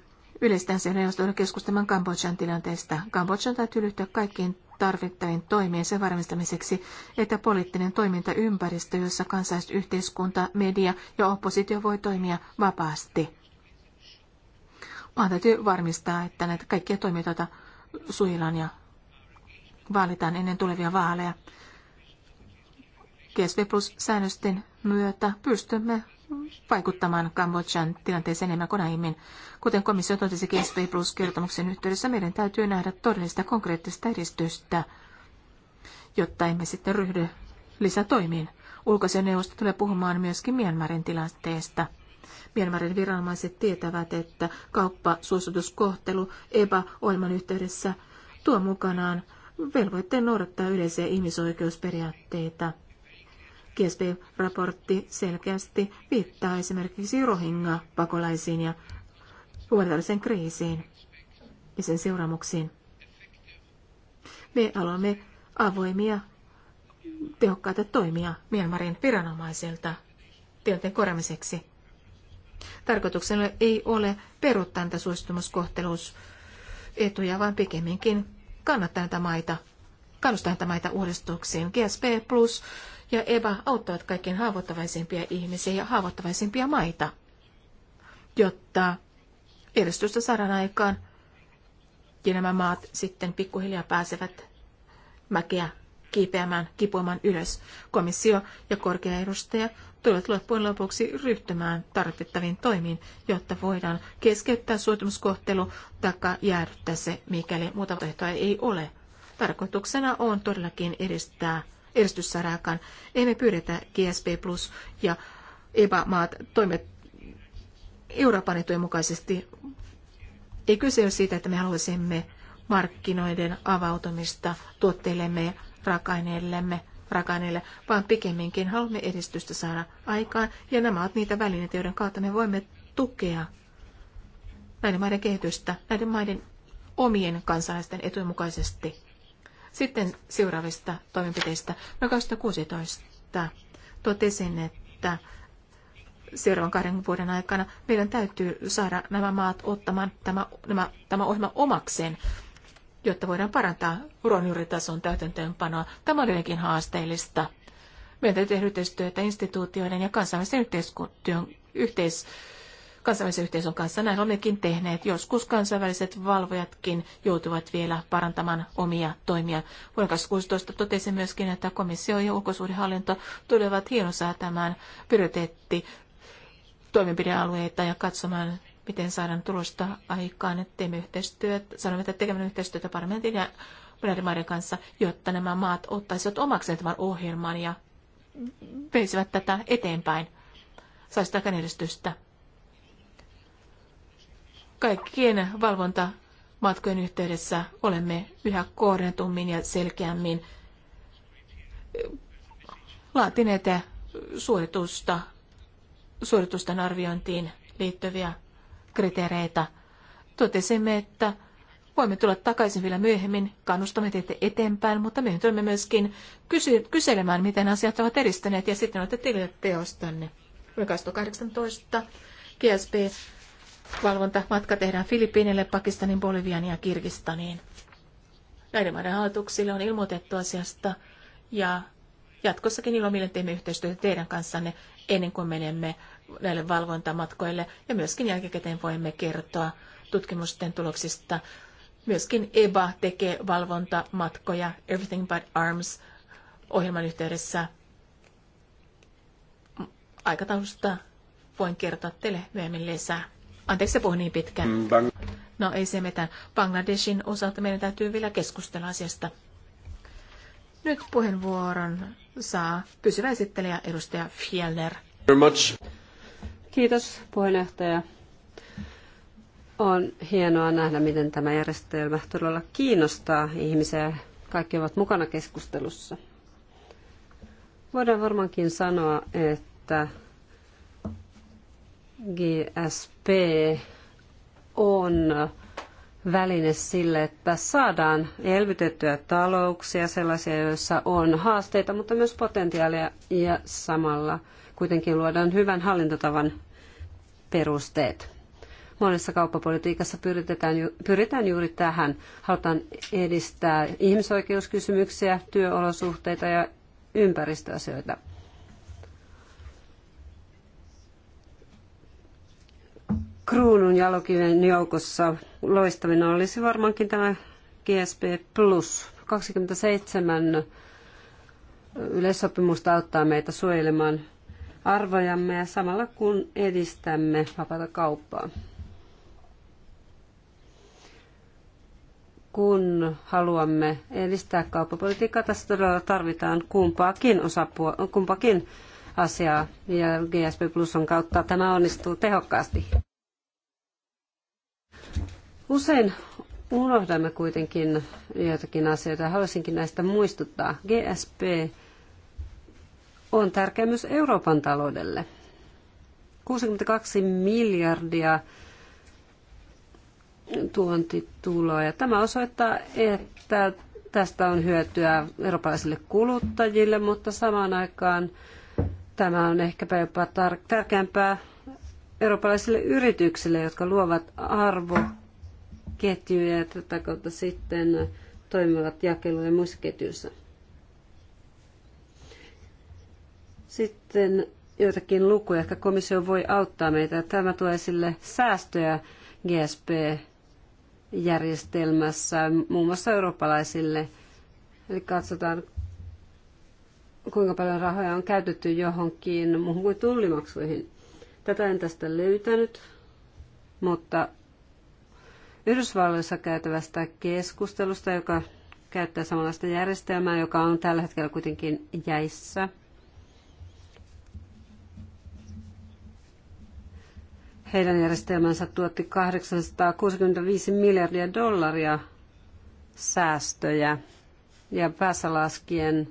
B: yleistään sen neuvostolla keskustelemaan Kambodjan tilanteesta. Kambodjan täytyy ryhtyä kaikkiin tarvittaviin toimiin sen varmistamiseksi, että poliittinen toimintaympäristö, jossa kansalaisyhteiskunta, media ja oppositio voi toimia vapaasti. Maan täytyy varmistaa, että näitä kaikkia toimijoita suojellaan ja vaalitaan ennen tulevia vaaleja. GSV Plus-säännösten myötä pystymme vaikuttamaan Kambodjan tilanteeseen enemmän kuin aiemmin. Kuten komissio totesi GSV Plus-kertomuksen yhteydessä, meidän täytyy nähdä todellista konkreettista edistystä, jotta emme sitten ryhdy lisätoimiin. Ulkoisen neuvosto tulee puhumaan myöskin Myanmarin tilanteesta. Myanmarin viranomaiset tietävät, että kauppasuosituskohtelu EBA-ohjelman yhteydessä tuo mukanaan velvoitteen noudattaa yleisiä ihmisoikeusperiaatteita – GSP-raportti selkeästi viittaa esimerkiksi rohinga pakolaisiin ja humanitaariseen kriisiin ja sen seuraamuksiin. Me aloimme avoimia, tehokkaita toimia Myanmarin viranomaisilta tilanteen korjaamiseksi. Tarkoituksena ei ole peruuttaa tätä suostumuskohteluusetuja, vaan pikemminkin kannattaa näitä maita, kannustaa näitä maita uudistuksiin. GSP Plus ja EBA auttavat kaikkein haavoittavaisimpia ihmisiä ja haavoittavaisimpia maita, jotta edistystä saadaan aikaan ja nämä maat sitten pikkuhiljaa pääsevät mäkeä kiipeämään, kipuamaan ylös. Komissio ja korkea edustaja tulevat loppujen lopuksi ryhtymään tarvittaviin toimiin, jotta voidaan keskeyttää suotumuskohtelu tai jäädyttää se, mikäli muuta vaihtoehtoa ei ole. Tarkoituksena on todellakin edistää eristyssaraakaan. Emme pyydetä GSP Plus ja EBA-maat toimet Euroopan etujen mukaisesti. Ei kyse ole siitä, että me haluaisimme markkinoiden avautumista tuotteillemme ja raaka-aineillemme vaan pikemminkin haluamme edistystä saada aikaan, ja nämä ovat niitä välineitä, joiden kautta me voimme tukea näiden maiden kehitystä, näiden maiden omien kansalaisten etujen mukaisesti. Sitten seuraavista toimenpiteistä. No 2016 totesin, että seuraavan kahden vuoden aikana meidän täytyy saada nämä maat ottamaan tämä, nämä, tämä ohjelma omakseen, jotta voidaan parantaa ruohonjuuritason täytäntöönpanoa. Tämä on jotenkin haasteellista. Meidän täytyy tehdä yhteistyötä instituutioiden ja kansainvälisen yhteistyön yhteis- kansainvälisen yhteisön kanssa. Näin olemmekin tehneet. Joskus kansainväliset valvojatkin joutuvat vielä parantamaan omia toimia. Vuonna 2016 totesi myöskin, että komissio ja ulkosuhdehallinto tulevat hienosäätämään prioriteetti toimenpidealueita ja katsomaan miten saadaan tulosta aikaan, että teemme yhteistyötä, sanomme, että tekemme yhteistyötä parlamentin ja monen maiden kanssa, jotta nämä maat ottaisivat omakseen tämän ohjelman ja veisivät tätä eteenpäin, Saisi takan edistystä kaikkien valvontamatkojen yhteydessä olemme yhä kohdentummin ja selkeämmin eh, laatineet suoritusta, suoritusten arviointiin liittyviä kriteereitä. Totesimme, että voimme tulla takaisin vielä myöhemmin, kannustamme teitä eteenpäin, mutta me tulemme myöskin kysy- kyselemään, miten asiat ovat edistyneet ja sitten olette tilille teostanne. 2018 GSP Valvontamatka tehdään Filippiineille, Pakistanin, Bolivian ja Kirgistaniin. Näiden maiden hallituksille on ilmoitettu asiasta ja jatkossakin ilomielen teemme yhteistyötä teidän kanssanne ennen kuin menemme näille valvontamatkoille ja myöskin jälkikäteen voimme kertoa tutkimusten tuloksista. Myöskin EBA tekee valvontamatkoja Everything But Arms ohjelman yhteydessä. Aikataulusta voin kertoa teille myöhemmin lisää. Anteeksi, puhuu niin pitkään. Mm, no ei se mitään. Bangladeshin osalta meidän täytyy vielä keskustella asiasta. Nyt puheenvuoron saa pysyvä
D: esittelijä edustaja Fjeller. Kiitos puheenjohtaja. On hienoa nähdä, miten tämä järjestelmä todella kiinnostaa ihmisiä. Kaikki ovat mukana keskustelussa. Voidaan varmaankin sanoa, että GSP on väline sille, että saadaan elvytettyä talouksia, sellaisia, joissa on haasteita, mutta myös potentiaalia ja samalla kuitenkin luodaan hyvän hallintotavan perusteet. Monessa kauppapolitiikassa pyritetään, pyritään juuri tähän. Halutaan edistää ihmisoikeuskysymyksiä, työolosuhteita ja ympäristöasioita. kruunun jalokiven joukossa loistavina olisi varmaankin tämä GSP Plus. 27 yleissopimusta auttaa meitä suojelemaan arvojamme ja samalla kun edistämme vapaata kauppaa. Kun haluamme edistää kauppapolitiikkaa, tässä todella tarvitaan kumpaakin, osapuo kumpaakin asiaa ja GSP plus on kautta tämä onnistuu tehokkaasti. Usein unohdamme kuitenkin joitakin asioita. Haluaisinkin näistä muistuttaa. GSP on tärkeä myös Euroopan taloudelle. 62 miljardia tuontituloja. Tämä osoittaa, että tästä on hyötyä eurooppalaisille kuluttajille, mutta samaan aikaan tämä on ehkäpä jopa tärkeämpää eurooppalaisille yrityksille, jotka luovat arvoketjuja ja tätä kautta sitten toimivat jakelu- ja muissa ketjuissa. Sitten joitakin lukuja. Ehkä komissio voi auttaa meitä. Tämä tuo esille säästöjä GSP-järjestelmässä muun muassa eurooppalaisille. Eli katsotaan, kuinka paljon rahoja on käytetty johonkin muuhun kuin tullimaksuihin. Tätä en tästä löytänyt, mutta Yhdysvalloissa käytävästä keskustelusta, joka käyttää samanlaista järjestelmää, joka on tällä hetkellä kuitenkin jäissä. Heidän järjestelmänsä tuotti 865 miljardia dollaria säästöjä ja päässä laskien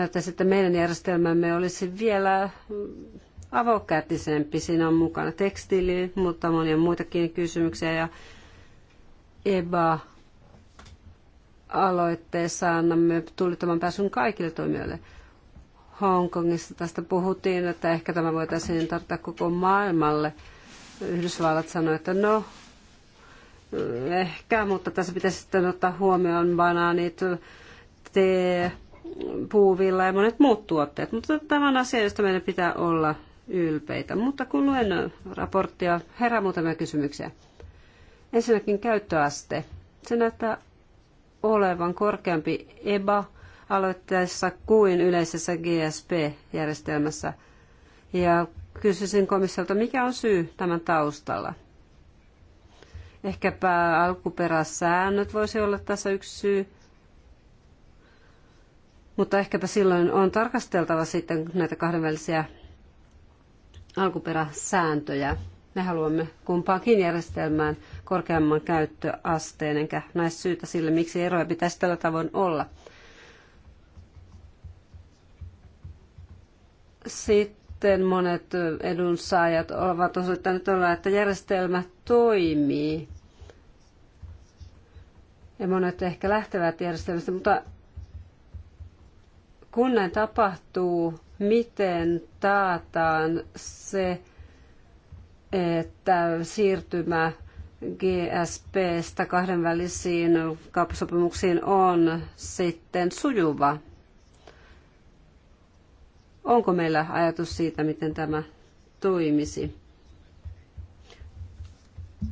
D: Näyttäisi, että meidän järjestelmämme olisi vielä avokätisempi. Siinä on mukana tekstiili, mutta monia muitakin kysymyksiä. Ja EBA-aloitteessa annamme tullittoman pääsyn kaikille toimijoille. Hongkongissa tästä puhuttiin, että ehkä tämä voitaisiin tarttaa koko maailmalle. Yhdysvallat sanoi, että no, ehkä, mutta tässä pitäisi sitten ottaa huomioon banaanit, tee, puuvilla ja monet muut tuotteet. Mutta tämä on asia, josta meidän pitää olla ylpeitä. Mutta kun luen raporttia, herää muutamia kysymyksiä. Ensinnäkin käyttöaste. Se näyttää olevan korkeampi EBA-aloitteessa kuin yleisessä GSP-järjestelmässä. Ja kysyisin komissiolta, mikä on syy tämän taustalla? Ehkäpä alkuperäsäännöt voisi olla tässä yksi syy. Mutta ehkäpä silloin on tarkasteltava sitten näitä kahdenvälisiä alkuperäsääntöjä. Me haluamme kumpaankin järjestelmään korkeamman käyttöasteen, enkä näe syytä sille, miksi eroja pitäisi tällä tavoin olla. Sitten monet edunsaajat ovat osoittaneet olla, että järjestelmä toimii. Ja monet ehkä lähtevät järjestelmästä, mutta kun näin tapahtuu, miten taataan se, että siirtymä GSPstä kahdenvälisiin kauppasopimuksiin on sitten sujuva? Onko meillä ajatus siitä, miten tämä toimisi?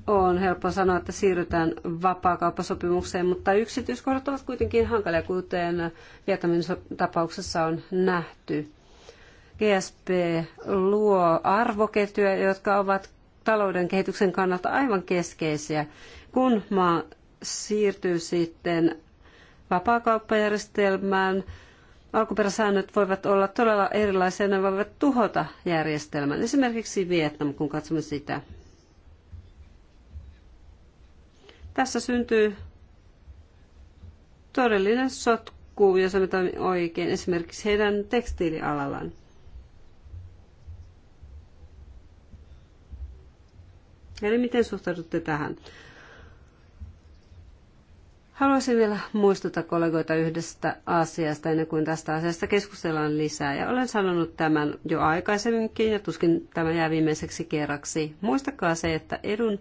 D: on helppo sanoa, että siirrytään vapaakauppasopimukseen, mutta yksityiskohdat ovat kuitenkin hankalia, kuten Vietnamin tapauksessa on nähty. GSP luo arvoketjuja, jotka ovat talouden kehityksen kannalta aivan keskeisiä. Kun maa siirtyy sitten vapaakauppajärjestelmään, alkuperäsäännöt voivat olla todella erilaisia, ne voivat tuhota järjestelmän. Esimerkiksi Vietnam, kun katsomme sitä. Tässä syntyy todellinen sotku, jos me oikein, esimerkiksi heidän tekstiilialallaan. Eli miten suhtaudutte tähän? Haluaisin vielä muistuttaa kollegoita yhdestä asiasta ennen kuin tästä asiasta keskustellaan lisää. Ja olen sanonut tämän jo aikaisemminkin ja tuskin tämä jää viimeiseksi kerraksi. Muistakaa se, että edun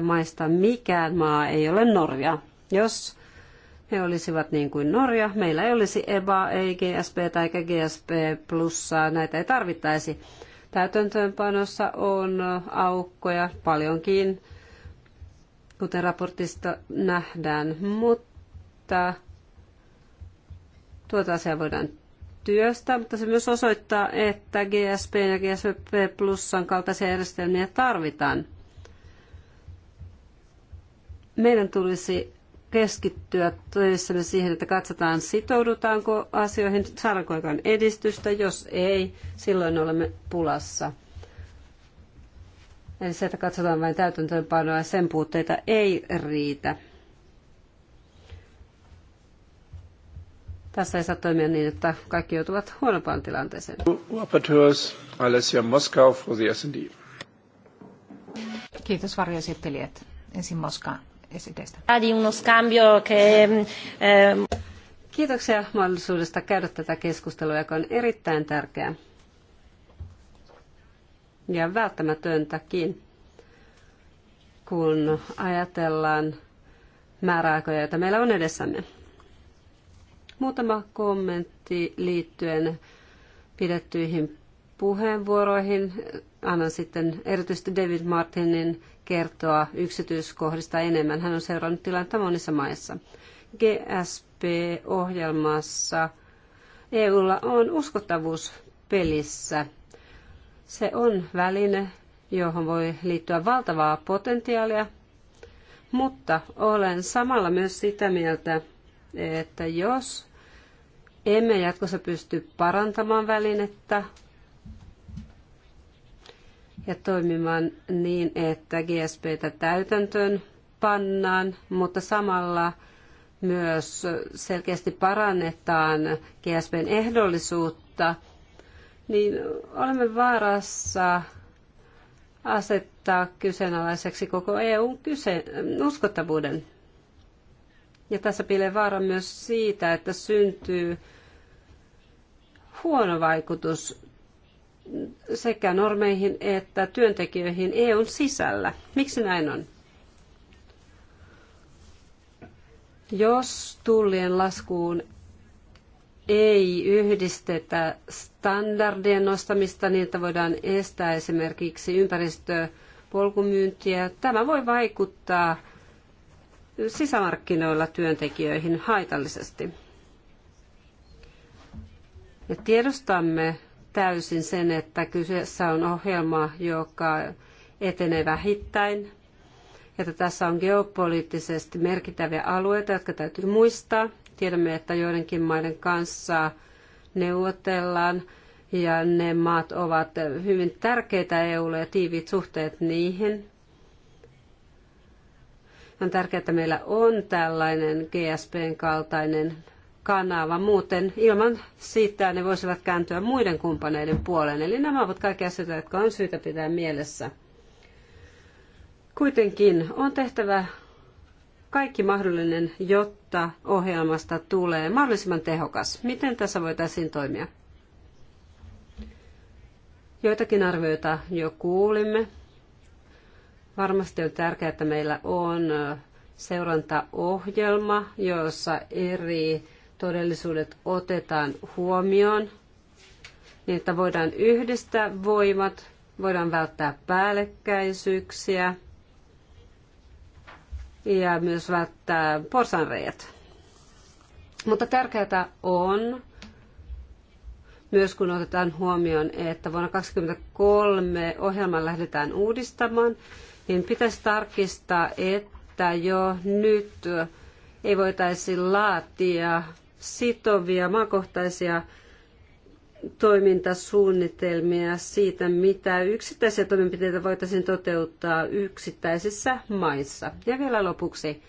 D: maista mikään maa ei ole Norja. Jos he olisivat niin kuin Norja, meillä ei olisi EBA, ei GSP tai GSP plussaa, näitä ei tarvittaisi. Täytäntöönpanossa on aukkoja paljonkin, kuten raportista nähdään, mutta tuota asiaa voidaan työstää, mutta se myös osoittaa, että GSP ja GSP plussan kaltaisia järjestelmiä tarvitaan – meidän tulisi keskittyä töissämme siihen, että katsotaan sitoudutaanko asioihin, saadaanko aikaan edistystä. Jos ei, silloin olemme pulassa. Eli se, että katsotaan vain täytäntöönpanoa ja sen puutteita ei riitä. Tässä ei saa toimia niin, että kaikki joutuvat huonompaan tilanteeseen. Alessia Kiitos varjoesittelijät.
C: Ensin Moskaan esiteistä.
D: Ehm, ehm, Kiitoksia mahdollisuudesta käydä tätä keskustelua, joka on erittäin tärkeä. ja välttämätöntäkin, kun ajatellaan määräaikoja, joita meillä on edessämme. Muutama kommentti liittyen pidettyihin puheenvuoroihin. Annan sitten erityisesti David Martinin kertoa yksityiskohdista enemmän. Hän on seurannut tilannetta monissa maissa. GSP-ohjelmassa EUlla on uskottavuus pelissä. Se on väline, johon voi liittyä valtavaa potentiaalia, mutta olen samalla myös sitä mieltä, että jos emme jatkossa pysty parantamaan välinettä, ja toimimaan niin, että GSPtä täytäntöön pannaan, mutta samalla myös selkeästi parannetaan GSPn ehdollisuutta, niin olemme vaarassa asettaa kyseenalaiseksi koko EUn kyse- uskottavuuden. Ja tässä piilee vaara myös siitä, että syntyy huono vaikutus sekä normeihin että työntekijöihin EUn sisällä. Miksi näin on? Jos tullien laskuun ei yhdistetä standardien nostamista niin, että voidaan estää esimerkiksi ympäristöpolkumyyntiä, tämä voi vaikuttaa sisämarkkinoilla työntekijöihin haitallisesti. Ja tiedostamme täysin sen, että kyseessä on ohjelma, joka etenee vähittäin, että tässä on geopoliittisesti merkittäviä alueita, jotka täytyy muistaa. Tiedämme, että joidenkin maiden kanssa neuvotellaan ja ne maat ovat hyvin tärkeitä EUlle ja tiiviit suhteet niihin. On tärkeää, että meillä on tällainen GSPn kaltainen kanava. Muuten ilman sitä ne voisivat kääntyä muiden kumppaneiden puoleen. Eli nämä ovat kaikki asioita, jotka on syytä pitää mielessä. Kuitenkin on tehtävä kaikki mahdollinen, jotta ohjelmasta tulee mahdollisimman tehokas. Miten tässä voitaisiin toimia? Joitakin arvioita jo kuulimme. Varmasti on tärkeää, että meillä on seurantaohjelma, jossa eri todellisuudet otetaan huomioon, niin että voidaan yhdistää voimat, voidaan välttää päällekkäisyyksiä ja myös välttää porsanreijat. Mutta tärkeää on, myös kun otetaan huomioon, että vuonna 2023 ohjelman lähdetään uudistamaan, niin pitäisi tarkistaa, että jo nyt ei voitaisi laatia sitovia maakohtaisia toimintasuunnitelmia siitä, mitä yksittäisiä toimenpiteitä voitaisiin toteuttaa yksittäisissä maissa. Ja vielä lopuksi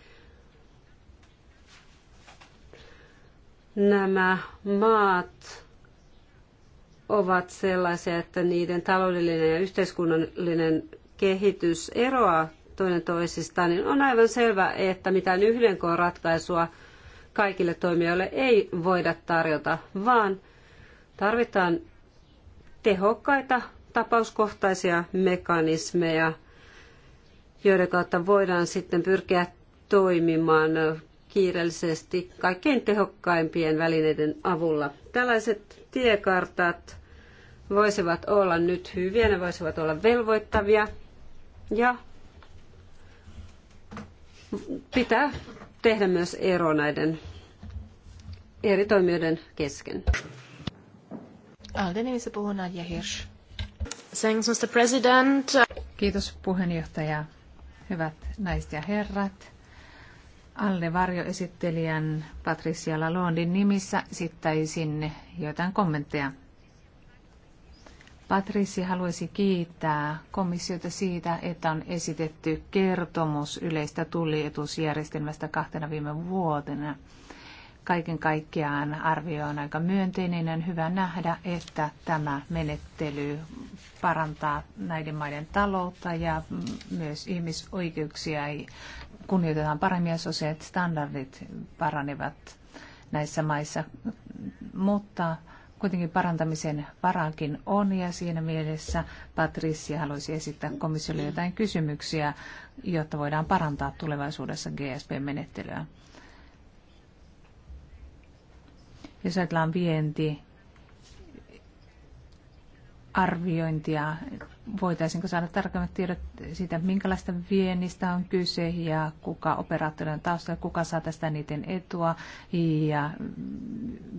D: nämä maat ovat sellaisia, että niiden taloudellinen ja yhteiskunnallinen kehitys eroaa toinen toisistaan, niin on aivan selvää, että mitään yhden ratkaisua kaikille toimijoille ei voida tarjota, vaan tarvitaan tehokkaita tapauskohtaisia mekanismeja, joiden kautta voidaan sitten pyrkiä toimimaan kiireellisesti kaikkein tehokkaimpien välineiden avulla. Tällaiset tiekartat voisivat olla nyt hyviä, ne voisivat olla velvoittavia ja pitää tehdä myös ero näiden eri toimijoiden kesken.
C: Alden puhuu Nadja Hirsch. Thanks, Mr. President. Kiitos puheenjohtaja. Hyvät naiset ja herrat. Alle varjoesittelijän Patricia Lalondin nimissä sinne joitain kommentteja. Patrici haluaisi kiittää komissiota siitä, että on esitetty kertomus yleistä tullietusjärjestelmästä kahtena viime vuotena – Kaiken kaikkiaan arvio on aika myönteinen. On hyvä nähdä, että tämä menettely parantaa näiden maiden taloutta ja myös ihmisoikeuksia kunnioitetaan paremmin ja sosiaaliset standardit paranevat näissä maissa. Mutta kuitenkin parantamisen varaankin on ja siinä mielessä Patricia haluaisi esittää komissiolle jotain kysymyksiä, jotta voidaan parantaa tulevaisuudessa GSP-menettelyä. Jos ajatellaan vienti, arviointia, voitaisiinko saada tarkemmat tiedot siitä, minkälaista viennistä on kyse ja kuka on taustalla, kuka saa tästä niiden etua ja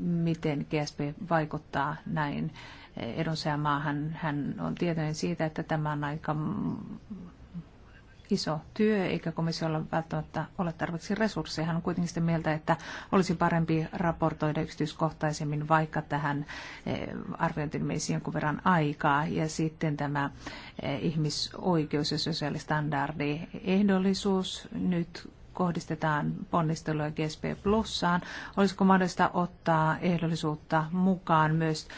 C: miten GSP vaikuttaa näin edunsaajamaahan. Hän on tietoinen siitä, että tämä on aika iso työ, eikä komissiolla välttämättä ole tarpeeksi resursseja. Hän on kuitenkin sitä mieltä, että olisi parempi raportoida yksityiskohtaisemmin, vaikka tähän eh, arviointiin menisi jonkun verran aikaa. Ja sitten tämä eh, ihmisoikeus- ja sosiaalistandardi ehdollisuus nyt kohdistetaan ponnisteluja GSP Plussaan. Olisiko mahdollista ottaa ehdollisuutta mukaan myös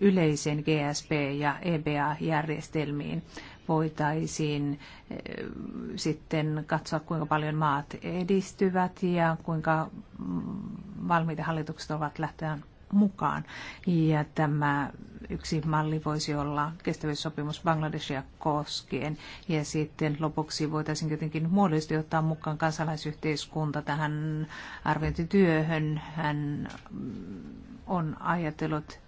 C: yleisen GSP- ja EBA-järjestelmiin? voitaisiin eh, sitten katsoa, kuinka paljon maat edistyvät ja kuinka valmiita hallitukset ovat lähtemään mukaan. Ja tämä yksi malli voisi olla kestävyyssopimus Bangladesia koskien. Ja sitten lopuksi voitaisiin jotenkin muodollisesti ottaa mukaan kansalaisyhteiskunta tähän arviointityöhön. Hän on ajatellut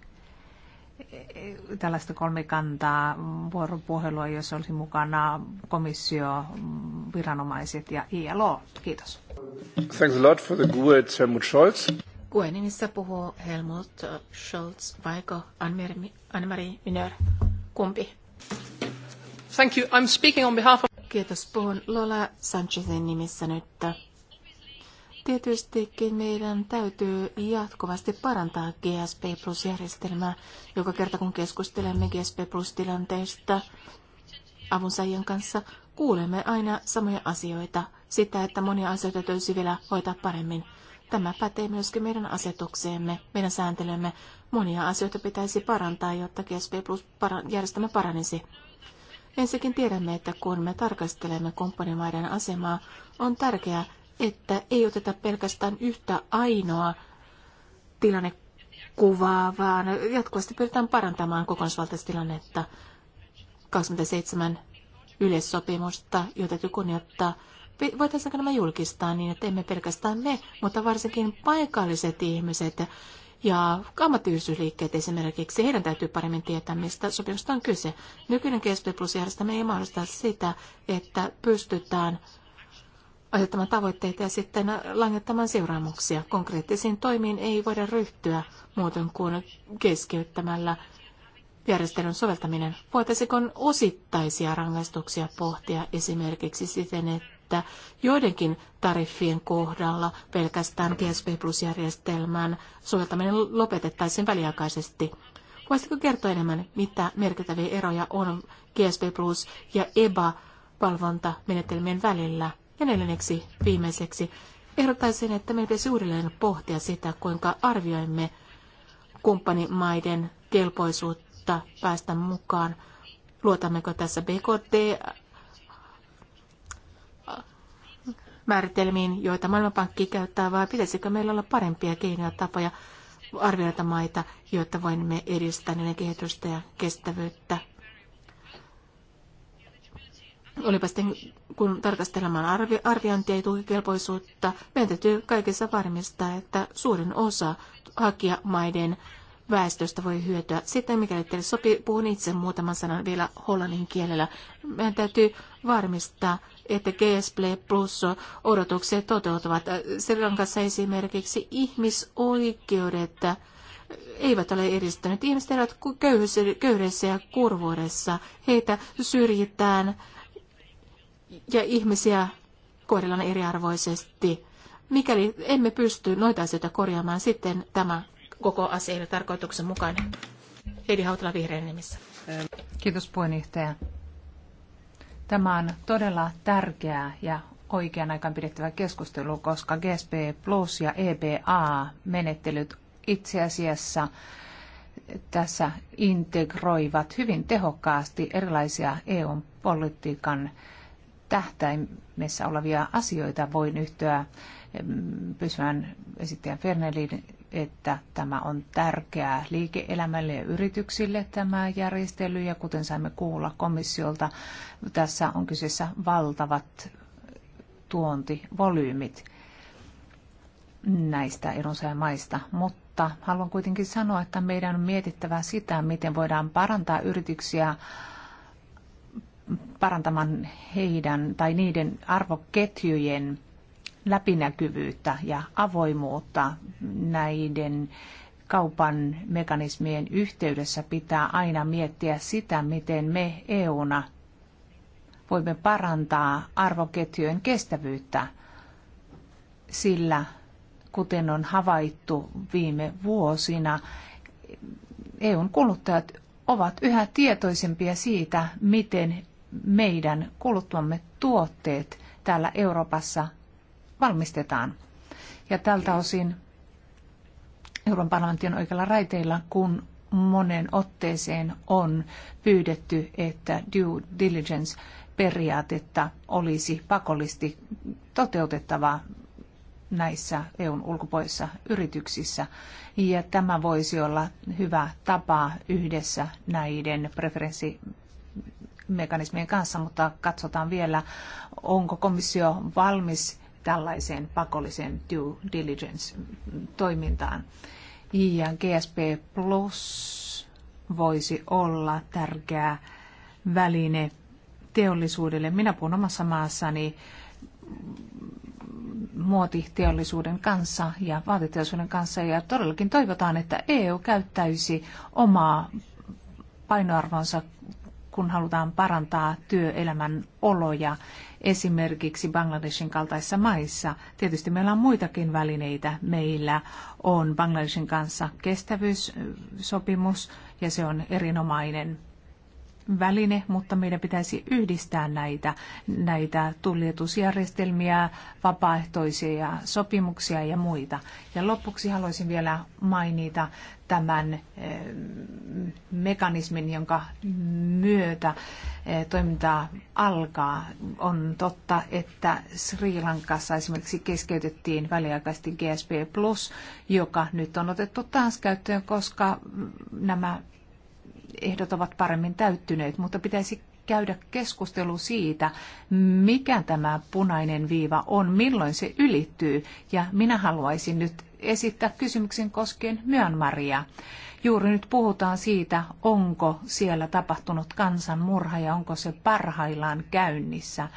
C: tällaista kolmikantaa vuoropuhelua, jos olisi mukana komissio, viranomaiset ja ILO. Kiitos.
A: Thanks a lot for the GUE, Helmut Scholz.
C: GUE nimissä
B: puhuu Helmut Scholz, vaiko Anne-Marie Minör. Kumpi? Thank you. I'm speaking on behalf of... Kiitos. Puhun Lola Sanchezin nimissä nyt. Tietystikin meidän täytyy jatkuvasti parantaa GSP Plus-järjestelmää. Joka kerta kun keskustelemme GSP Plus-tilanteesta avunsaajien kanssa, kuulemme aina samoja asioita. Sitä, että monia asioita täytyisi vielä hoitaa paremmin. Tämä pätee myöskin meidän asetukseemme, meidän sääntelymme. Monia asioita pitäisi parantaa, jotta GSP Plus järjestelmä paranisi. Ensinnäkin tiedämme, että kun me tarkastelemme kumppanimaiden asemaa, on tärkeää, että ei oteta pelkästään yhtä ainoa tilannekuvaa, vaan jatkuvasti pyritään parantamaan kokonaisvaltaista tilannetta. 27 yleissopimusta, jota täytyy kunnioittaa. Voitaisiinko nämä julkistaa niin, että emme pelkästään me, mutta varsinkin paikalliset ihmiset ja ammattiyhdistysliikkeet esimerkiksi, heidän täytyy paremmin tietää, mistä sopimusta on kyse. Nykyinen GSP Plus-järjestelmä ei mahdollista sitä, että pystytään asettamaan tavoitteita ja sitten langettamaan seuraamuksia. Konkreettisiin toimiin ei voida ryhtyä muuten kuin keskeyttämällä järjestelyn soveltaminen. Voitaisiko osittaisia rangaistuksia pohtia esimerkiksi siten, että joidenkin tariffien kohdalla pelkästään GSP Plus-järjestelmän soveltaminen lopetettaisiin väliaikaisesti. Voisitko kertoa enemmän, mitä merkittäviä eroja on GSP Plus ja EBA-valvontamenetelmien välillä? Ja neljänneksi viimeiseksi ehdottaisin, että meidän pitäisi uudelleen pohtia sitä, kuinka arvioimme kumppanimaiden kelpoisuutta päästä mukaan. Luotammeko tässä BKT äh, määritelmiin, joita Maailmanpankki käyttää, vai pitäisikö meillä olla parempia keinoja tapoja arvioida maita, jotta voimme edistää niiden kehitystä ja kestävyyttä olipa sitten, kun tarkastelemaan arvi, arviointia ja tukikelpoisuutta, meidän täytyy kaikessa varmistaa, että suurin osa hakijamaiden väestöstä voi hyötyä. Sitten mikäli teille sopii, puhun itse muutaman sanan vielä hollannin kielellä. Meidän täytyy varmistaa, että GS Play Plus odotukset toteutuvat. Sri Lankassa esimerkiksi ihmisoikeudet eivät ole edistyneet. Ihmiset elävät köyhyydessä ja kurvuudessa. Heitä syrjitään ja ihmisiä kohdellaan eriarvoisesti. Mikäli emme pysty noita asioita korjaamaan, sitten tämä koko asia ei tarkoituksen mukainen. Heidi Hautala vihreän nimissä.
C: Kiitos puheenjohtaja. Tämä on todella tärkeää ja oikean aikaan pidettävä keskustelu, koska GSP Plus ja EBA-menettelyt itse asiassa tässä integroivat hyvin tehokkaasti erilaisia EU-politiikan tähtäimessä olevia asioita. Voin yhtyä pysyvän esittäjän Ferneliin, että tämä on tärkeää liike-elämälle ja yrityksille tämä järjestely. Ja kuten saimme kuulla komissiolta, tässä on kyseessä valtavat tuontivolyymit näistä edunsaajamaista, mutta haluan kuitenkin sanoa, että meidän on mietittävä sitä, miten voidaan parantaa yrityksiä parantamaan heidän tai niiden arvoketjujen läpinäkyvyyttä ja avoimuutta näiden kaupan mekanismien yhteydessä pitää aina miettiä sitä, miten me EUna voimme parantaa arvoketjujen kestävyyttä, sillä kuten on havaittu viime vuosina, EUn kuluttajat ovat yhä tietoisempia siitä, miten meidän kuluttamme tuotteet täällä Euroopassa valmistetaan. Ja tältä osin Euroopan parlamentti on oikealla raiteilla, kun monen otteeseen on pyydetty, että due diligence periaatetta olisi pakollisesti toteutettava näissä EUn ulkopuolissa yrityksissä. Ja tämä voisi olla hyvä tapa yhdessä näiden preferenssi mekanismien kanssa, mutta katsotaan vielä, onko komissio valmis tällaiseen pakolliseen due diligence-toimintaan. Ja GSP Plus voisi olla tärkeä väline teollisuudelle. Minä puhun omassa maassani muotiteollisuuden kanssa ja vaatiteollisuuden kanssa ja todellakin toivotaan, että EU käyttäisi omaa painoarvonsa kun halutaan parantaa työelämän oloja esimerkiksi Bangladeshin kaltaisissa maissa. Tietysti meillä on muitakin välineitä. Meillä on Bangladeshin kanssa kestävyyssopimus ja se on erinomainen väline, mutta meidän pitäisi yhdistää näitä, näitä tuljetusjärjestelmiä, vapaaehtoisia sopimuksia ja muita. Ja lopuksi haluaisin vielä mainita tämän eh, mekanismin, jonka myötä eh, toiminta alkaa. On totta, että Sri Lankassa esimerkiksi keskeytettiin väliaikaisesti GSP Plus, joka nyt on otettu taas käyttöön, koska nämä ehdot ovat paremmin täyttyneet, mutta pitäisi käydä keskustelu siitä, mikä tämä punainen viiva on, milloin se ylittyy. Ja minä haluaisin nyt esittää kysymyksen koskien Myönmaria. Juuri nyt puhutaan siitä, onko siellä tapahtunut kansanmurha ja onko se parhaillaan käynnissä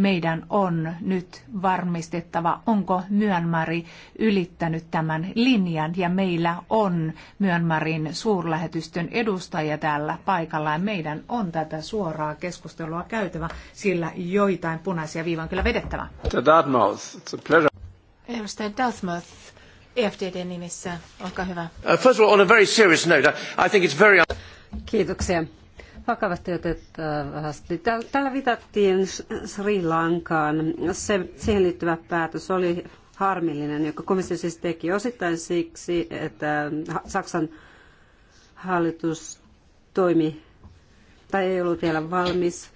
C: meidän on nyt varmistettava, onko Myönmari ylittänyt tämän linjan ja meillä on Myönmarin suurlähetystön edustaja täällä paikalla ja meidän on tätä suoraa keskustelua käytävä, sillä joitain punaisia viivoja kyllä vedettävä. Edustaja Dartmouth, EFDD nimissä, olkaa
D: hyvä. Uh,
A: first of all, on a very serious note, I think it's very...
D: Kiitoksia vakavasti otettavasti. Tällä viitattiin Sri Lankaan. Se, siihen liittyvä päätös oli harmillinen, joka komissio siis teki osittain siksi, että Saksan hallitus toimi tai ei ollut vielä valmis.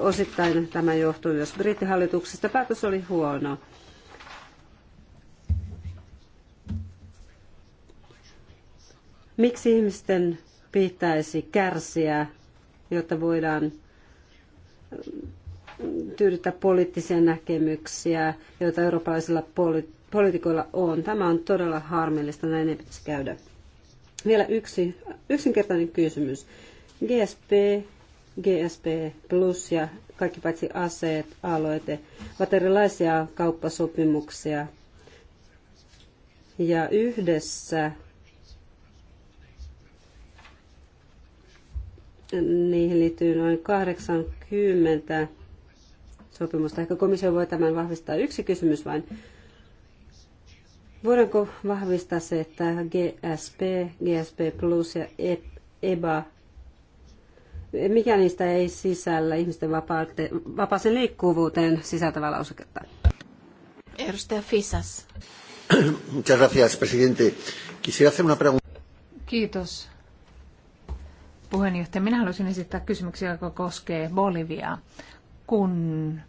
D: Osittain tämä johtui myös brittihallituksesta. Päätös oli huono. Miksi ihmisten pitäisi kärsiä jotta voidaan tyydyttää poliittisia näkemyksiä, joita eurooppalaisilla poliitikoilla on. Tämä on todella harmillista, näin ei pitäisi käydä. Vielä yksi yksinkertainen kysymys. GSP, GSP Plus ja kaikki paitsi aseet, aloite, ovat erilaisia kauppasopimuksia. Ja yhdessä niihin liittyy noin 80 sopimusta. Ehkä komissio voi tämän vahvistaa. Yksi kysymys vain. Voidaanko vahvistaa se, että GSP, GSP Plus ja EBA, e mikä niistä ei sisällä ihmisten vapaaseen liikkuvuuteen sisältävää lauseketta? Edustaja Fisas.
A: Muchas gracias, presidente. Quisiera hacer
D: una pregunta.
C: Kiitos puheenjohtaja. Minä haluaisin esittää kysymyksiä, joka koskee Boliviaa, kun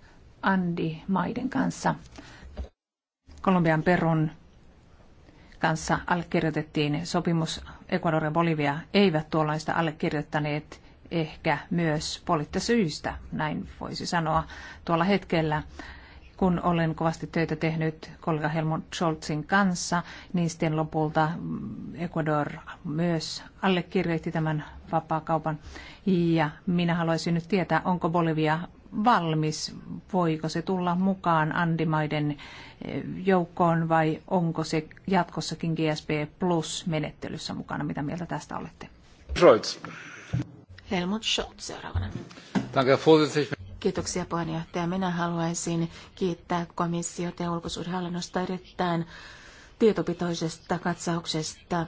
C: Andi maiden kanssa, Kolumbian Perun kanssa allekirjoitettiin sopimus. Ecuador ja Bolivia eivät tuollaista allekirjoittaneet ehkä myös poliittisista syistä, näin voisi sanoa tuolla hetkellä kun olen kovasti töitä tehnyt kollega Helmut Scholzin kanssa, niin sitten lopulta mm, Ecuador myös allekirjoitti tämän vapaakaupan. Ja minä haluaisin nyt tietää, onko Bolivia valmis, voiko se tulla mukaan andimaiden eh, joukkoon vai onko se jatkossakin GSP Plus menettelyssä mukana? Mitä mieltä tästä olette? Scholz. Helmut Scholz seuraavana.
A: Danke,
B: Kiitoksia puheenjohtaja. Minä haluaisin kiittää komissiota ja ulkosuudenhallinnosta erittäin tietopitoisesta katsauksesta.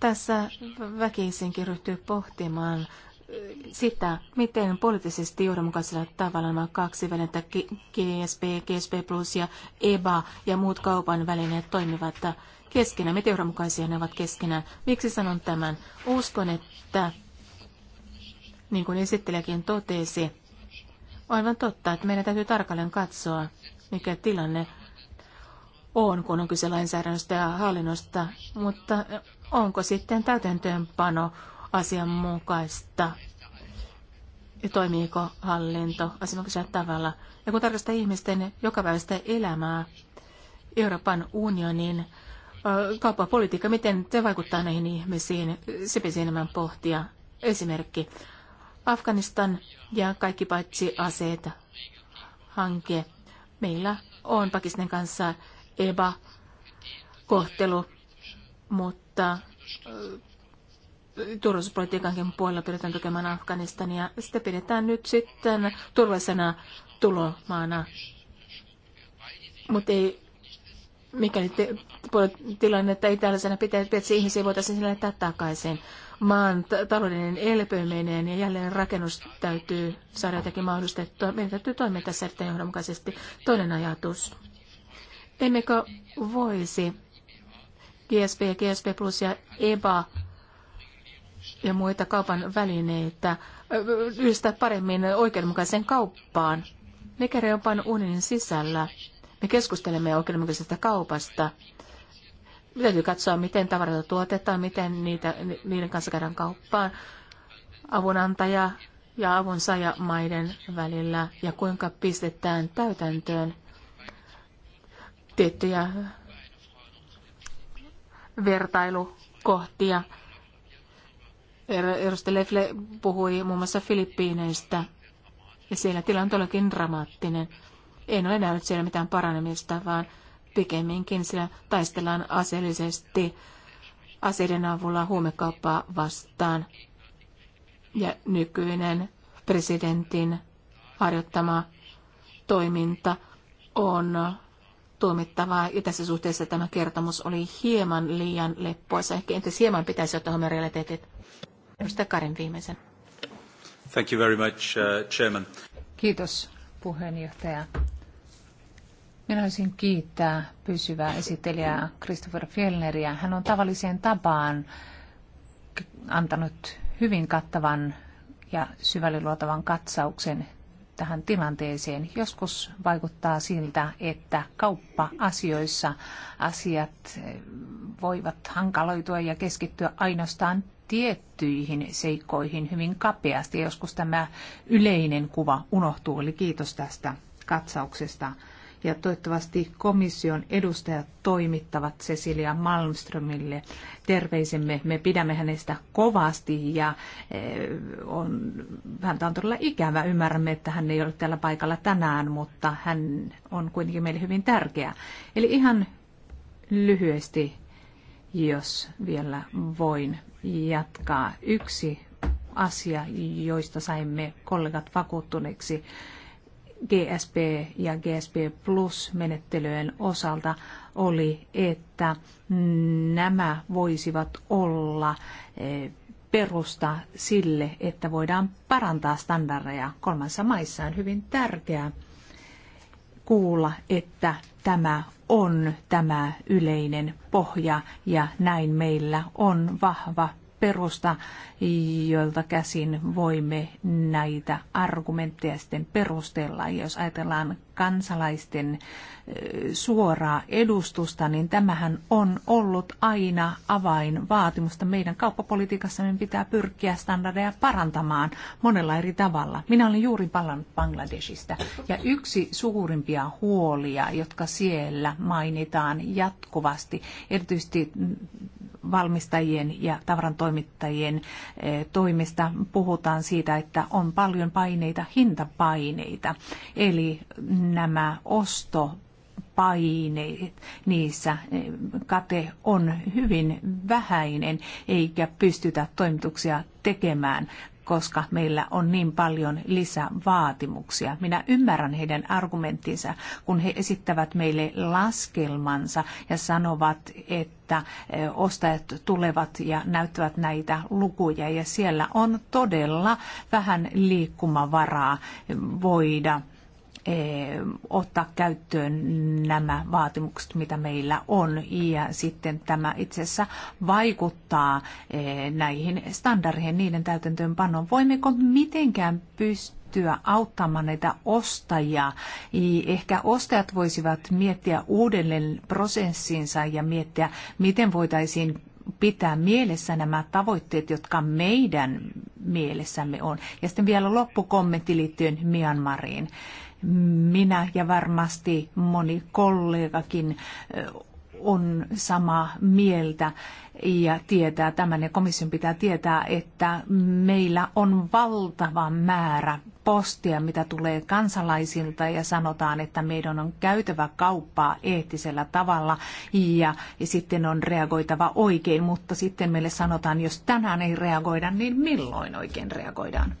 B: Tässä väkisinkin ryhtyy pohtimaan sitä, miten poliittisesti johdonmukaisella tavalla nämä kaksi välinettä, GSP, GSP Plus ja EBA ja muut kaupan välineet toimivat keskenään, miten johdonmukaisia ne ovat keskenään. Miksi sanon tämän? Uskon, että niin kuin esittelijäkin totesi, aivan totta, että meidän täytyy tarkalleen katsoa, mikä tilanne on, kun on kyse lainsäädännöstä ja hallinnosta, mutta onko sitten täytäntöönpano asianmukaista ja toimiiko hallinto asianmukaisella tavalla. Ja kun tarkastaa ihmisten jokapäiväistä elämää, Euroopan unionin kauppapolitiikka, miten se vaikuttaa näihin ihmisiin, se pitäisi enemmän pohtia. Esimerkki, Afganistan ja kaikki paitsi aseet hanke. Meillä on Pakistanin kanssa EBA-kohtelu, mutta turvallisuuspolitiikankin puolella pyritään tukemaan Afganistania. Sitä pidetään nyt sitten turvallisena tulomaana, mutta ei mikäli te, tilanne, että ei tällaisena pitää, että ihmisiä voitaisiin sillä jättää takaisin. Maan taloudellinen elpyminen ja jälleen rakennus täytyy saada jotenkin mahdollistettua. Meidän täytyy toimia tässä erittäin johdonmukaisesti. Toinen ajatus. Emmekö voisi GSP, GSP Plus ja EBA ja muita kaupan välineitä yhdistää paremmin oikeudenmukaiseen kauppaan. Mikä on unionin sisällä me keskustelemme oikeudenmukaisesta kaupasta. Me täytyy katsoa, miten tavaroita tuotetaan, miten niitä, niiden kanssa käydään kauppaan avunantaja ja avunsaaja maiden välillä ja kuinka pistetään täytäntöön tiettyjä vertailukohtia. Eroste Lefle puhui muun muassa Filippiineistä ja siellä tilanne on todellakin dramaattinen. En ole nähnyt siellä mitään paranemista, vaan pikemminkin siellä taistellaan aseellisesti aseiden avulla huumekauppaa vastaan. Ja nykyinen presidentin harjoittama toiminta on tuomittavaa. Ja tässä suhteessa tämä kertomus oli hieman liian leppoisa. Ehkä entäs hieman pitäisi ottaa huomioon realiteetit. Edustaja Karin viimeisen.
A: Thank you very much, uh, Chairman.
C: Kiitos puheenjohtaja. Minä haluaisin kiittää pysyvää esittelijää Christopher Fjellneriä. Hän on tavalliseen tapaan antanut hyvin kattavan ja syvälle luotavan katsauksen tähän tilanteeseen. Joskus vaikuttaa siltä, että kauppa-asioissa asiat voivat hankaloitua ja keskittyä ainoastaan tiettyihin seikkoihin hyvin kapeasti. Joskus tämä yleinen kuva unohtuu, eli kiitos tästä katsauksesta ja toivottavasti komission edustajat toimittavat Cecilia Malmströmille terveisemme. Me pidämme hänestä kovasti ja eh, on, häntä on todella ikävä. Ymmärrämme, että hän ei ole täällä paikalla tänään, mutta hän on kuitenkin meille hyvin tärkeä. Eli ihan lyhyesti, jos vielä voin jatkaa. Yksi asia, joista saimme kollegat vakuuttuneiksi GSP ja GSP Plus-menettelyjen osalta oli, että nämä voisivat olla eh, perusta sille, että voidaan parantaa standardeja kolmansa maissa on hyvin tärkeää kuulla, että tämä on tämä yleinen pohja ja näin meillä on vahva perusta, joilta käsin voimme näitä argumentteja sitten perustella. Jos ajatellaan kansalaisten suoraa edustusta, niin tämähän on ollut aina avainvaatimusta. Meidän kauppapolitiikassamme pitää pyrkiä standardeja parantamaan monella eri tavalla. Minä olin juuri palannut Bangladesista ja yksi suurimpia huolia, jotka siellä mainitaan jatkuvasti, erityisesti valmistajien ja tavarantoimittajien toimista puhutaan siitä, että on paljon paineita, hintapaineita. Eli mm, nämä ostopaineet niissä kate on hyvin vähäinen eikä pystytä toimituksia tekemään koska meillä on niin paljon lisävaatimuksia. Minä ymmärrän heidän argumenttinsa, kun he esittävät meille laskelmansa ja sanovat, että e, ostajat tulevat ja näyttävät näitä lukuja ja siellä on todella vähän liikkumavaraa voida Eh, ottaa käyttöön nämä vaatimukset, mitä meillä on, ja sitten tämä itse asiassa vaikuttaa eh, näihin standardeihin, niiden täytäntöönpanoon. Voimmeko mitenkään pystyä pystyä auttamaan näitä ostajia. Ehkä ostajat voisivat miettiä uudelleen prosessinsa ja miettiä, miten voitaisiin pitää mielessä nämä tavoitteet, jotka meidän mielessämme on. Ja sitten vielä loppukommentti liittyen Myanmariin. Minä ja varmasti moni kollegakin on samaa mieltä ja tietää tämän ja komission pitää tietää, että meillä on valtava määrä postia, mitä tulee kansalaisilta ja sanotaan, että meidän on käytävä kauppaa eettisellä tavalla ja, ja sitten on reagoitava oikein, mutta sitten meille sanotaan, jos tänään ei reagoida, niin milloin oikein reagoidaan?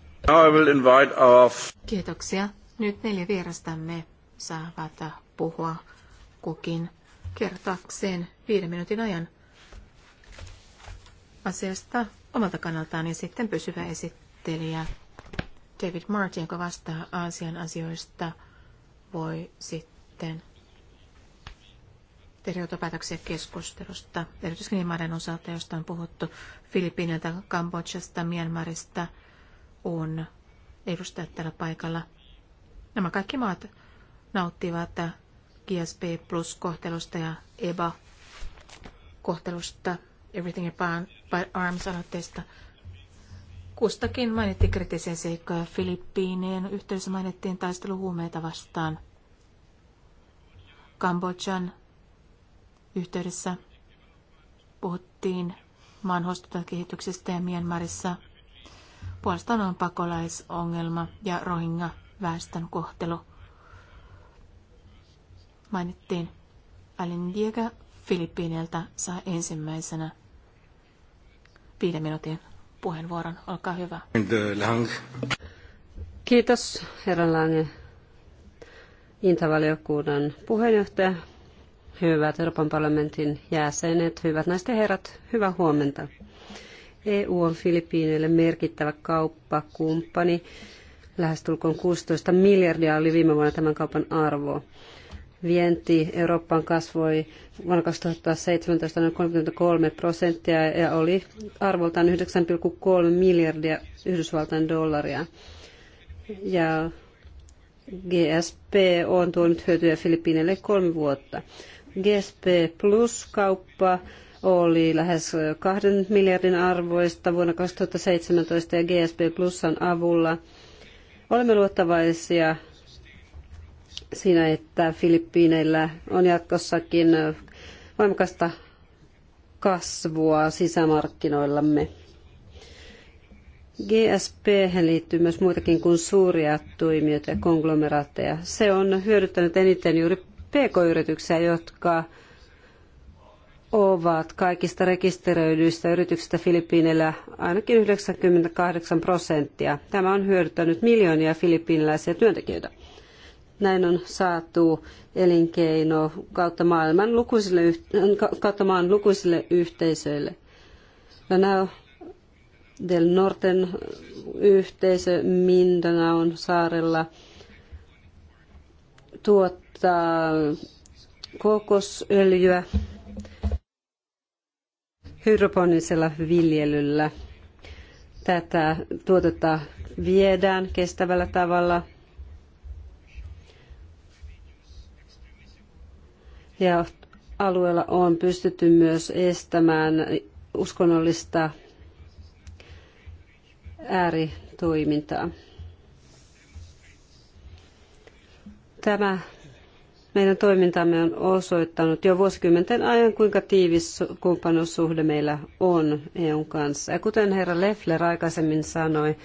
C: Kiitoksia. Nyt neljä vierastamme saavat
B: puhua kukin kertaakseen viiden minuutin ajan asiasta omalta kannaltaan ja sitten pysyvä esittelijä David Martin, joka vastaa Aasian asioista, voi sitten tehdä johtopäätöksiä keskustelusta, erityisesti niin maiden osalta, joista on puhuttu Filippiiniltä, Kambodžasta, Myanmarista, on edustajat tällä paikalla. Nämä kaikki maat nauttivat GSP plus kohtelusta ja EBA kohtelusta, Everything About Arms aloitteesta Kustakin mainitti kriittisiä seikkoja. Filippiinien yhteydessä mainittiin taisteluhuumeita vastaan. Kambodjan yhteydessä puhuttiin maan kehityksestä ja Myanmarissa puolestaan on pakolaisongelma ja rohinga väestön kohtelu. Mainittiin Alin Diega Filippiineiltä saa ensimmäisenä
D: viiden minuutin puheenvuoron. Olkaa hyvä. Kiitos, herra Lange. Intavaliokunnan puheenjohtaja, hyvät Euroopan parlamentin jäsenet, hyvät naiset ja herrat, hyvää huomenta. EU on Filippiineille merkittävä kauppakumppani. Lähestulkoon 16 miljardia oli viime vuonna tämän kaupan arvo vienti Eurooppaan kasvoi vuonna 2017 noin 33 prosenttia ja oli arvoltaan 9,3 miljardia Yhdysvaltain dollaria. Ja GSP on tuonut hyötyjä Filippiineille kolme vuotta. GSP Plus-kauppa oli lähes kahden miljardin arvoista vuonna 2017 ja GSP Plusan avulla olemme luottavaisia siinä, että Filippiineillä on jatkossakin voimakasta kasvua sisämarkkinoillamme. GSP liittyy myös muitakin kuin suuria toimijoita ja konglomeraatteja. Se on hyödyttänyt eniten juuri pk-yrityksiä, jotka ovat kaikista rekisteröidyistä yrityksistä Filippiineillä ainakin 98 prosenttia. Tämä on hyödyttänyt miljoonia filippiiniläisiä työntekijöitä. Näin on saatu elinkeino kautta, maailman lukuisille, kautta maan lukuisille yhteisöille. Lanao del Norten yhteisö Mindanaon saarella tuottaa kokosöljyä hydroponisella viljelyllä. Tätä tuotetta viedään kestävällä tavalla Ja alueella on pystytty myös estämään uskonnollista ääritoimintaa. Tämä meidän toimintamme on osoittanut jo vuosikymmenten ajan, kuinka tiivis kumppanuussuhde meillä on EUn kanssa. Ja kuten herra Leffler aikaisemmin sanoi,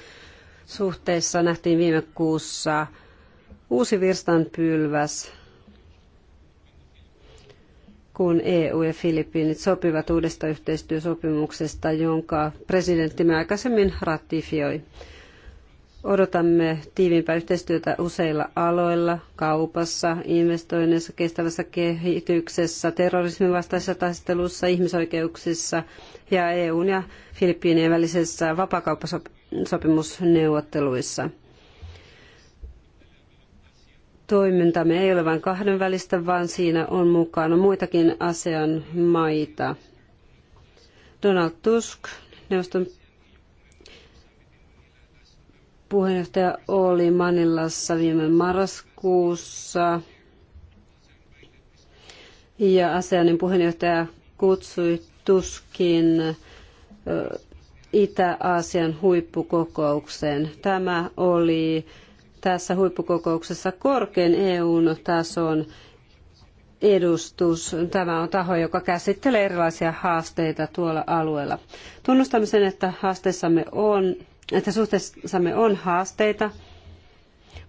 D: suhteessa nähtiin viime kuussa uusi virstanpylväs kun EU ja Filippiinit sopivat uudesta yhteistyösopimuksesta, jonka presidenttimme aikaisemmin ratifioi. Odotamme tiiviimpää yhteistyötä useilla aloilla, kaupassa, investoinneissa, kestävässä kehityksessä, terrorismin vastaisessa taistelussa, ihmisoikeuksissa ja EUn ja Filippiinien välisissä vapakauppasopimusneuvotteluissa toimintamme ei ole vain kahdenvälistä, vaan siinä on mukana muitakin ASEAN maita. Donald Tusk, neuvoston puheenjohtaja oli Manilassa viime marraskuussa. Ja ASEANin puheenjohtaja kutsui Tuskin Itä-Aasian huippukokoukseen. Tämä oli tässä huippukokouksessa korkein EUn tason edustus. Tämä on taho, joka käsittelee erilaisia haasteita tuolla alueella. Tunnustamme sen, että, haasteissamme on, että suhteessamme on haasteita,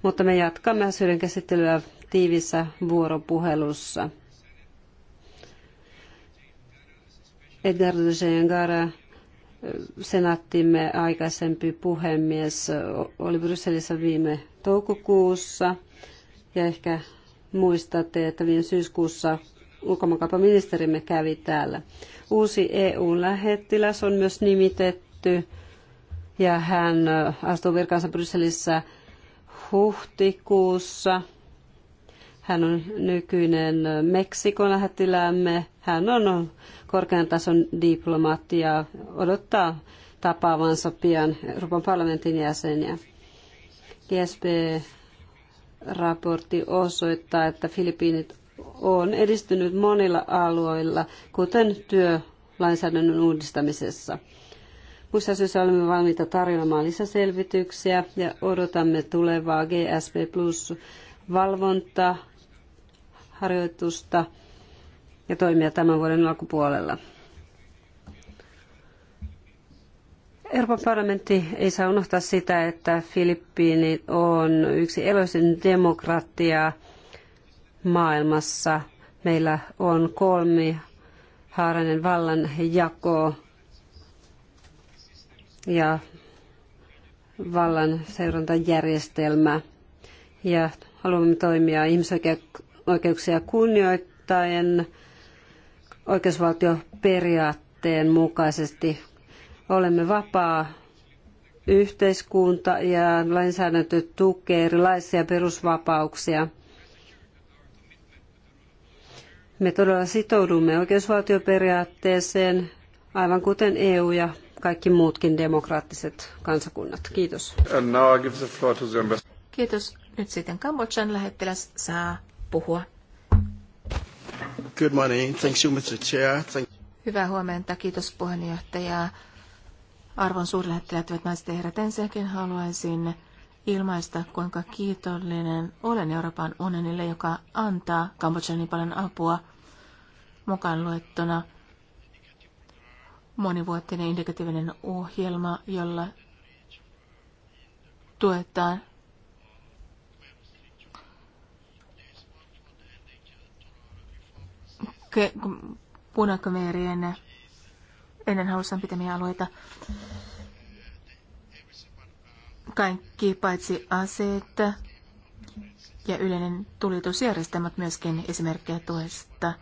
D: mutta me jatkamme asioiden käsittelyä tiivissä vuoropuhelussa. Edgar Jengara, senaattimme aikaisempi puhemies, oli Brysselissä viime toukokuussa ja ehkä muistatte, että viime syyskuussa ulkomaankauppaministerimme kävi täällä. Uusi EU-lähettiläs on myös nimitetty ja hän astuu virkaansa Brysselissä huhtikuussa. Hän on nykyinen Meksikon lähettiläämme. Hän on korkean tason diplomaatti ja odottaa tapaavansa pian Euroopan parlamentin jäseniä. GSP-raportti osoittaa, että Filippiinit on edistynyt monilla alueilla, kuten työlainsäädännön uudistamisessa. Muissa syissä olemme valmiita tarjoamaan lisäselvityksiä ja odotamme tulevaa GSP Plus harjoitusta ja toimia tämän vuoden alkupuolella. Euroopan parlamentti ei saa unohtaa sitä, että Filippiinit on yksi eloisin demokratia maailmassa. Meillä on kolmi haarainen vallanjako ja vallan seurantajärjestelmä. Ja haluamme toimia ihmisoikeuksia kunnioittaen oikeusvaltioperiaatteen mukaisesti Olemme vapaa yhteiskunta ja lainsäädäntö tukee erilaisia perusvapauksia. Me todella sitoudumme oikeusvaltioperiaatteeseen, aivan kuten EU ja kaikki muutkin demokraattiset kansakunnat. Kiitos. Kiitos. Nyt sitten Kambodjan lähettiläs saa puhua. Good morning. thanks you, Mr. Chair. Thank...
B: Hyvää huomenta. Kiitos puheenjohtaja arvon suurlähettiläät, hyvät naiset ja herrat, ensinnäkin haluaisin ilmaista, kuinka kiitollinen olen Euroopan unionille, joka antaa Kambodžan niin paljon apua mukaan luettuna monivuotinen indikatiivinen ohjelma, jolla tuetaan punakomeerien ennen halussaan pitämiä alueita. Kaikki paitsi aseet ja yleinen tulitusjärjestelmät myöskin esimerkkejä tuesta.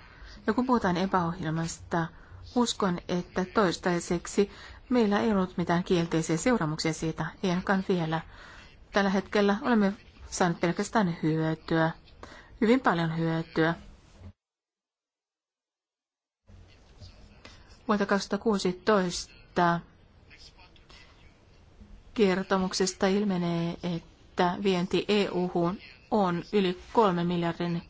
B: Ja kun puhutaan epäohjelmasta, uskon, että toistaiseksi meillä ei ollut mitään kielteisiä seuraamuksia siitä, ei ainakaan vielä. Tällä hetkellä olemme saaneet pelkästään hyötyä, hyvin paljon hyötyä. vuotta 2016 kertomuksesta ilmenee, että vienti EU-hun on yli 3 miljardin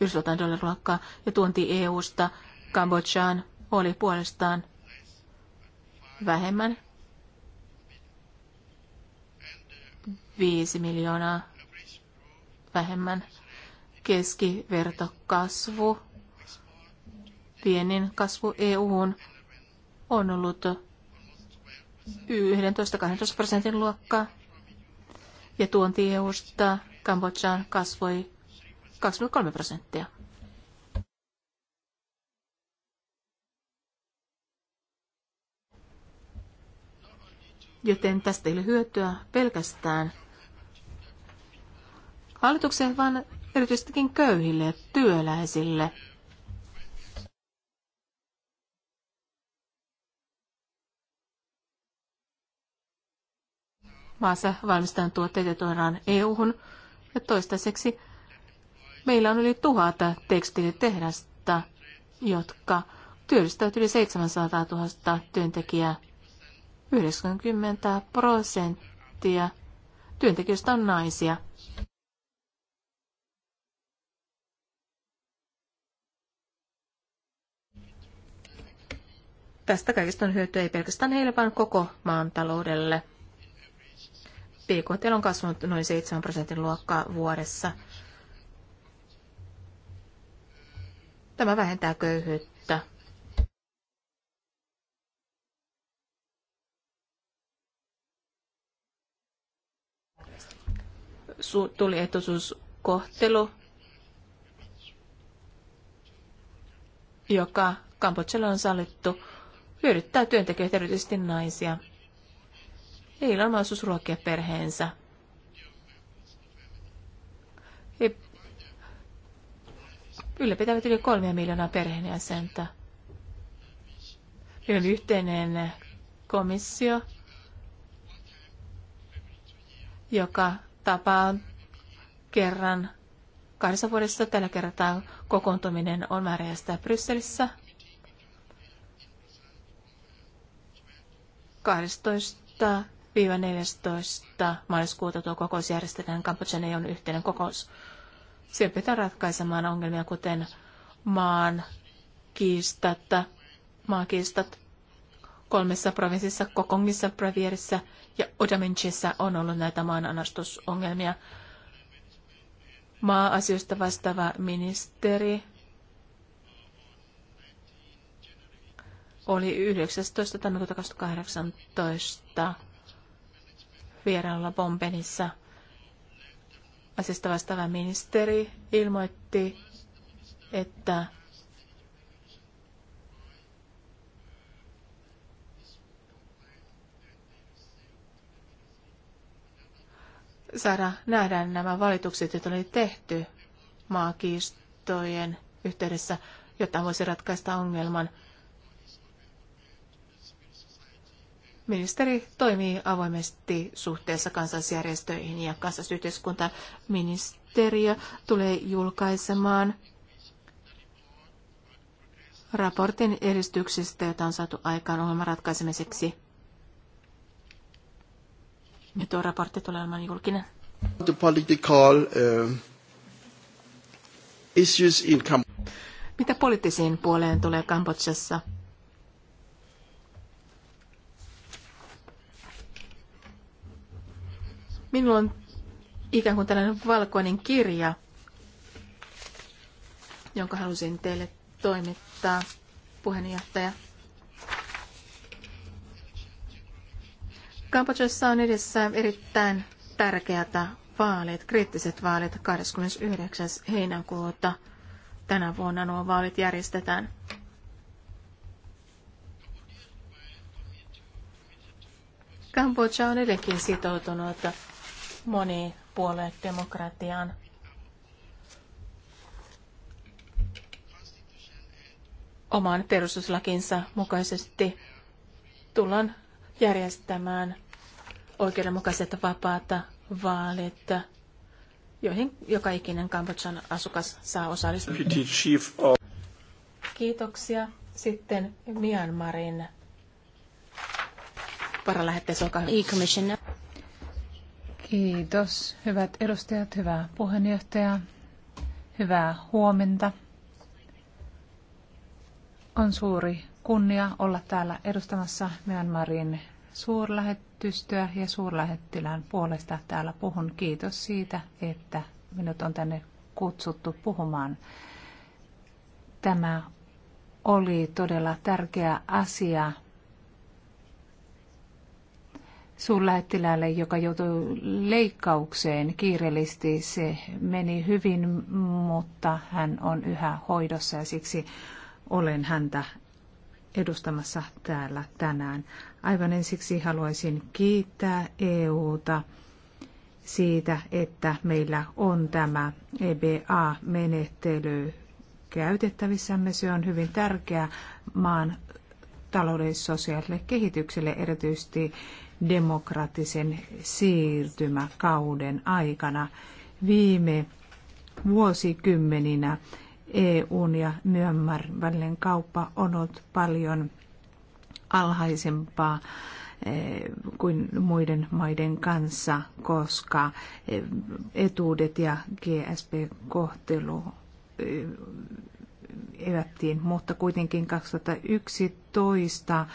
B: Yhdysvaltain dollarin ja tuonti EU-sta Kambodžaan oli puolestaan vähemmän 5 miljoonaa vähemmän keskivertokasvu, viennin kasvu EUhun on ollut 11-12 prosentin luokkaa ja tuonti EUsta Kambodžaan kasvoi 23 prosenttia. Joten tästä ei ole hyötyä pelkästään hallitukseen, vaan erityisestikin köyhille työläisille – maassa valmistetaan tuotteita tuodaan EU-hun. Ja toistaiseksi meillä on yli tuhat tekstiilitehdasta, jotka työllistävät yli 700 000 työntekijää. 90 prosenttia työntekijöistä on naisia. Tästä kaikesta on hyötyä ei pelkästään heille, vaan koko maan taloudelle. BKT on kasvanut noin 7 prosentin luokkaa vuodessa. Tämä vähentää köyhyyttä. tuli etuisuuskohtelu, joka Kambodžalla on sallittu, hyödyttää työntekijöitä, erityisesti naisia heillä on mahdollisuus ruokkia perheensä. He ylläpitävät yli kolmea miljoonaa perheenjäsentä. Meillä on yhteinen komissio, joka tapaa kerran kahdessa vuodessa. Tällä kertaa kokoontuminen on määräjästä Brysselissä. 12. 10-14. maaliskuuta tuo kokous järjestetään Kambodjan EUn yhteinen kokous. Siellä pitää ratkaisemaan ongelmia, kuten maan kiistatta, maakiistat kolmessa provinsissa, Kokongissa, Pravierissä ja Odamenchissa on ollut näitä maananastusongelmia. Maa-asioista vastaava ministeri oli 19. tammikuuta 2018 vierailulla Bombenissa. Asiasta vastaava ministeri ilmoitti, että saada nähdä nämä valitukset, joita oli tehty maakiistojen yhteydessä, jotta voisi ratkaista ongelman. Ministeri toimii avoimesti suhteessa kansalaisjärjestöihin ja kansalaisyhteiskuntaministeriö tulee julkaisemaan raportin edistyksistä, jota on saatu aikaan ohjelman ratkaisemiseksi. Ja tuo raportti tulee olemaan julkinen.
A: The political, uh, issues in
B: Mitä poliittisiin puoleen tulee Kambodsjassa? Minulla on ikään kuin tällainen valkoinen kirja, jonka halusin teille toimittaa, puheenjohtaja. Kambodžassa on edessä erittäin tärkeätä vaalit, kriittiset vaalit 29. heinäkuuta. Tänä vuonna nuo vaalit järjestetään. Kambodža on edelleenkin sitoutunut moni oman perustuslakinsa mukaisesti tullaan järjestämään oikeudenmukaiset vapaata vaalit, joihin joka ikinen Kambodjan asukas saa osallistua. Kiitoksia. Sitten Myanmarin varalähetteessä, olkaa
C: hyvä. Kiitos, hyvät edustajat, hyvää puheenjohtaja, hyvää huomenta. On suuri kunnia olla täällä edustamassa Myanmarin suurlähetystöä ja suurlähettilään puolesta täällä puhun. Kiitos siitä, että minut on tänne kutsuttu puhumaan. Tämä oli todella tärkeä asia suurlähettiläälle, joka joutui leikkaukseen kiireellisesti. Se meni hyvin, mutta hän on yhä hoidossa ja siksi olen häntä edustamassa täällä tänään. Aivan ensiksi haluaisin kiittää EUta siitä, että meillä on tämä EBA-menettely käytettävissämme. Se on hyvin tärkeä maan taloudellis-sosiaaliselle kehitykselle, erityisesti demokraattisen siirtymäkauden aikana. Viime vuosikymmeninä EUn ja Myönmar välinen kauppa on ollut paljon alhaisempaa eh, kuin muiden maiden kanssa, koska eh, etuudet ja GSP-kohtelu eh, evättiin, mutta kuitenkin 2011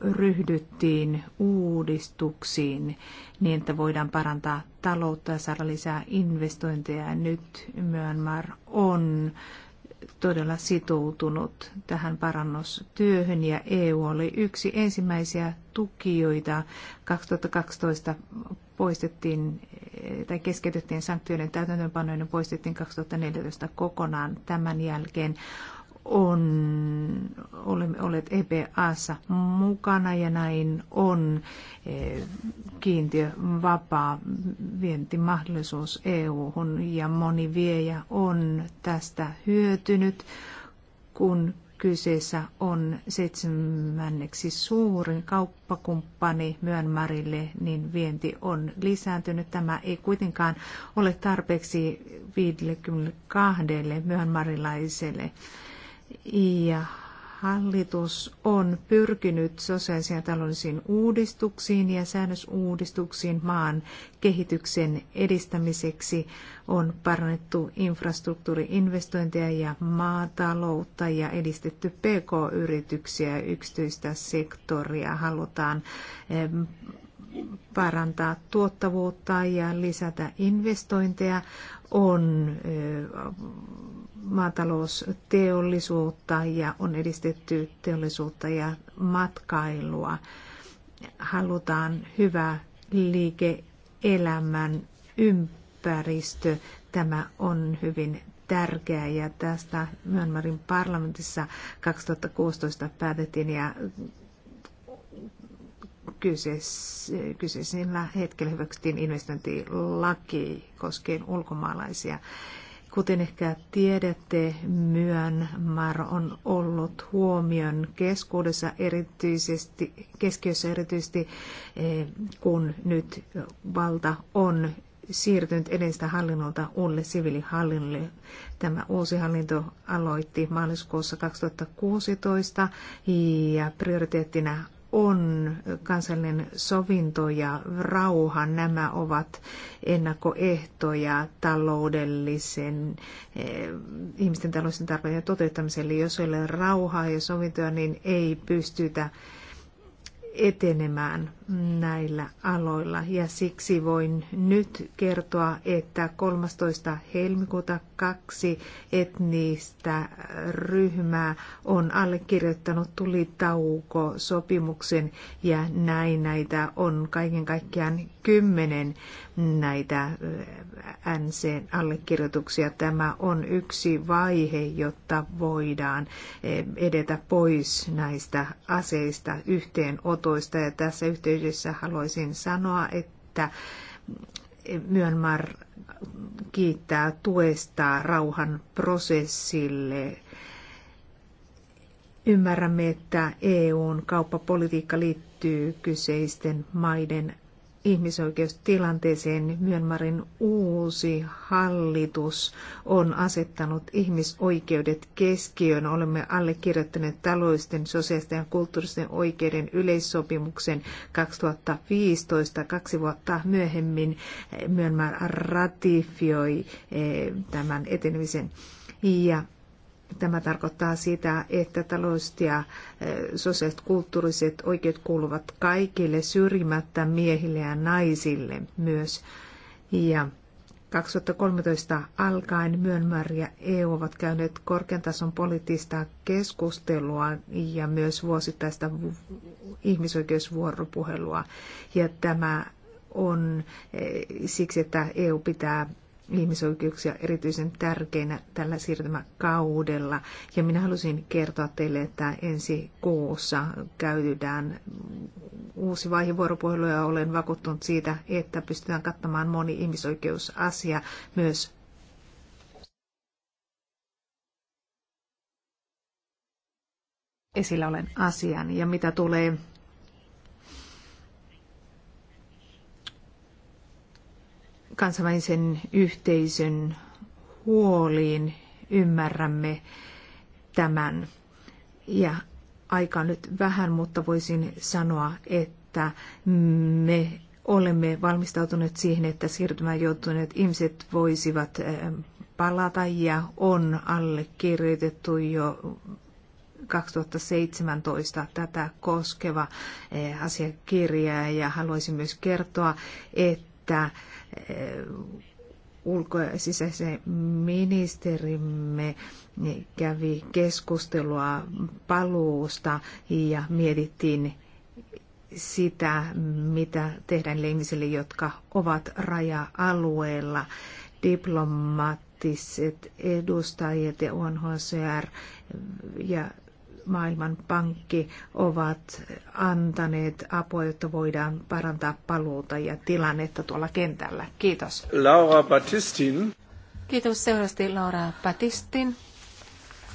C: ryhdyttiin uudistuksiin niin, että voidaan parantaa taloutta ja saada lisää investointeja. Nyt Myanmar on todella sitoutunut tähän parannustyöhön ja EU oli yksi ensimmäisiä tukijoita 2012 poistettiin tai keskeytettiin sanktioiden ne poistettiin 2014 kokonaan. Tämän jälkeen on, olemme olleet EPAssa mukana ja näin on e, kiintiö vapaa vientimahdollisuus EU-hun ja moni viejä on tästä hyötynyt, kun Kyseessä on seitsemänneksi suurin kauppakumppani Myönmarille, niin vienti on lisääntynyt. Tämä ei kuitenkaan ole tarpeeksi 52 myönmarilaiselle. Ja hallitus on pyrkinyt sosiaalisiin ja taloudellisiin uudistuksiin ja säännösuudistuksiin maan kehityksen edistämiseksi. On parannettu infrastruktuuriinvestointeja ja maataloutta ja edistetty pk-yrityksiä yksityistä sektoria. Halutaan parantaa tuottavuutta ja lisätä investointeja. On maatalousteollisuutta ja on edistetty teollisuutta ja matkailua. Halutaan hyvä liike-elämän ympäristö. Tämä on hyvin tärkeää ja tästä Myönmarin parlamentissa 2016 päätettiin ja kyseisellä hetkellä hyväksyttiin investointilaki koskien ulkomaalaisia Kuten ehkä tiedätte, Myanmar on ollut huomion keskuudessa erityisesti, keskiössä erityisesti, eh, kun nyt valta on siirtynyt edestä hallinnolta uudelle siviilihallinnolle. Tämä uusi hallinto aloitti maaliskuussa 2016 ja prioriteettina on kansallinen sovinto ja rauha. Nämä ovat ennakkoehtoja taloudellisen, eh, ihmisten taloudellisen tarpeiden toteuttamiselle. Jos ei ole rauhaa ja sovintoa, niin ei pystytä etenemään näillä aloilla. Ja siksi voin nyt kertoa, että 13. helmikuuta kaksi etnistä ryhmää on allekirjoittanut tulitauko-sopimuksen ja näin näitä on kaiken kaikkiaan kymmenen näitä NC-allekirjoituksia. Tämä on yksi vaihe, jotta voidaan edetä pois näistä aseista yhteenotoista ja tässä yhteydessä yhteydessä haluaisin sanoa, että Myönmar kiittää tuesta rauhan prosessille. Ymmärrämme, että EUn kauppapolitiikka liittyy kyseisten maiden ihmisoikeustilanteeseen niin Myönmarin uusi hallitus on asettanut ihmisoikeudet keskiöön. Olemme allekirjoittaneet taloudellisten, sosiaalisten ja kulttuuristen oikeuden yleissopimuksen 2015. Kaksi vuotta myöhemmin Myönmar ratifioi eh, tämän etenemisen. Ja Tämä tarkoittaa sitä, että taloudelliset ja eh, sosiaaliset kulttuuriset oikeudet kuuluvat kaikille syrjimättä miehille ja naisille myös. Ja 2013 alkaen Myönmär ja EU ovat käyneet korkean tason poliittista keskustelua ja myös vuosittaista ihmisoikeusvuoropuhelua. Ja tämä on eh, siksi, että EU pitää ihmisoikeuksia erityisen tärkeinä tällä siirtymäkaudella. Ja minä halusin kertoa teille, että ensi kuussa käydään uusi vaihe vuoropuhelua ja olen vakuuttunut siitä, että pystytään kattamaan moni ihmisoikeusasia myös esillä olen asian. Ja mitä tulee kansainvälisen yhteisön huoliin ymmärrämme tämän. Ja aika nyt vähän, mutta voisin sanoa, että me olemme valmistautuneet siihen, että siirtymään joutuneet ihmiset voisivat eh, palata ja on allekirjoitettu jo 2017 tätä koskeva eh, asiakirja ja haluaisin myös kertoa, että että eh, ulko- ja sisäisen ministerimme kävi keskustelua paluusta ja mietittiin sitä, mitä tehdään ihmisille, jotka ovat raja-alueella. Diplomaattiset edustajat ja UNHCR ja Maailmanpankki ovat antaneet apua, jotta voidaan parantaa paluuta ja tilannetta tuolla kentällä. Kiitos.
A: Laura Batistin.
C: Kiitos seurasti Laura Batistin.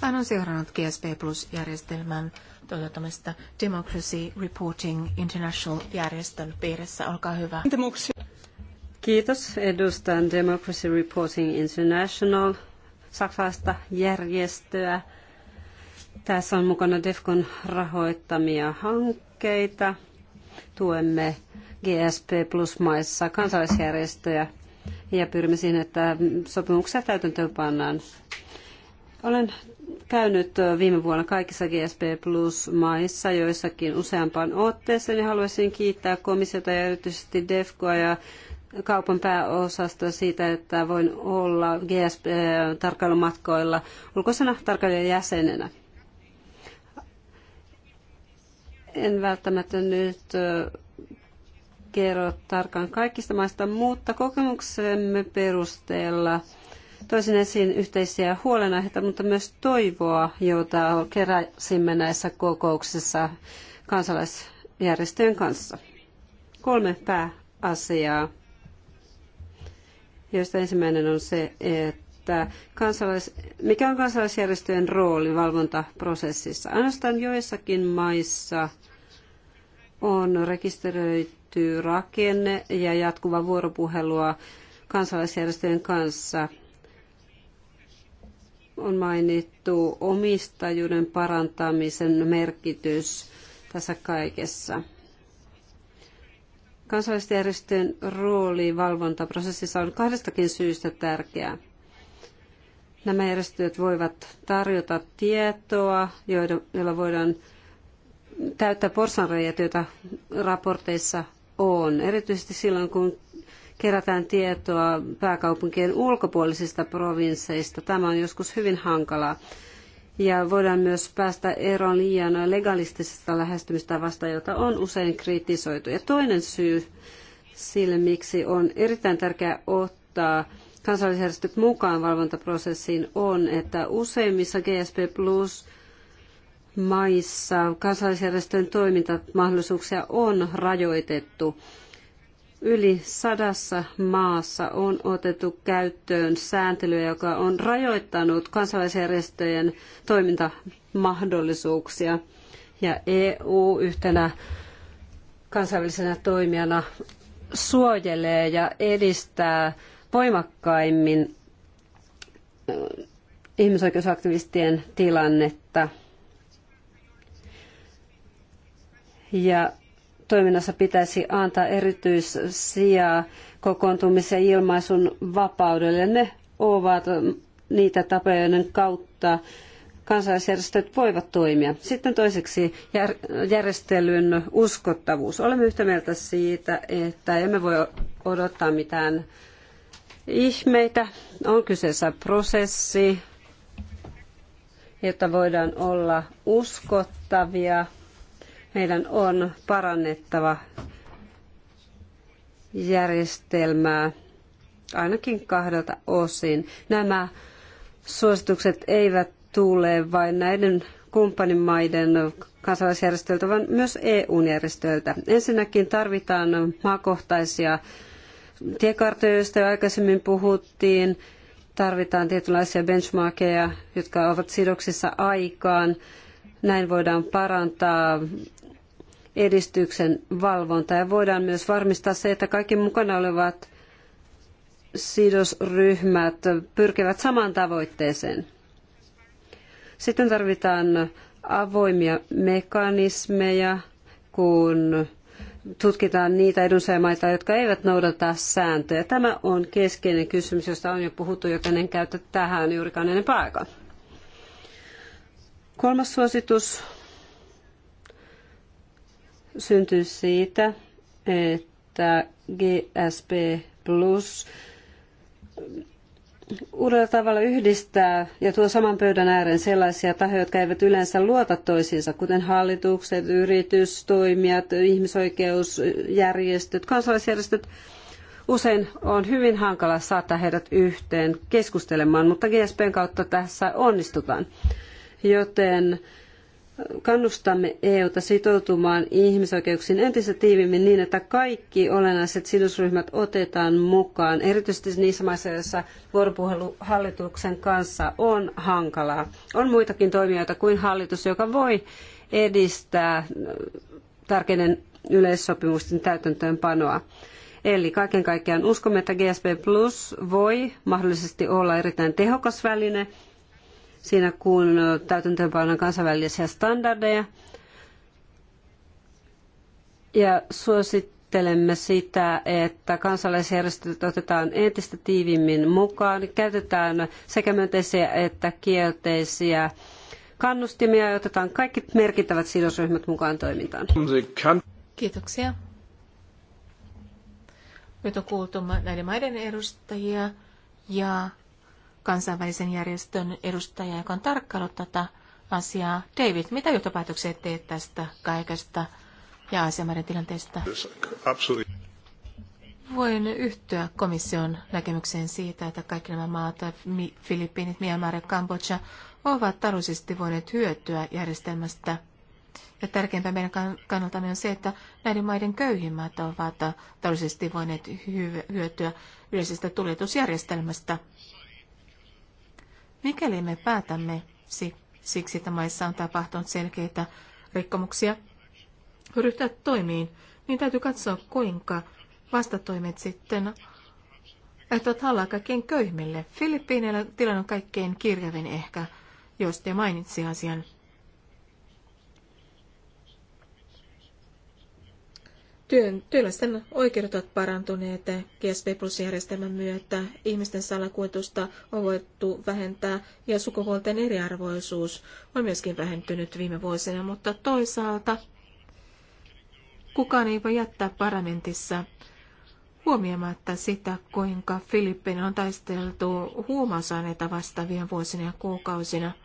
B: Hän on seurannut GSP Plus-järjestelmän toteuttamista Democracy Reporting International-järjestön piirissä. Olkaa hyvä.
D: Kiitos. Edustan Democracy Reporting International, Saksasta järjestöä tässä on mukana DEFCON rahoittamia hankkeita. Tuemme GSP Plus maissa kansalaisjärjestöjä ja pyrimme siihen, että sopimuksia täytäntöön pannaan. Olen käynyt viime vuonna kaikissa GSP Plus maissa joissakin useampaan otteeseen ja haluaisin kiittää komissiota ja erityisesti DEFCOa ja kaupan pääosastoa siitä, että voin olla GSP-tarkkailumatkoilla ulkoisena tarkkailijan jäsenenä. En välttämättä nyt kerro tarkkaan kaikista maista, mutta kokemuksemme perusteella toisin esiin yhteisiä huolenaiheita, mutta myös toivoa, jota keräsimme näissä kokouksissa kansalaisjärjestöjen kanssa. Kolme pääasiaa, joista ensimmäinen on se, että kansalais, mikä on kansalaisjärjestöjen rooli valvontaprosessissa. Ainoastaan joissakin maissa – on rekisteröity rakenne ja jatkuva vuoropuhelua kansalaisjärjestöjen kanssa. On mainittu omistajuuden parantamisen merkitys tässä kaikessa. Kansalaisjärjestöjen rooli valvontaprosessissa on kahdestakin syystä tärkeää. Nämä järjestöt voivat tarjota tietoa, joilla voidaan täyttää porsanreijät, joita raporteissa on. Erityisesti silloin, kun kerätään tietoa pääkaupunkien ulkopuolisista provinsseista. Tämä on joskus hyvin hankalaa. Ja voidaan myös päästä eroon liian legalistisesta lähestymistavasta, jota on usein kritisoitu. Ja toinen syy sille, miksi on erittäin tärkeää ottaa kansalaisjärjestöt mukaan valvontaprosessiin, on, että useimmissa GSP Plus – maissa kansalaisjärjestöjen toimintamahdollisuuksia on rajoitettu. Yli sadassa maassa on otettu käyttöön sääntelyä, joka on rajoittanut kansalaisjärjestöjen toimintamahdollisuuksia. Ja EU yhtenä kansainvälisenä toimijana suojelee ja edistää voimakkaimmin ihmisoikeusaktivistien tilannetta – ja toiminnassa pitäisi antaa erityissijaa kokoontumisen ja ilmaisun vapaudelle. Ne ovat niitä tapoja, joiden kautta kansalaisjärjestöt voivat toimia. Sitten toiseksi järjestelyn uskottavuus. Olemme yhtä mieltä siitä, että emme voi odottaa mitään ihmeitä. On kyseessä prosessi, jotta voidaan olla uskottavia – meidän on parannettava järjestelmää ainakin kahdelta osin. Nämä suositukset eivät tule vain näiden kumppanimaiden kansalaisjärjestöiltä, vaan myös EU-järjestöiltä. Ensinnäkin tarvitaan maakohtaisia tiekarttoja, joista jo aikaisemmin puhuttiin. Tarvitaan tietynlaisia benchmarkeja, jotka ovat sidoksissa aikaan. Näin voidaan parantaa edistyksen valvonta ja voidaan myös varmistaa se, että kaikki mukana olevat sidosryhmät pyrkivät samaan tavoitteeseen. Sitten tarvitaan avoimia mekanismeja, kun tutkitaan niitä edunsaajamaita, jotka eivät noudata sääntöjä. Tämä on keskeinen kysymys, josta on jo puhuttu, joten en käytä tähän juurikaan enempää aikaa. Kolmas suositus syntyy siitä, että GSP Plus uudella tavalla yhdistää ja tuo saman pöydän ääreen sellaisia tahoja, jotka eivät yleensä luota toisiinsa, kuten hallitukset, yritystoimijat, ihmisoikeusjärjestöt, kansalaisjärjestöt. Usein on hyvin hankala saattaa heidät yhteen keskustelemaan, mutta GSPn kautta tässä onnistutaan. Joten kannustamme EUta sitoutumaan ihmisoikeuksiin entistä tiivimmin niin, että kaikki olennaiset sidosryhmät otetaan mukaan, erityisesti niissä maissa, joissa vuoropuhelu hallituksen kanssa on hankalaa. On muitakin toimijoita kuin hallitus, joka voi edistää tärkeiden yleissopimusten täytäntöönpanoa. Eli kaiken kaikkiaan uskomme, että GSP Plus voi mahdollisesti olla erittäin tehokas väline – siinä, kun täytäntöönpannaan kansainvälisiä standardeja. Ja suosittelemme sitä, että kansalaisjärjestöt otetaan entistä tiiviimmin mukaan. Käytetään sekä myönteisiä että kielteisiä kannustimia ja otetaan kaikki merkittävät sidosryhmät mukaan toimintaan. Kiitoksia.
B: Nyt on kuultu näiden maiden edustajia ja kansainvälisen järjestön edustaja, joka on tarkkaillut tätä asiaa. David, mitä johtopäätöksiä teet tästä kaikesta ja asiamaiden tilanteesta? Voin yhtyä komission näkemykseen siitä, että kaikki nämä maat, Filippiinit, Myanmar ja Kambodža, ovat taloudellisesti voineet hyötyä järjestelmästä. Ja tärkeimpää meidän kannaltamme on se, että näiden maiden köyhimmät ovat taloudellisesti voineet hyötyä yleisestä tuljetusjärjestelmästä. Mikäli me päätämme siksi, että maissa on tapahtunut selkeitä rikkomuksia, ryhtyä toimiin, niin täytyy katsoa, kuinka vastatoimet sitten aiheuttavat hallaa kaikkein köyhimmille. Filippiineillä tilanne on kaikkein kirjavin ehkä, jos te mainitsi asian työn, työläisten oikeudet ovat parantuneet GSP Plus-järjestelmän myötä. Ihmisten salakuljetusta on voitu vähentää ja sukupuolten eriarvoisuus on myöskin vähentynyt viime vuosina, mutta toisaalta kukaan ei voi jättää parlamentissa huomioimatta sitä, kuinka Filippiin on taisteltu huumausaineita vasta viime vuosina ja kuukausina –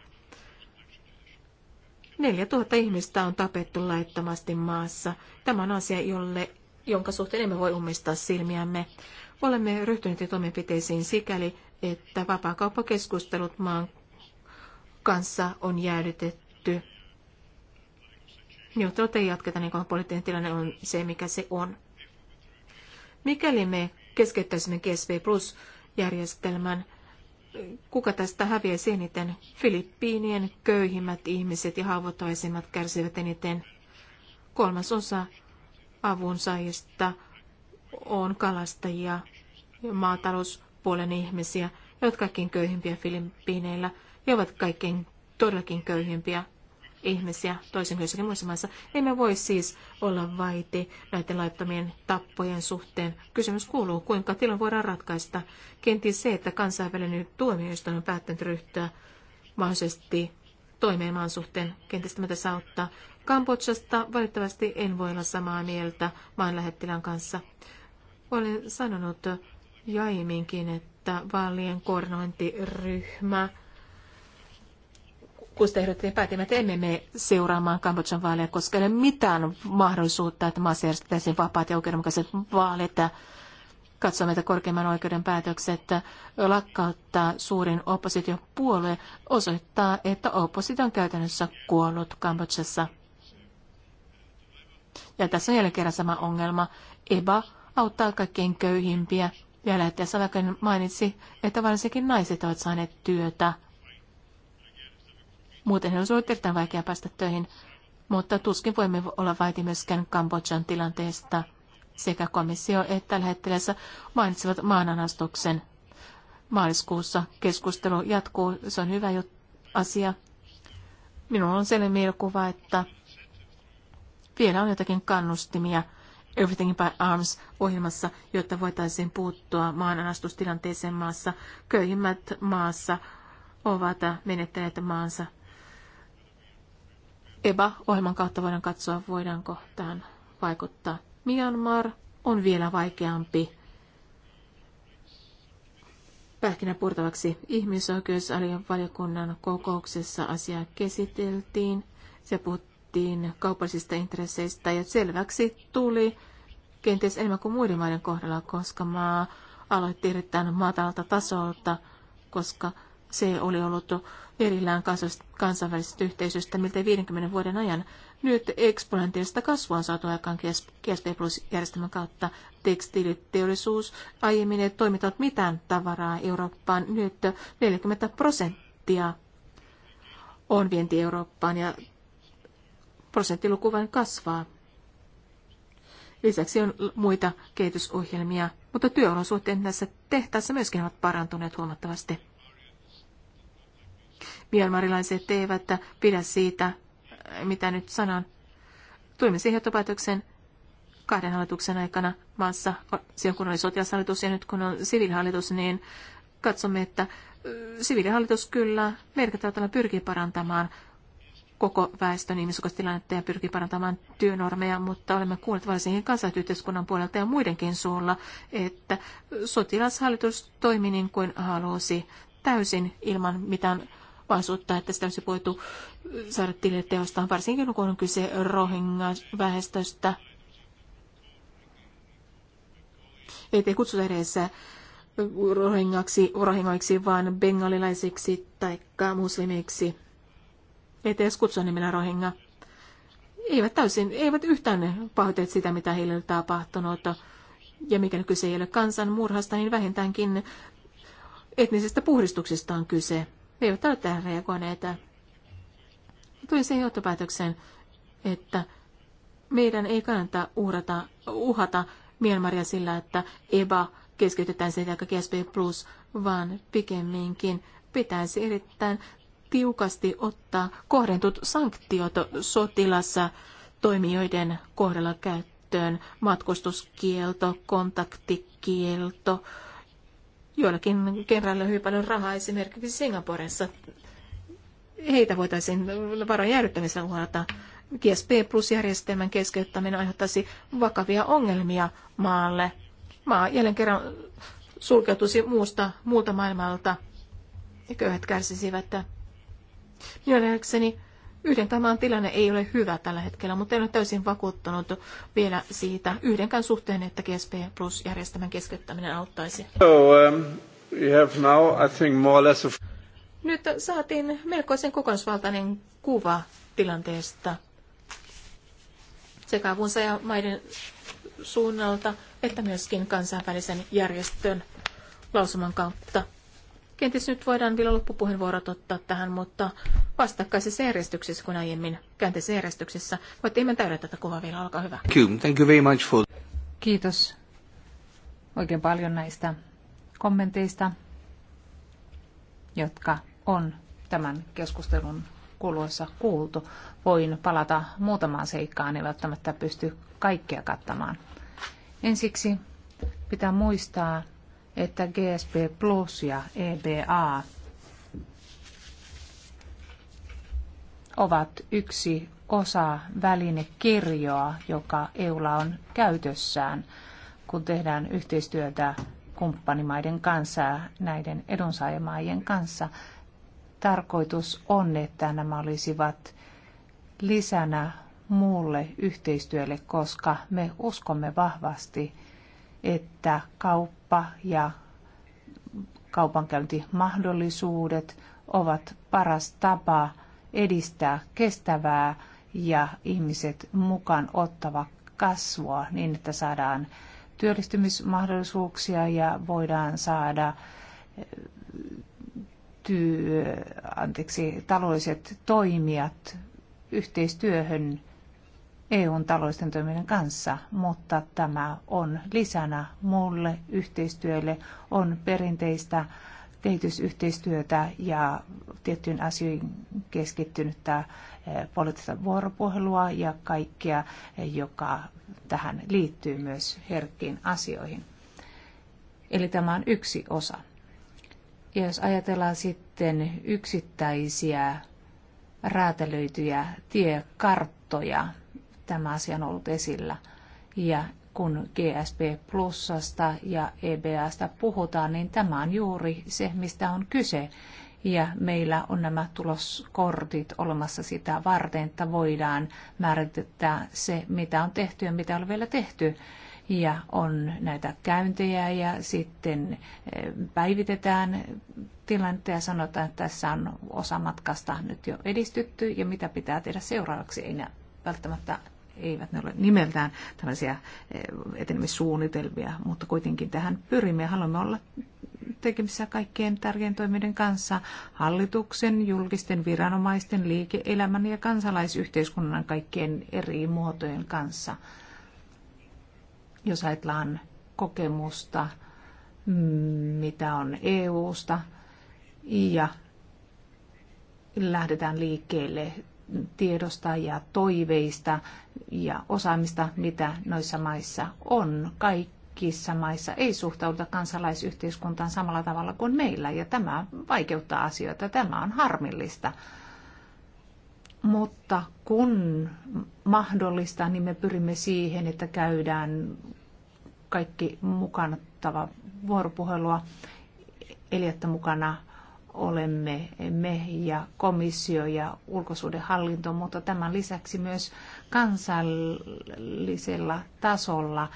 B: 4000 ihmistä on tapettu laittomasti maassa. Tämä on asia, jolle, jonka suhteen emme voi ummistaa silmiämme. Olemme ryhtyneet toimenpiteisiin sikäli, että vapaakauppakeskustelut maan kanssa on jäädytetty. Neuvottelut ei jatketa, niin kuin poliittinen tilanne on se, mikä se on. Mikäli me keskeyttäisimme GSP Plus-järjestelmän, kuka tästä häviäisi eniten? Filippiinien köyhimmät ihmiset ja haavoittuvaisimmat kärsivät eniten. Kolmas osa avunsaajista on kalastajia ja maatalouspuolen ihmisiä, jotka kaikkein köyhimpiä Filippiineillä ja ovat kaikkein todellakin köyhimpiä ihmisiä toisin kuin jossakin muissa maissa. Emme voi siis olla vaiti näiden laittomien tappojen suhteen. Kysymys kuuluu, kuinka tilanne voidaan ratkaista. Kenties se, että kansainvälinen tuomioistuin on päättänyt ryhtyä mahdollisesti toimeen maan suhteen. Kenties tämä tässä auttaa. Kambodsasta valitettavasti en voi olla samaa mieltä maan lähettilän kanssa. Olen sanonut jaiminkin, että vaalien koordinointiryhmä – kun sitä ehdotettiin, päätimme, että emme mene seuraamaan Kambodjan vaaleja, koska ei ole mitään mahdollisuutta, että maassa järjestettäisiin vapaat ja oikeudenmukaiset vaalit. Katsomme, että korkeimman oikeuden päätökset lakkauttaa suurin oppositiopuolue osoittaa, että oppositio on käytännössä kuollut Kambodjassa. Ja tässä on jälleen kerran sama ongelma. EBA auttaa kaikkein köyhimpiä. Ja lähettäjä Salakan mainitsi, että varsinkin naiset ovat saaneet työtä – Muuten olisi ollut erittäin vaikea päästä töihin, mutta tuskin voimme olla vaiti myöskään Kambodjan tilanteesta. Sekä komissio että lähettilässä mainitsivat maananastuksen. Maaliskuussa keskustelu jatkuu, se on hyvä asia. Minulla on sellainen mielikuva, että vielä on jotakin kannustimia Everything by Arms-ohjelmassa, jotta voitaisiin puuttua maananastustilanteeseen maassa. Köyhimmät maassa ovat menettäneet maansa EBA-ohjelman kautta voidaan katsoa, voidaanko tähän vaikuttaa. Myanmar on vielä vaikeampi pähkinä purtavaksi. Ihmisoikeusvaliokunnan kokouksessa asiaa käsiteltiin. Se puhuttiin kaupallisista intresseistä ja selväksi tuli kenties enemmän kuin muiden maiden kohdalla, koska maa aloitti erittäin matalalta tasolta, koska se oli ollut erillään kansainvälisestä yhteisöstä miltei 50 vuoden ajan. Nyt eksponentiaalista kasvua on saatu aikaan GSP Plus-järjestelmän kautta. Tekstiiliteollisuus aiemmin ei toimittanut mitään tavaraa Eurooppaan. Nyt 40 prosenttia on vienti Eurooppaan ja prosenttiluku vain kasvaa. Lisäksi on muita kehitysohjelmia, mutta työolosuhteet näissä tehtaissa myöskin ovat parantuneet huomattavasti. Mielmarilaiset eivät pidä siitä, mitä nyt sanon. Tuimme siihen johtopäätöksen kahden hallituksen aikana maassa, silloin kun oli sotilashallitus ja nyt kun on siviilihallitus, niin katsomme, että siviilihallitus kyllä merkittävällä pyrkii parantamaan koko väestön ihmisoikeustilannetta ja pyrkii parantamaan työnormeja, mutta olemme kuulleet varsinkin kansalaisyhteiskunnan puolelta ja muidenkin suulla, että sotilashallitus toimi niin kuin halusi täysin ilman mitään mahdollisuutta, että sitä olisi voitu saada tilille tehostaan, varsinkin kun on kyse Rohingya-väestöstä. Ei kutsuta edes rohingaksi, rohingoiksi, vaan bengalilaisiksi tai muslimiksi. Ei edes kutsua nimellä rohinga. Eivät täysin, eivät yhtään pahoiteet sitä, mitä heille on tapahtunut. Ja mikäli kyse ei ole kansan murhasta, niin vähintäänkin etnisestä puhdistuksesta on kyse. Me eivät ole tähän reagoineet. Tuli sen johtopäätöksen, että meidän ei kannata uhrata, uhata mielmaria sillä, että EBA keskeytetään sen jälkeen GSP Plus, vaan pikemminkin pitäisi erittäin tiukasti ottaa kohdentut sanktiot sotilassa toimijoiden kohdalla käyttöön, matkustuskielto, kontaktikielto, joillakin kerralla hyvin paljon rahaa esimerkiksi Singaporessa. Heitä voitaisiin varojen jäädyttämisen uhata. GSP Plus-järjestelmän keskeyttäminen aiheuttaisi vakavia ongelmia maalle. Maa jälleen kerran sulkeutuisi muusta, muulta maailmalta ja köyhät kärsisivät. Mielestäni Yhden tämän tilanne ei ole hyvä tällä hetkellä, mutta en ole täysin vakuuttunut vielä siitä yhdenkään suhteen, että GSP Plus-järjestelmän keskeyttäminen auttaisi.
A: So, um, now, think, of...
B: Nyt saatiin melkoisen kokonaisvaltainen kuva tilanteesta sekä maiden suunnalta että myöskin kansainvälisen järjestön lausuman kautta. Kenties nyt voidaan vielä loppupuheenvuorot ottaa tähän, mutta vastakkaisessa järjestyksessä kuin aiemmin käänteisessä järjestyksessä. Voitte täydä tätä kuvaa vielä, olkaa hyvä.
A: Thank you very much for...
C: Kiitos oikein paljon näistä kommenteista, jotka on tämän keskustelun kuluessa kuultu. Voin palata muutamaan seikkaan, ei välttämättä pysty kaikkea kattamaan. Ensiksi pitää muistaa, että GSP Plus ja EBA ovat yksi osa välinekirjoa, joka EUlla on käytössään, kun tehdään yhteistyötä kumppanimaiden kanssa, näiden edunsaajamaajien kanssa. Tarkoitus on, että nämä olisivat lisänä muulle yhteistyölle, koska me uskomme vahvasti, että kaup kauppa ja kaupankäyntimahdollisuudet ovat paras tapa edistää kestävää ja ihmiset mukaan ottava kasvua niin, että saadaan työllistymismahdollisuuksia ja voidaan saada eh, työ, anteeksi, taloudelliset toimijat yhteistyöhön EUn taloudellisten toimijoiden kanssa, mutta tämä on lisänä muulle yhteistyölle, on perinteistä kehitysyhteistyötä ja tiettyyn asioihin keskittynyttä eh, poliittista vuoropuhelua ja kaikkea, eh, joka tähän liittyy myös herkkiin asioihin. Eli tämä on yksi osa. Ja jos ajatellaan sitten yksittäisiä räätälöityjä tiekarttoja, tämä asia on ollut esillä. Ja kun GSP Plusasta ja EBAsta puhutaan, niin tämä on juuri se, mistä on kyse. Ja meillä on nämä tuloskortit olemassa sitä varten, että voidaan määrittää se, mitä on tehty ja mitä on vielä tehty. Ja on näitä käyntejä ja sitten eh, päivitetään tilannetta ja sanotaan, että tässä on osa matkasta nyt jo edistytty ja mitä pitää tehdä seuraavaksi. Ei välttämättä eivät ne ole nimeltään tällaisia eh, etenemissuunnitelmia, mutta kuitenkin tähän pyrimme ja haluamme olla tekemisissä kaikkien tärkeän toimijoiden kanssa, hallituksen, julkisten viranomaisten, liike-elämän ja kansalaisyhteiskunnan kaikkien eri muotojen kanssa. Jos ajatellaan kokemusta, mm, mitä on EUsta ja lähdetään liikkeelle tiedosta ja toiveista ja osaamista, mitä noissa maissa on. Kaikissa maissa ei suhtauduta kansalaisyhteiskuntaan samalla tavalla kuin meillä, ja tämä vaikeuttaa asioita. Tämä on harmillista. Mutta kun mahdollista, niin me pyrimme siihen, että käydään kaikki mukana vuoropuhelua, eli että mukana olemme me ja komissio ja hallinto mutta tämän lisäksi myös kansallisella tasolla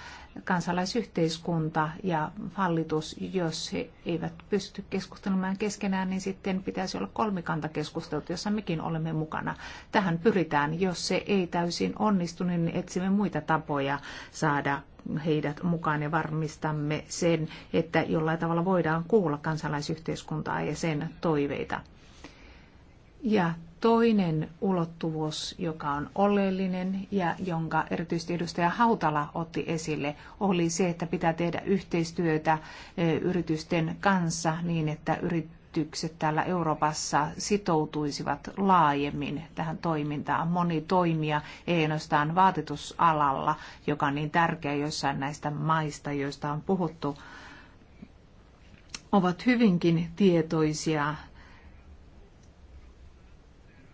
C: kansalaisyhteiskunta ja hallitus, jos he eivät pysty keskustelemaan keskenään, niin sitten pitäisi olla kolmikantakeskustelut, jossa mekin olemme mukana. Tähän pyritään. Jos se ei täysin onnistu, niin etsimme muita tapoja saada heidät mukaan ja varmistamme sen, että jollain tavalla voidaan kuulla kansalaisyhteiskuntaa ja sen toiveita. Ja toinen ulottuvuus, joka on oleellinen ja jonka erityisesti edustaja Hautala otti esille, oli se, että pitää tehdä yhteistyötä eh, yritysten kanssa niin, että yritykset täällä Euroopassa sitoutuisivat laajemmin tähän toimintaan. Moni toimija, ei ainoastaan vaatetusalalla, joka on niin tärkeä jossain näistä maista, joista on puhuttu, ovat hyvinkin tietoisia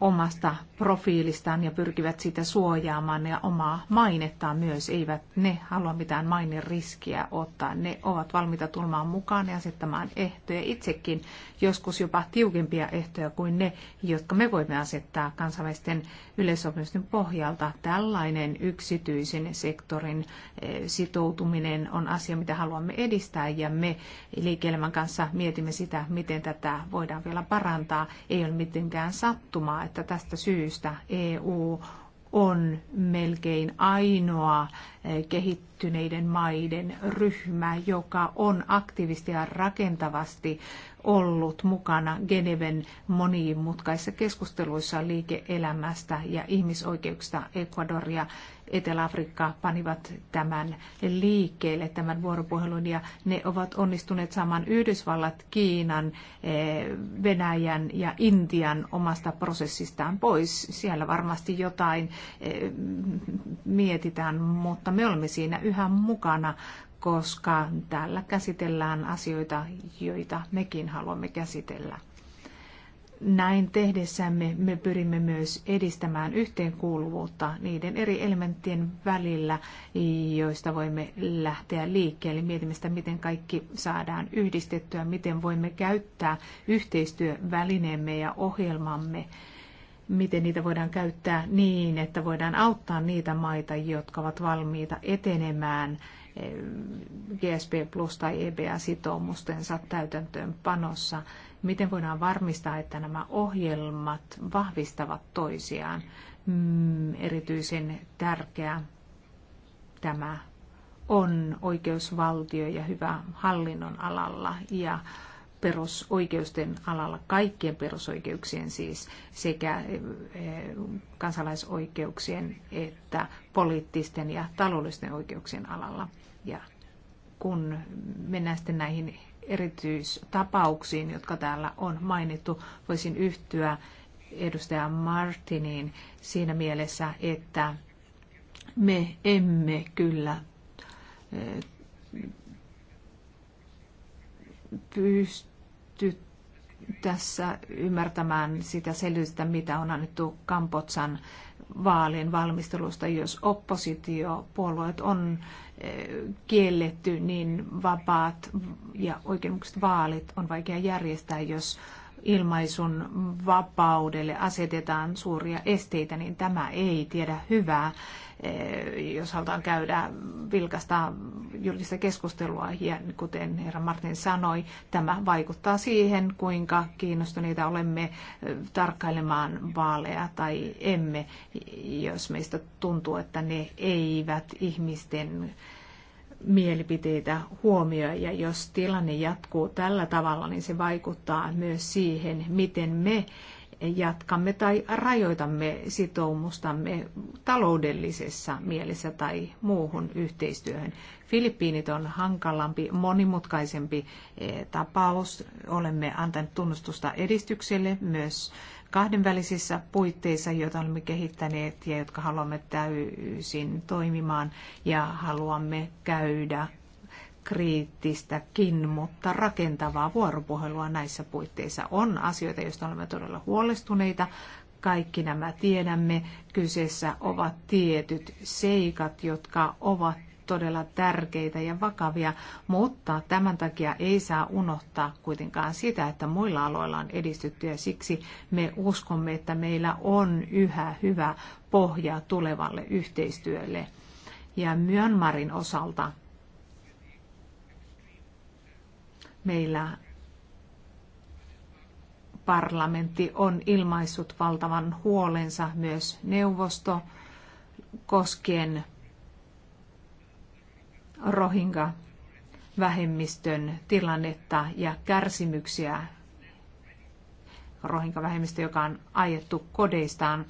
C: omasta profiilistaan ja pyrkivät sitä suojaamaan ja omaa mainettaan myös. Eivät ne halua mitään riskiä ottaa. Ne ovat valmiita tulemaan mukaan ja asettamaan ehtoja itsekin, joskus jopa tiukempia ehtoja kuin ne, jotka me voimme asettaa kansainvälisten yleissopimusten pohjalta. Tällainen yksityisen sektorin eh, sitoutuminen on asia, mitä haluamme edistää ja me liike kanssa mietimme sitä, miten tätä voidaan vielä parantaa. Ei ole mitenkään sattumaa, että tästä syystä EU on melkein ainoa kehittyneiden maiden ryhmä, joka on aktiivisesti ja rakentavasti ollut mukana Geneven monimutkaisissa keskusteluissa liike-elämästä ja ihmisoikeuksista. Ecuador ja Etelä-Afrikka panivat tämän liikkeelle, tämän vuoropuhelun, ja ne ovat onnistuneet saamaan Yhdysvallat, Kiinan, Venäjän ja Intian omasta prosessistaan pois. Siellä varmasti jotain mietitään, mutta me olemme siinä yhä mukana, koska täällä käsitellään asioita, joita mekin haluamme käsitellä. Näin tehdessämme me pyrimme myös edistämään yhteenkuuluvuutta niiden eri elementtien välillä, joista voimme lähteä liikkeelle. Mietimme sitä, miten kaikki saadaan yhdistettyä, miten voimme käyttää yhteistyövälineemme ja ohjelmamme miten niitä voidaan käyttää niin, että voidaan auttaa niitä maita, jotka ovat valmiita etenemään eh, GSP Plus tai EBA-sitoumustensa täytäntöönpanossa. Miten voidaan varmistaa, että nämä ohjelmat vahvistavat toisiaan? Mm, erityisen tärkeä tämä on oikeusvaltio ja hyvä hallinnon alalla ja perusoikeusten alalla, kaikkien perusoikeuksien siis, sekä eh, kansalaisoikeuksien että poliittisten ja taloudellisten oikeuksien alalla. Ja kun mennään sitten näihin erityistapauksiin, jotka täällä on mainittu, voisin yhtyä edustaja Martiniin siinä mielessä, että me emme kyllä eh, pysty tässä ymmärtämään sitä selvyyttä, mitä on annettu Kampotsan vaalien valmistelusta, jos oppositiopuolueet on eh, kielletty, niin vapaat ja oikeudenmukaiset vaalit on vaikea järjestää, jos ilmaisun vapaudelle asetetaan suuria esteitä, niin tämä ei tiedä hyvää, eh, jos halutaan käydä vilkasta julkista keskustelua. Ja kuten herra Martin sanoi, tämä vaikuttaa siihen, kuinka kiinnostuneita olemme eh, tarkkailemaan vaaleja tai emme, jos meistä tuntuu, että ne eivät ihmisten mielipiteitä huomioi. Ja jos tilanne jatkuu tällä tavalla, niin se vaikuttaa myös siihen, miten me jatkamme tai rajoitamme sitoumustamme taloudellisessa mielessä tai muuhun yhteistyöhön. Filippiinit on hankalampi, monimutkaisempi eh, tapaus. Olemme antaneet tunnustusta edistykselle myös kahdenvälisissä puitteissa, joita olemme kehittäneet ja jotka haluamme täysin toimimaan ja haluamme käydä kriittistäkin, mutta rakentavaa vuoropuhelua näissä puitteissa on asioita, joista olemme todella huolestuneita. Kaikki nämä tiedämme. Kyseessä ovat tietyt seikat, jotka ovat todella tärkeitä ja vakavia, mutta tämän takia ei saa unohtaa kuitenkaan sitä, että muilla aloilla on edistytty ja siksi me uskomme, että meillä on yhä hyvä pohja tulevalle yhteistyölle. Ja Myanmarin osalta meillä parlamentti on ilmaissut valtavan huolensa myös neuvosto koskien rohinga vähemmistön tilannetta ja kärsimyksiä. Rohinka vähemmistö, joka on ajettu kodeistaan.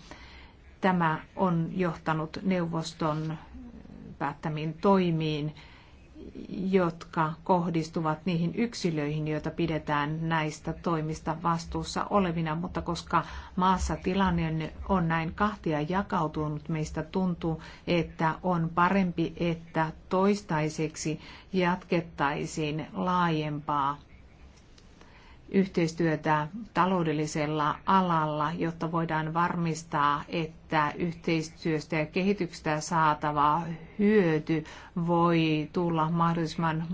C: Tämä on johtanut neuvoston päättämiin toimiin jotka kohdistuvat niihin yksilöihin, joita pidetään näistä toimista vastuussa olevina, mutta koska maassa tilanne on näin kahtia jakautunut, meistä tuntuu, että on parempi, että toistaiseksi jatkettaisiin laajempaa yhteistyötä taloudellisella alalla, jotta voidaan varmistaa, että yhteistyöstä ja kehityksestä saatava hyöty voi tulla mahdollisimman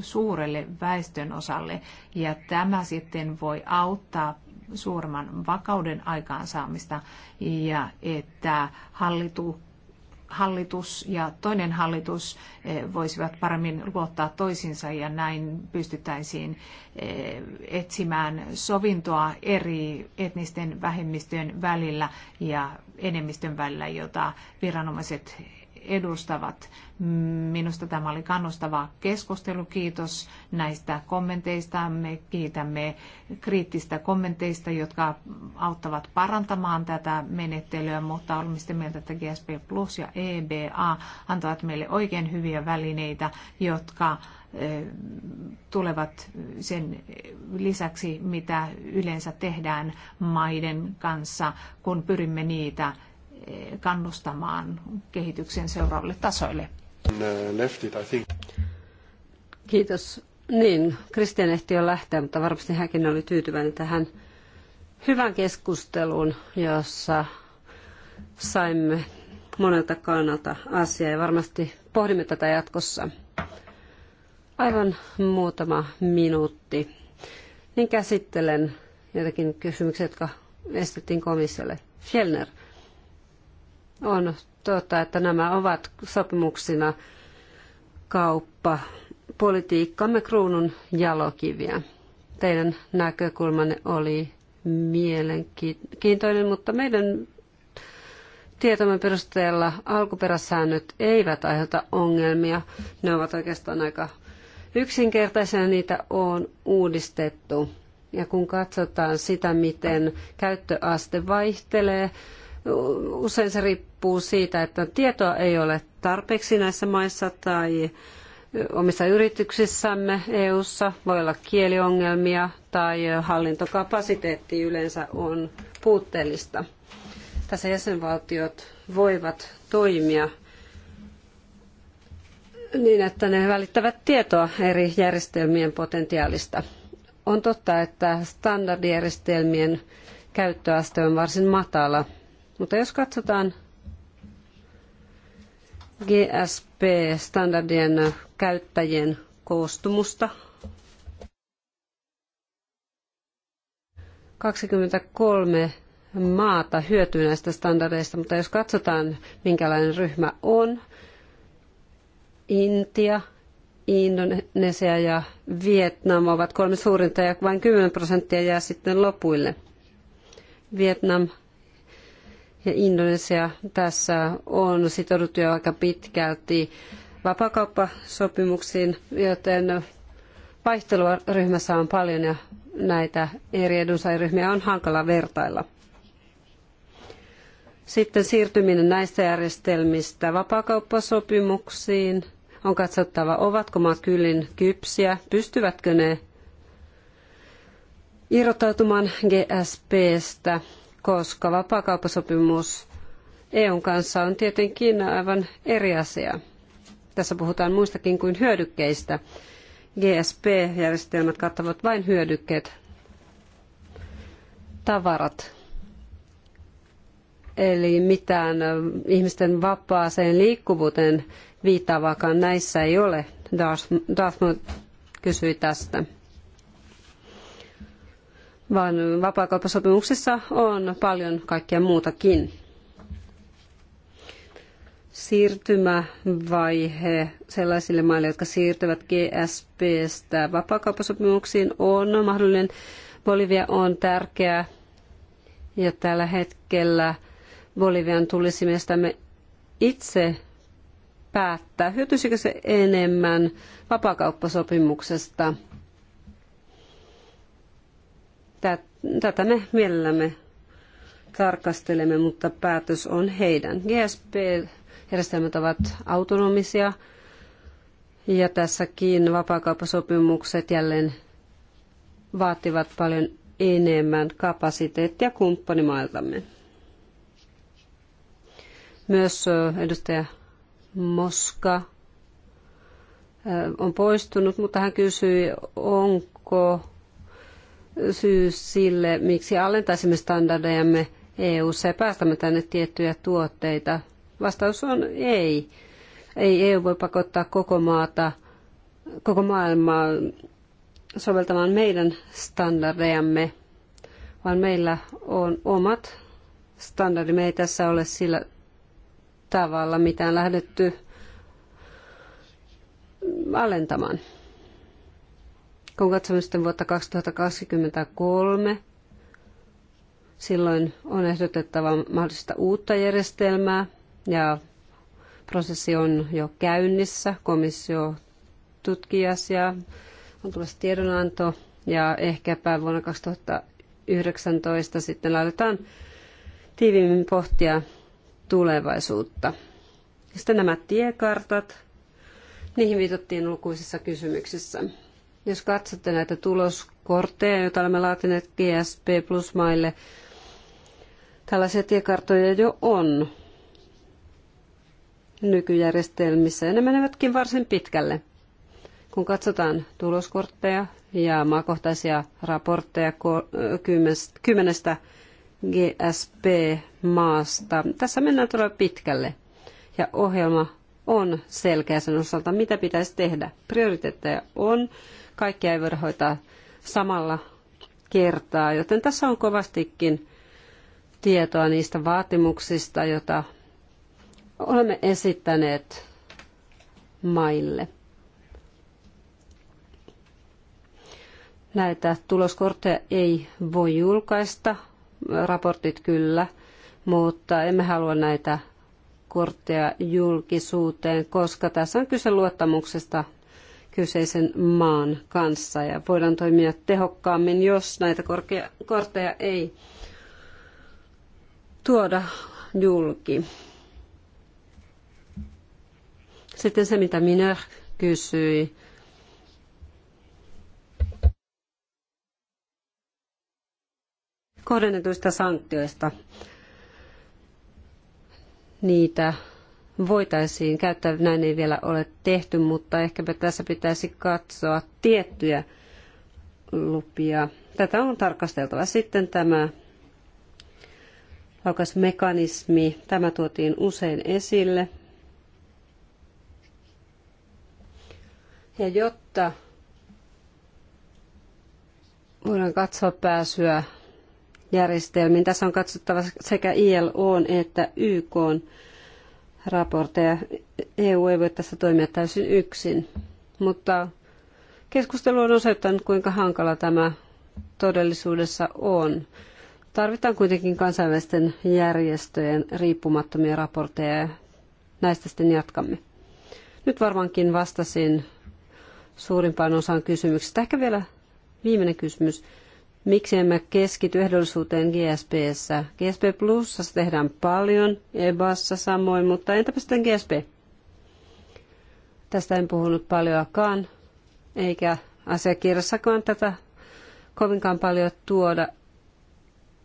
C: suurelle väestön osalle. Ja tämä sitten voi auttaa suuremman vakauden aikaansaamista ja että hallitu hallitus ja toinen hallitus eh, voisivat paremmin luottaa toisiinsa ja näin pystyttäisiin eh, etsimään sovintoa eri etnisten vähemmistöjen välillä ja enemmistön välillä, jota viranomaiset edustavat. Minusta tämä oli kannustava keskustelu. Kiitos näistä kommenteista. Me kiitämme kriittistä kommenteista, jotka auttavat parantamaan tätä menettelyä, mutta olemme sitä mieltä, että GSP Plus ja EBA antavat meille oikein hyviä välineitä, jotka tulevat sen lisäksi, mitä yleensä tehdään maiden kanssa, kun pyrimme niitä kannustamaan kehityksen seuraaville tasoille.
A: Uh,
D: Kiitos. Niin, Kristian ehti jo lähteä, mutta varmasti hänkin oli tyytyväinen tähän hyvän keskusteluun, jossa saimme monelta kannalta asiaa ja varmasti pohdimme tätä jatkossa. Aivan muutama minuutti. Niin käsittelen jotakin kysymyksiä, jotka estettiin komissiolle. Fjellner. On totta, että nämä ovat sopimuksina kauppa, politiikkamme kruunun jalokiviä. Teidän näkökulmanne oli mielenkiintoinen, mutta meidän tietomme perusteella alkuperäsäännöt eivät aiheuta ongelmia. Ne ovat oikeastaan aika yksinkertaisia, niitä on uudistettu. Ja kun katsotaan sitä, miten käyttöaste vaihtelee, Usein se riippuu siitä, että tietoa ei ole tarpeeksi näissä maissa tai omissa yrityksissämme EU:ssa voi olla kieliongelmia tai hallintokapasiteetti yleensä on puutteellista. Tässä jäsenvaltiot voivat toimia niin, että ne välittävät tietoa eri järjestelmien potentiaalista. On totta, että standardijärjestelmien käyttöaste on varsin matala mutta jos katsotaan GSP-standardien käyttäjien koostumusta, 23 maata hyötyy näistä standardeista, mutta jos katsotaan, minkälainen ryhmä on, Intia, Indonesia ja Vietnam ovat kolme suurinta ja vain 10 prosenttia jää sitten lopuille. Vietnam ja Indonesia tässä on sitouduttu jo aika pitkälti vapakauppasopimuksiin, joten vaihtelua ryhmässä on paljon ja näitä eri edunsaajaryhmiä on hankala vertailla. Sitten siirtyminen näistä järjestelmistä vapaakauppasopimuksiin on katsottava, ovatko maat kyllin kypsiä, pystyvätkö ne irrottautumaan GSPstä koska vapaakauppasopimus EUn kanssa on tietenkin aivan eri asia. Tässä puhutaan muistakin kuin hyödykkeistä. GSP-järjestelmät kattavat vain hyödykkeet, tavarat. Eli mitään ihmisten vapaaseen liikkuvuuteen viittaavaakaan näissä ei ole. Dartmouth kysyi tästä vaan vapaakauppasopimuksessa on paljon kaikkea muutakin. Siirtymävaihe sellaisille maille, jotka siirtyvät GSPstä vapaakauppasopimuksiin, on mahdollinen. Bolivia on tärkeä ja tällä hetkellä Bolivian tulisi mielestämme itse päättää, hyötyisikö se enemmän vapaakauppasopimuksesta – Tätä me mielellämme tarkastelemme, mutta päätös on heidän. GSP-järjestelmät ovat autonomisia ja tässäkin vapaakauppasopimukset jälleen vaativat paljon enemmän kapasiteettia kumppanimailtamme. Myös edustaja Moska on poistunut, mutta hän kysyi, onko syy sille, miksi alentaisimme standardejamme EU-ssa ja päästämme tänne tiettyjä tuotteita? Vastaus on ei. Ei EU voi pakottaa koko maata, koko maailmaa soveltamaan meidän standardejamme, vaan meillä on omat standardimme. Ei tässä ole sillä tavalla mitään lähdetty alentamaan. Kun katsomme sitten vuotta 2023, silloin on ehdotettava mahdollista uutta järjestelmää ja prosessi on jo käynnissä. Komissio tutkii asiaa, on tulossa tiedonanto ja ehkäpä vuonna 2019 sitten laitetaan tiiviimmin pohtia tulevaisuutta. Sitten nämä tiekartat, niihin viitattiin lukuisissa kysymyksissä. Jos katsotte näitä tuloskortteja, joita olemme laatineet GSP Plus-maille, tällaisia tiekarttoja jo on nykyjärjestelmissä ja ne menevätkin varsin pitkälle. Kun katsotaan tuloskortteja ja maakohtaisia raportteja kymmenestä GSP-maasta, tässä mennään todella pitkälle. Ja ohjelma on selkeä sen osalta, mitä pitäisi tehdä. Prioriteetteja on Kaikkia ei voida hoitaa samalla kertaa, joten tässä on kovastikin tietoa niistä vaatimuksista, joita olemme esittäneet maille. Näitä tuloskortteja ei voi julkaista, raportit kyllä, mutta emme halua näitä kortteja julkisuuteen, koska tässä on kyse luottamuksesta kyseisen maan kanssa ja voidaan toimia tehokkaammin, jos näitä korkea, kortteja ei tuoda julki. Sitten se, mitä minä kysyi. Kohdennetuista sanktioista. Niitä voitaisiin käyttää. Näin ei vielä ole tehty, mutta ehkäpä tässä pitäisi katsoa tiettyjä lupia. Tätä on tarkasteltava. Sitten tämä laukaismekanismi, tämä tuotiin usein esille. Ja jotta voidaan katsoa pääsyä järjestelmiin, tässä on katsottava sekä ILO että YK. On raportteja. EU ei voi tässä toimia täysin yksin, mutta keskustelu on osoittanut, kuinka hankala tämä todellisuudessa on. Tarvitaan kuitenkin kansainvälisten järjestöjen riippumattomia raportteja ja näistä sitten jatkamme. Nyt varmaankin vastasin suurimpaan osaan kysymyksistä. Ehkä vielä viimeinen kysymys. Miksi emme keskity ehdollisuuteen GSPssä? GSP Plusassa tehdään paljon, EBAssa samoin, mutta entäpä sitten GSP? Tästä en puhunut paljoakaan, eikä asiakirjassakaan tätä kovinkaan paljon tuoda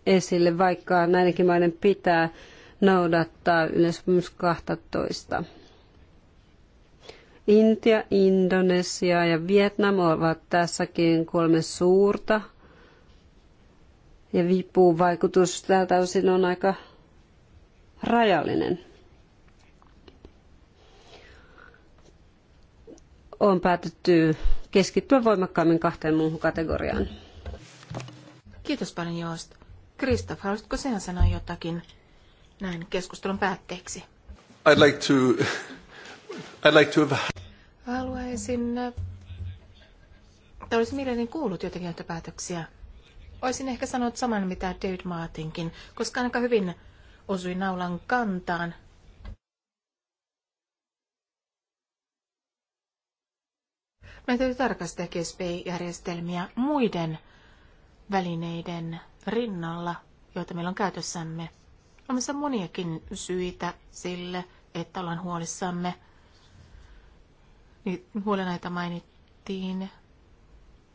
D: esille, vaikka näidenkin maiden pitää noudattaa yleissopimus 12. Intia, Indonesia ja Vietnam ovat tässäkin kolme suurta ja vaikutus tältä osin on aika rajallinen. On päätetty keskittyä voimakkaammin kahteen muuhun kategoriaan.
B: Kiitos paljon Joost. Kristoff, haluaisitko sinä sanoa jotakin näin keskustelun päätteeksi?
A: I'd like to... I'd like to...
B: Haluaisin... Olisi mielelläni kuullut jotakin näitä päätöksiä olisin ehkä sanonut saman mitä David Maatinkin, koska aika hyvin osui naulan kantaan. Me täytyy tarkastaa GSP-järjestelmiä muiden välineiden rinnalla, joita meillä on käytössämme. on myös moniakin syitä sille, että ollaan huolissamme. Niin Huolenaita mainittiin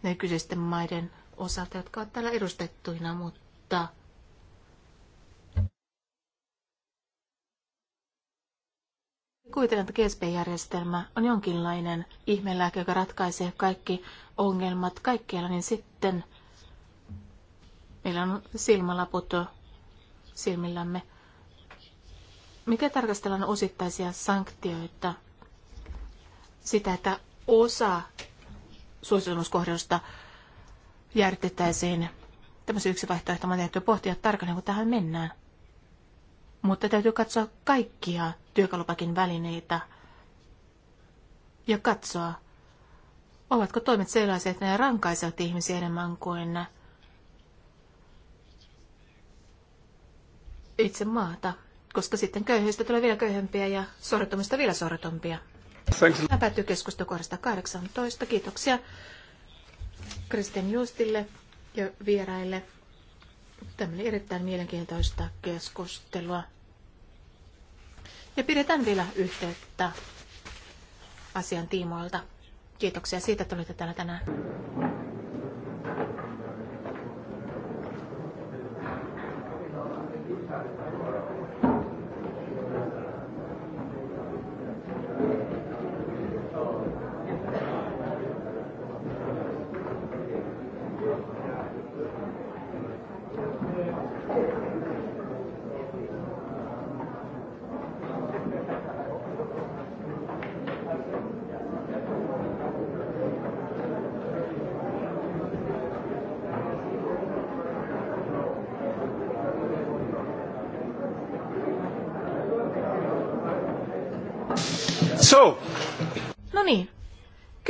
B: ne kyseisten maiden osalta, jotka ovat täällä edustettuina, mutta Kuitenkin että GSP-järjestelmä on jonkinlainen ihmelääke, joka ratkaisee kaikki ongelmat kaikkialla, niin sitten meillä on silmälaput silmillämme. Mikä tarkastellaan osittaisia sanktioita? Sitä, että osa suositumuskohdasta järjestettäisiin. Tämä yksi vaihtoehto, mä täytyy pohtia tarkalleen, kun tähän mennään. Mutta täytyy katsoa kaikkia työkalupakin välineitä ja katsoa, ovatko toimet sellaisia, että ne rankaisevat ihmisiä enemmän kuin itse maata, koska sitten köyhyydestä tulee vielä köyhempiä ja sortumista vielä sortumpia. Tämä päättyy keskustelukohdasta 18. Kiitoksia Kristen Justille ja vieraille. Tämä oli erittäin mielenkiintoista keskustelua. Ja pidetään vielä yhteyttä asian tiimoilta. Kiitoksia siitä, että olitte täällä tänään.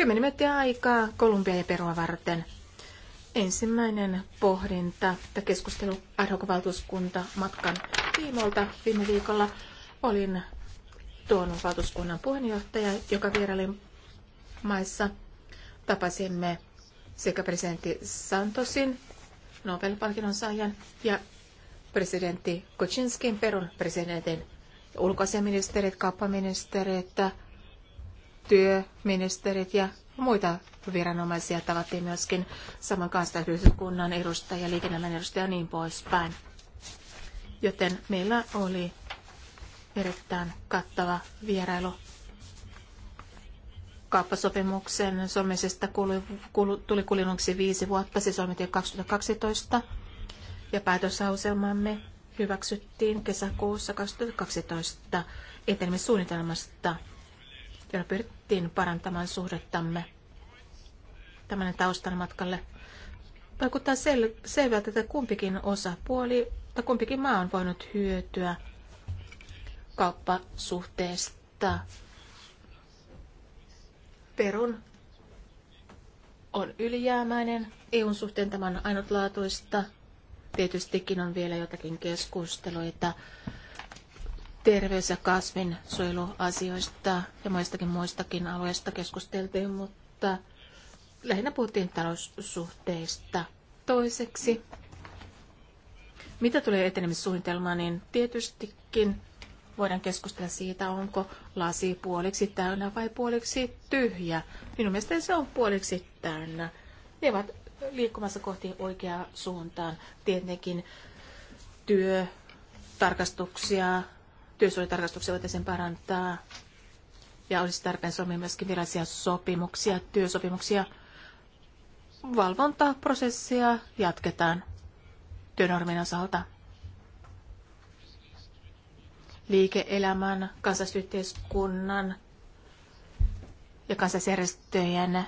B: Kymmenen minuuttia aikaa Kolumbia ja Perua varten. Ensimmäinen pohdinta ja keskustelu ad matkan tiimolta viime viikolla. Olin tuon valtuuskunnan puheenjohtaja, joka vieraili maissa. Tapasimme sekä presidentti Santosin, Nobel-palkinnon saajan, ja presidentti Kuchinskin, Perun presidentin ulkoasiaministerit, kauppaministerit, työministerit ja muita viranomaisia tavattiin myöskin saman kansalaisyhdistyskunnan edustaja, liikennelämän edustaja ja niin poispäin. Joten meillä oli erittäin kattava vierailu. Kauppasopimuksen solmisesta tuli kulunnuksi viisi vuotta, se solmittiin 2012 ja päätösauselmamme hyväksyttiin kesäkuussa 2012 etenemissuunnitelmasta, jolla pyrittiin pyrittiin parantamaan suhdettamme tämän taustan matkalle. Vaikuttaa sel- selvältä, että kumpikin osapuoli tai kumpikin maa on voinut hyötyä kauppasuhteesta. Perun on ylijäämäinen. EUn suhteen tämä on ainutlaatuista. Tietystikin on vielä jotakin keskusteluita terveys- ja kasvinsuojeluasioista ja muistakin muistakin alueista keskusteltiin, mutta lähinnä puhuttiin taloussuhteista. Toiseksi, mitä tulee etenemissuunnitelmaan, niin tietystikin voidaan keskustella siitä, onko lasi puoliksi täynnä vai puoliksi tyhjä. Minun mielestäni se on puoliksi täynnä. Ne ovat liikkumassa kohti oikeaa suuntaan. Tietenkin työ, tarkastuksia, työsuojelutarkastuksia voitaisiin parantaa ja olisi tarpeen solmia myöskin virallisia sopimuksia, työsopimuksia. Valvontaprosessia jatketaan työnormin osalta. Liike-elämän, kansallisyhteiskunnan ja kansallisjärjestöjen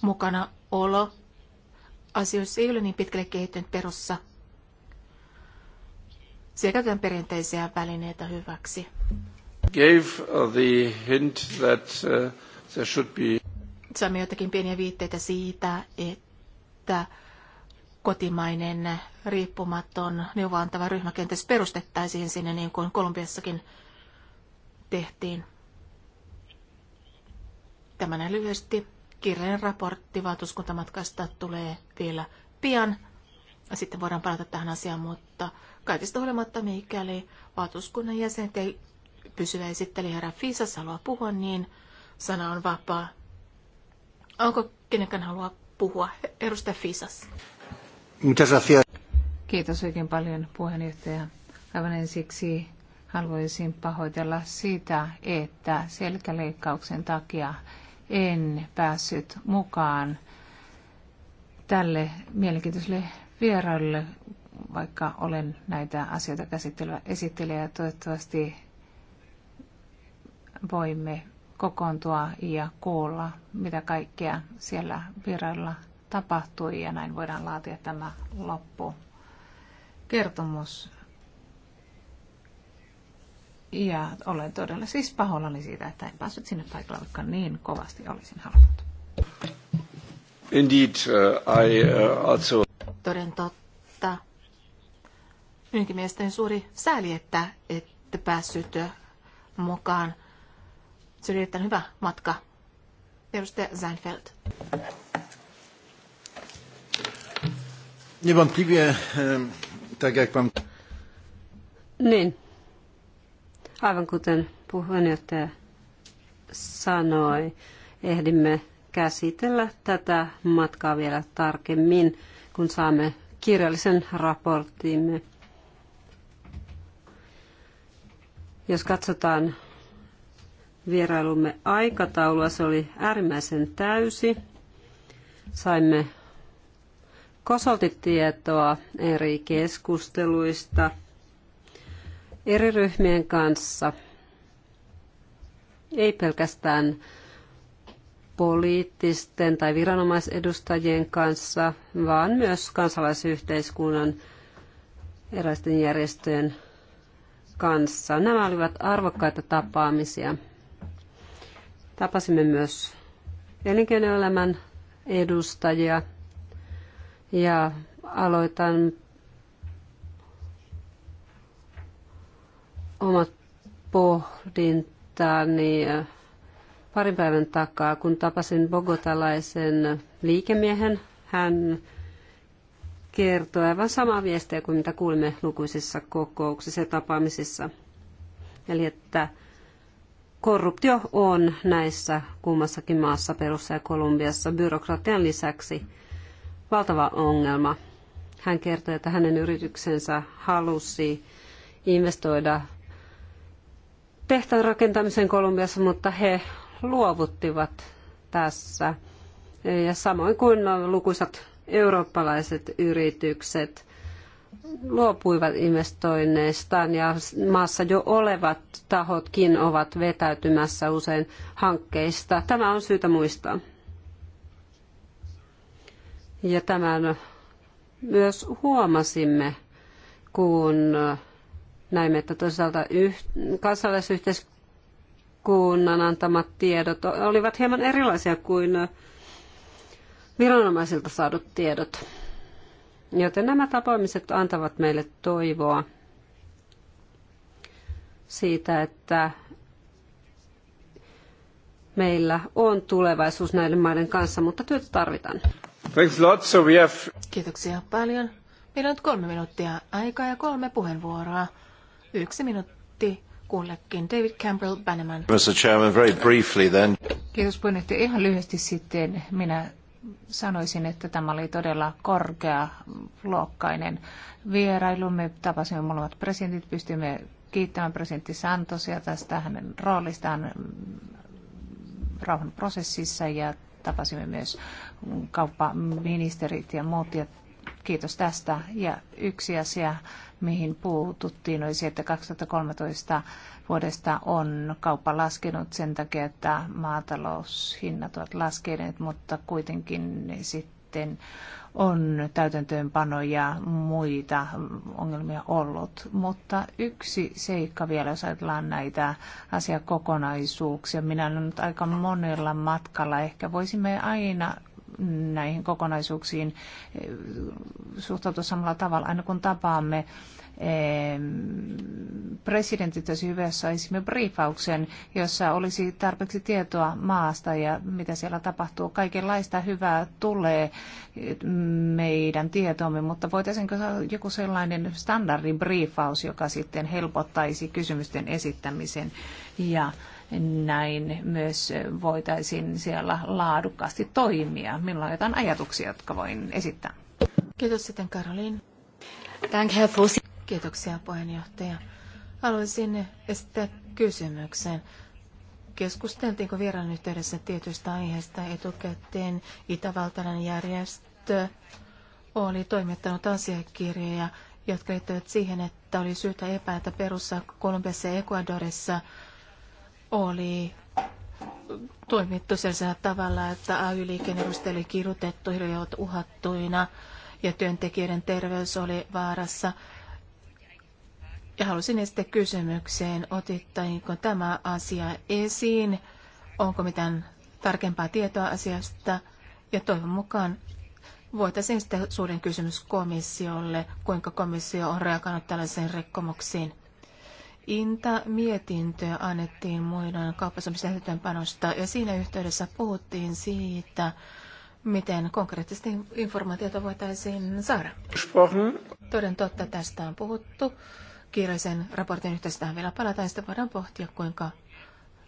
B: mukana olo asioissa ei ole niin pitkälle kehittynyt perussa sekä tämän perinteisiä välineitä hyväksi.
A: Gave the hint that uh, there should be...
B: Saimme jotakin pieniä viitteitä siitä, että kotimainen riippumaton neuvoantava ryhmä kenties perustettaisiin sinne niin kuin Kolumbiassakin tehtiin. näin lyhyesti kirjallinen raportti valtuuskuntamatkasta tulee vielä pian. Sitten voidaan palata tähän asiaan, mutta Kaikesta olematta mikäli valtuuskunnan jäsenet ei pysyvä esitteli herra Fiisa haluaa puhua, niin sana on vapaa. Onko kenenkään haluaa puhua? Edustaja Fiisas.
C: Kiitos oikein paljon puheenjohtaja. Aivan ensiksi haluaisin pahoitella sitä, että selkäleikkauksen takia en päässyt mukaan tälle mielenkiintoiselle vierailulle vaikka olen näitä asioita käsittelevä esittelijä ja toivottavasti voimme kokoontua ja kuulla, mitä kaikkea siellä virailla tapahtui ja näin voidaan laatia tämä loppu kertomus. Ja olen todella siis pahoillani siitä, että en päässyt sinne paikalle, vaikka niin kovasti olisin halunnut.
A: Indeed, uh, I uh, also...
B: Toden totta. Minunkin mielestäni suuri sääli, että ette päässyt mukaan. Se oli erittäin hyvä matka. Edustaja Seinfeld.
A: Niewątpliwie, tak jak pan...
D: Niin. Aivan kuten puheenjohtaja sanoi, ehdimme käsitellä tätä matkaa vielä tarkemmin, kun saamme kirjallisen raporttimme. Jos katsotaan vierailumme aikataulua, se oli äärimmäisen täysi. Saimme kosolti tietoa eri keskusteluista eri ryhmien kanssa. Ei pelkästään poliittisten tai viranomaisedustajien kanssa, vaan myös kansalaisyhteiskunnan eräisten järjestöjen kanssa. Nämä olivat arvokkaita tapaamisia. Tapasimme myös elinkeinoelämän edustajia ja aloitan omat pohdintani parin päivän takaa, kun tapasin bogotalaisen liikemiehen. Hän kertoo aivan samaa viestiä kuin mitä kuulimme lukuisissa kokouksissa ja tapaamisissa. Eli että korruptio on näissä kummassakin maassa, Perussa ja Kolumbiassa, byrokratian lisäksi valtava ongelma. Hän kertoi, että hänen yrityksensä halusi investoida tehtaan rakentamiseen Kolumbiassa, mutta he luovuttivat tässä. Ja samoin kuin lukuisat eurooppalaiset yritykset luopuivat investoinneistaan ja maassa jo olevat tahotkin ovat vetäytymässä usein hankkeista. Tämä on syytä muistaa. Ja tämän myös huomasimme, kun näimme, että toisaalta yh- kansalaisyhteiskunnan antamat tiedot olivat hieman erilaisia kuin viranomaisilta saadut tiedot. Joten nämä tapaamiset antavat meille toivoa siitä, että meillä on tulevaisuus näiden maiden kanssa, mutta työtä tarvitaan.
A: Thanks lot, so we have...
D: Kiitoksia paljon. Meillä on nyt kolme minuuttia aikaa ja kolme puheenvuoroa. Yksi
C: minuutti kullekin. David Campbell Banneman.
A: Mr. Chairman, very briefly then.
C: Kiitos puheenjohtaja. Ihan lyhyesti sitten minä sanoisin, että tämä oli todella korkea luokkainen vierailu. Me tapasimme molemmat presidentit, pystymme kiittämään presidentti Santosia tästä hänen roolistaan rauhanprosessissa ja tapasimme myös kauppaministerit ja muut ja kiitos tästä. Ja yksi asia, mihin puututtiin, oli se, että 2013 vuodesta on kauppa laskenut sen takia, että maataloushinnat ovat laskeneet, mutta kuitenkin sitten on täytäntöönpano ja muita ongelmia ollut. Mutta yksi seikka vielä, jos ajatellaan näitä asiakokonaisuuksia. Minä olen nyt aika monella matkalla. Ehkä voisimme aina näihin kokonaisuuksiin eh, suhtautua samalla tavalla, aina kun tapaamme presidentti tosi jos saisimme briefauksen, jossa olisi tarpeeksi tietoa maasta ja mitä siellä tapahtuu. Kaikenlaista hyvää tulee meidän tietoomme, mutta voitaisiinko joku sellainen standardi briefaus, joka sitten helpottaisi kysymysten esittämisen ja näin myös voitaisiin siellä laadukkaasti toimia. Minulla on jotain ajatuksia, jotka voin esittää.
B: Kiitos sitten Karoliin. Danke, Herr Kiitoksia puheenjohtaja. Haluaisin esittää kysymyksen. Keskusteltiinko vieraan yhteydessä tietystä aiheesta etukäteen? Itävaltainen järjestö oli toimittanut asiakirjoja, jotka liittyvät siihen, että oli syytä epätä perussa Kolumbiassa ja Ecuadorissa oli toimittu sellaisella tavalla, että AY-liikkeen edustajia oli kirjoitettu, he olivat uhattuina ja työntekijöiden terveys oli vaarassa. Ja halusin esittää kysymykseen, otittainko tämä asia esiin, onko mitään tarkempaa tietoa asiasta, ja toivon mukaan voitaisiin sitten suurin kysymys komissiolle, kuinka komissio on reagoinut tällaisiin rikkomuksiin. Inta-mietintö annettiin muiden kauppasopimusten panosta ja siinä yhteydessä puhuttiin siitä, miten konkreettisesti informaatiota voitaisiin saada. Toden totta, tästä on puhuttu kiireisen raportin yhteydessä tähän vielä palataan, sitten voidaan pohtia, kuinka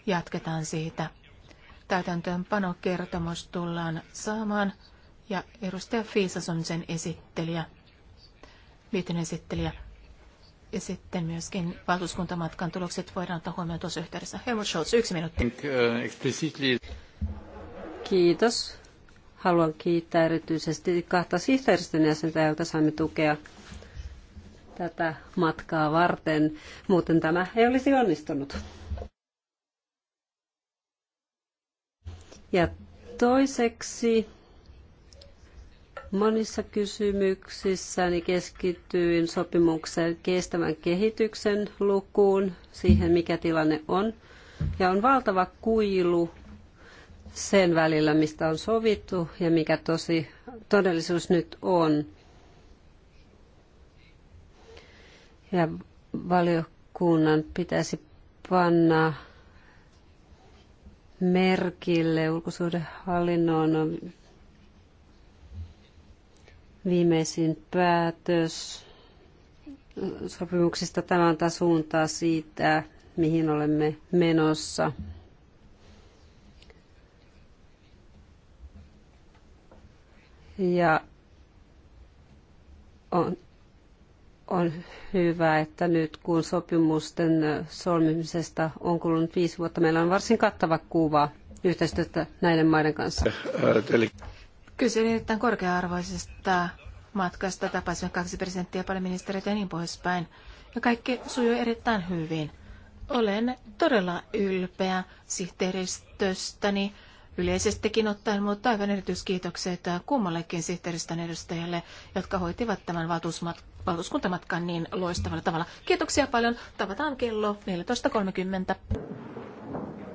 B: jatketaan siitä. Täytäntöönpanokertomus tullaan saamaan ja edustaja Fiisas on sen esittelijä, mietinnön esittelijä. Ja sitten myöskin
D: valtuuskuntamatkan tulokset voidaan ottaa huomioon tuossa yhteydessä. Helmut Scholz, yksi minuutti.
A: Uh,
D: Kiitos. Haluan kiittää erityisesti kahta sihteeristön jäsentä, joilta saimme tukea tätä matkaa varten. Muuten tämä ei olisi onnistunut. Ja toiseksi monissa kysymyksissä niin keskityin sopimuksen kestävän kehityksen lukuun, siihen mikä tilanne on. Ja on valtava kuilu sen välillä, mistä on sovittu ja mikä tosi todellisuus nyt on. Ja valiokunnan pitäisi panna merkille ulkosuhdehallinnon viimeisin päätös sopimuksista. Tämä antaa suuntaa siitä, mihin olemme menossa. Ja on on hyvä, että nyt kun sopimusten solmimisesta on kulunut viisi vuotta, meillä on varsin kattava kuva yhteistyötä näiden maiden kanssa.
A: Äh,
D: Kyse erittäin korkea-arvoisesta
B: matkasta. Tapasimme kaksi presidenttiä, paljon ministeriöitä ja niin poispäin. Ja kaikki sujui erittäin hyvin. Olen todella ylpeä sihteeristöstäni yleisestikin ottaen, mutta aivan erityiskiitokset kummallekin sihteeristön edustajalle, jotka hoitivat tämän valtuusmat, valtuuskuntamatkan niin loistavalla tavalla. Kiitoksia paljon. Tavataan kello 14.30.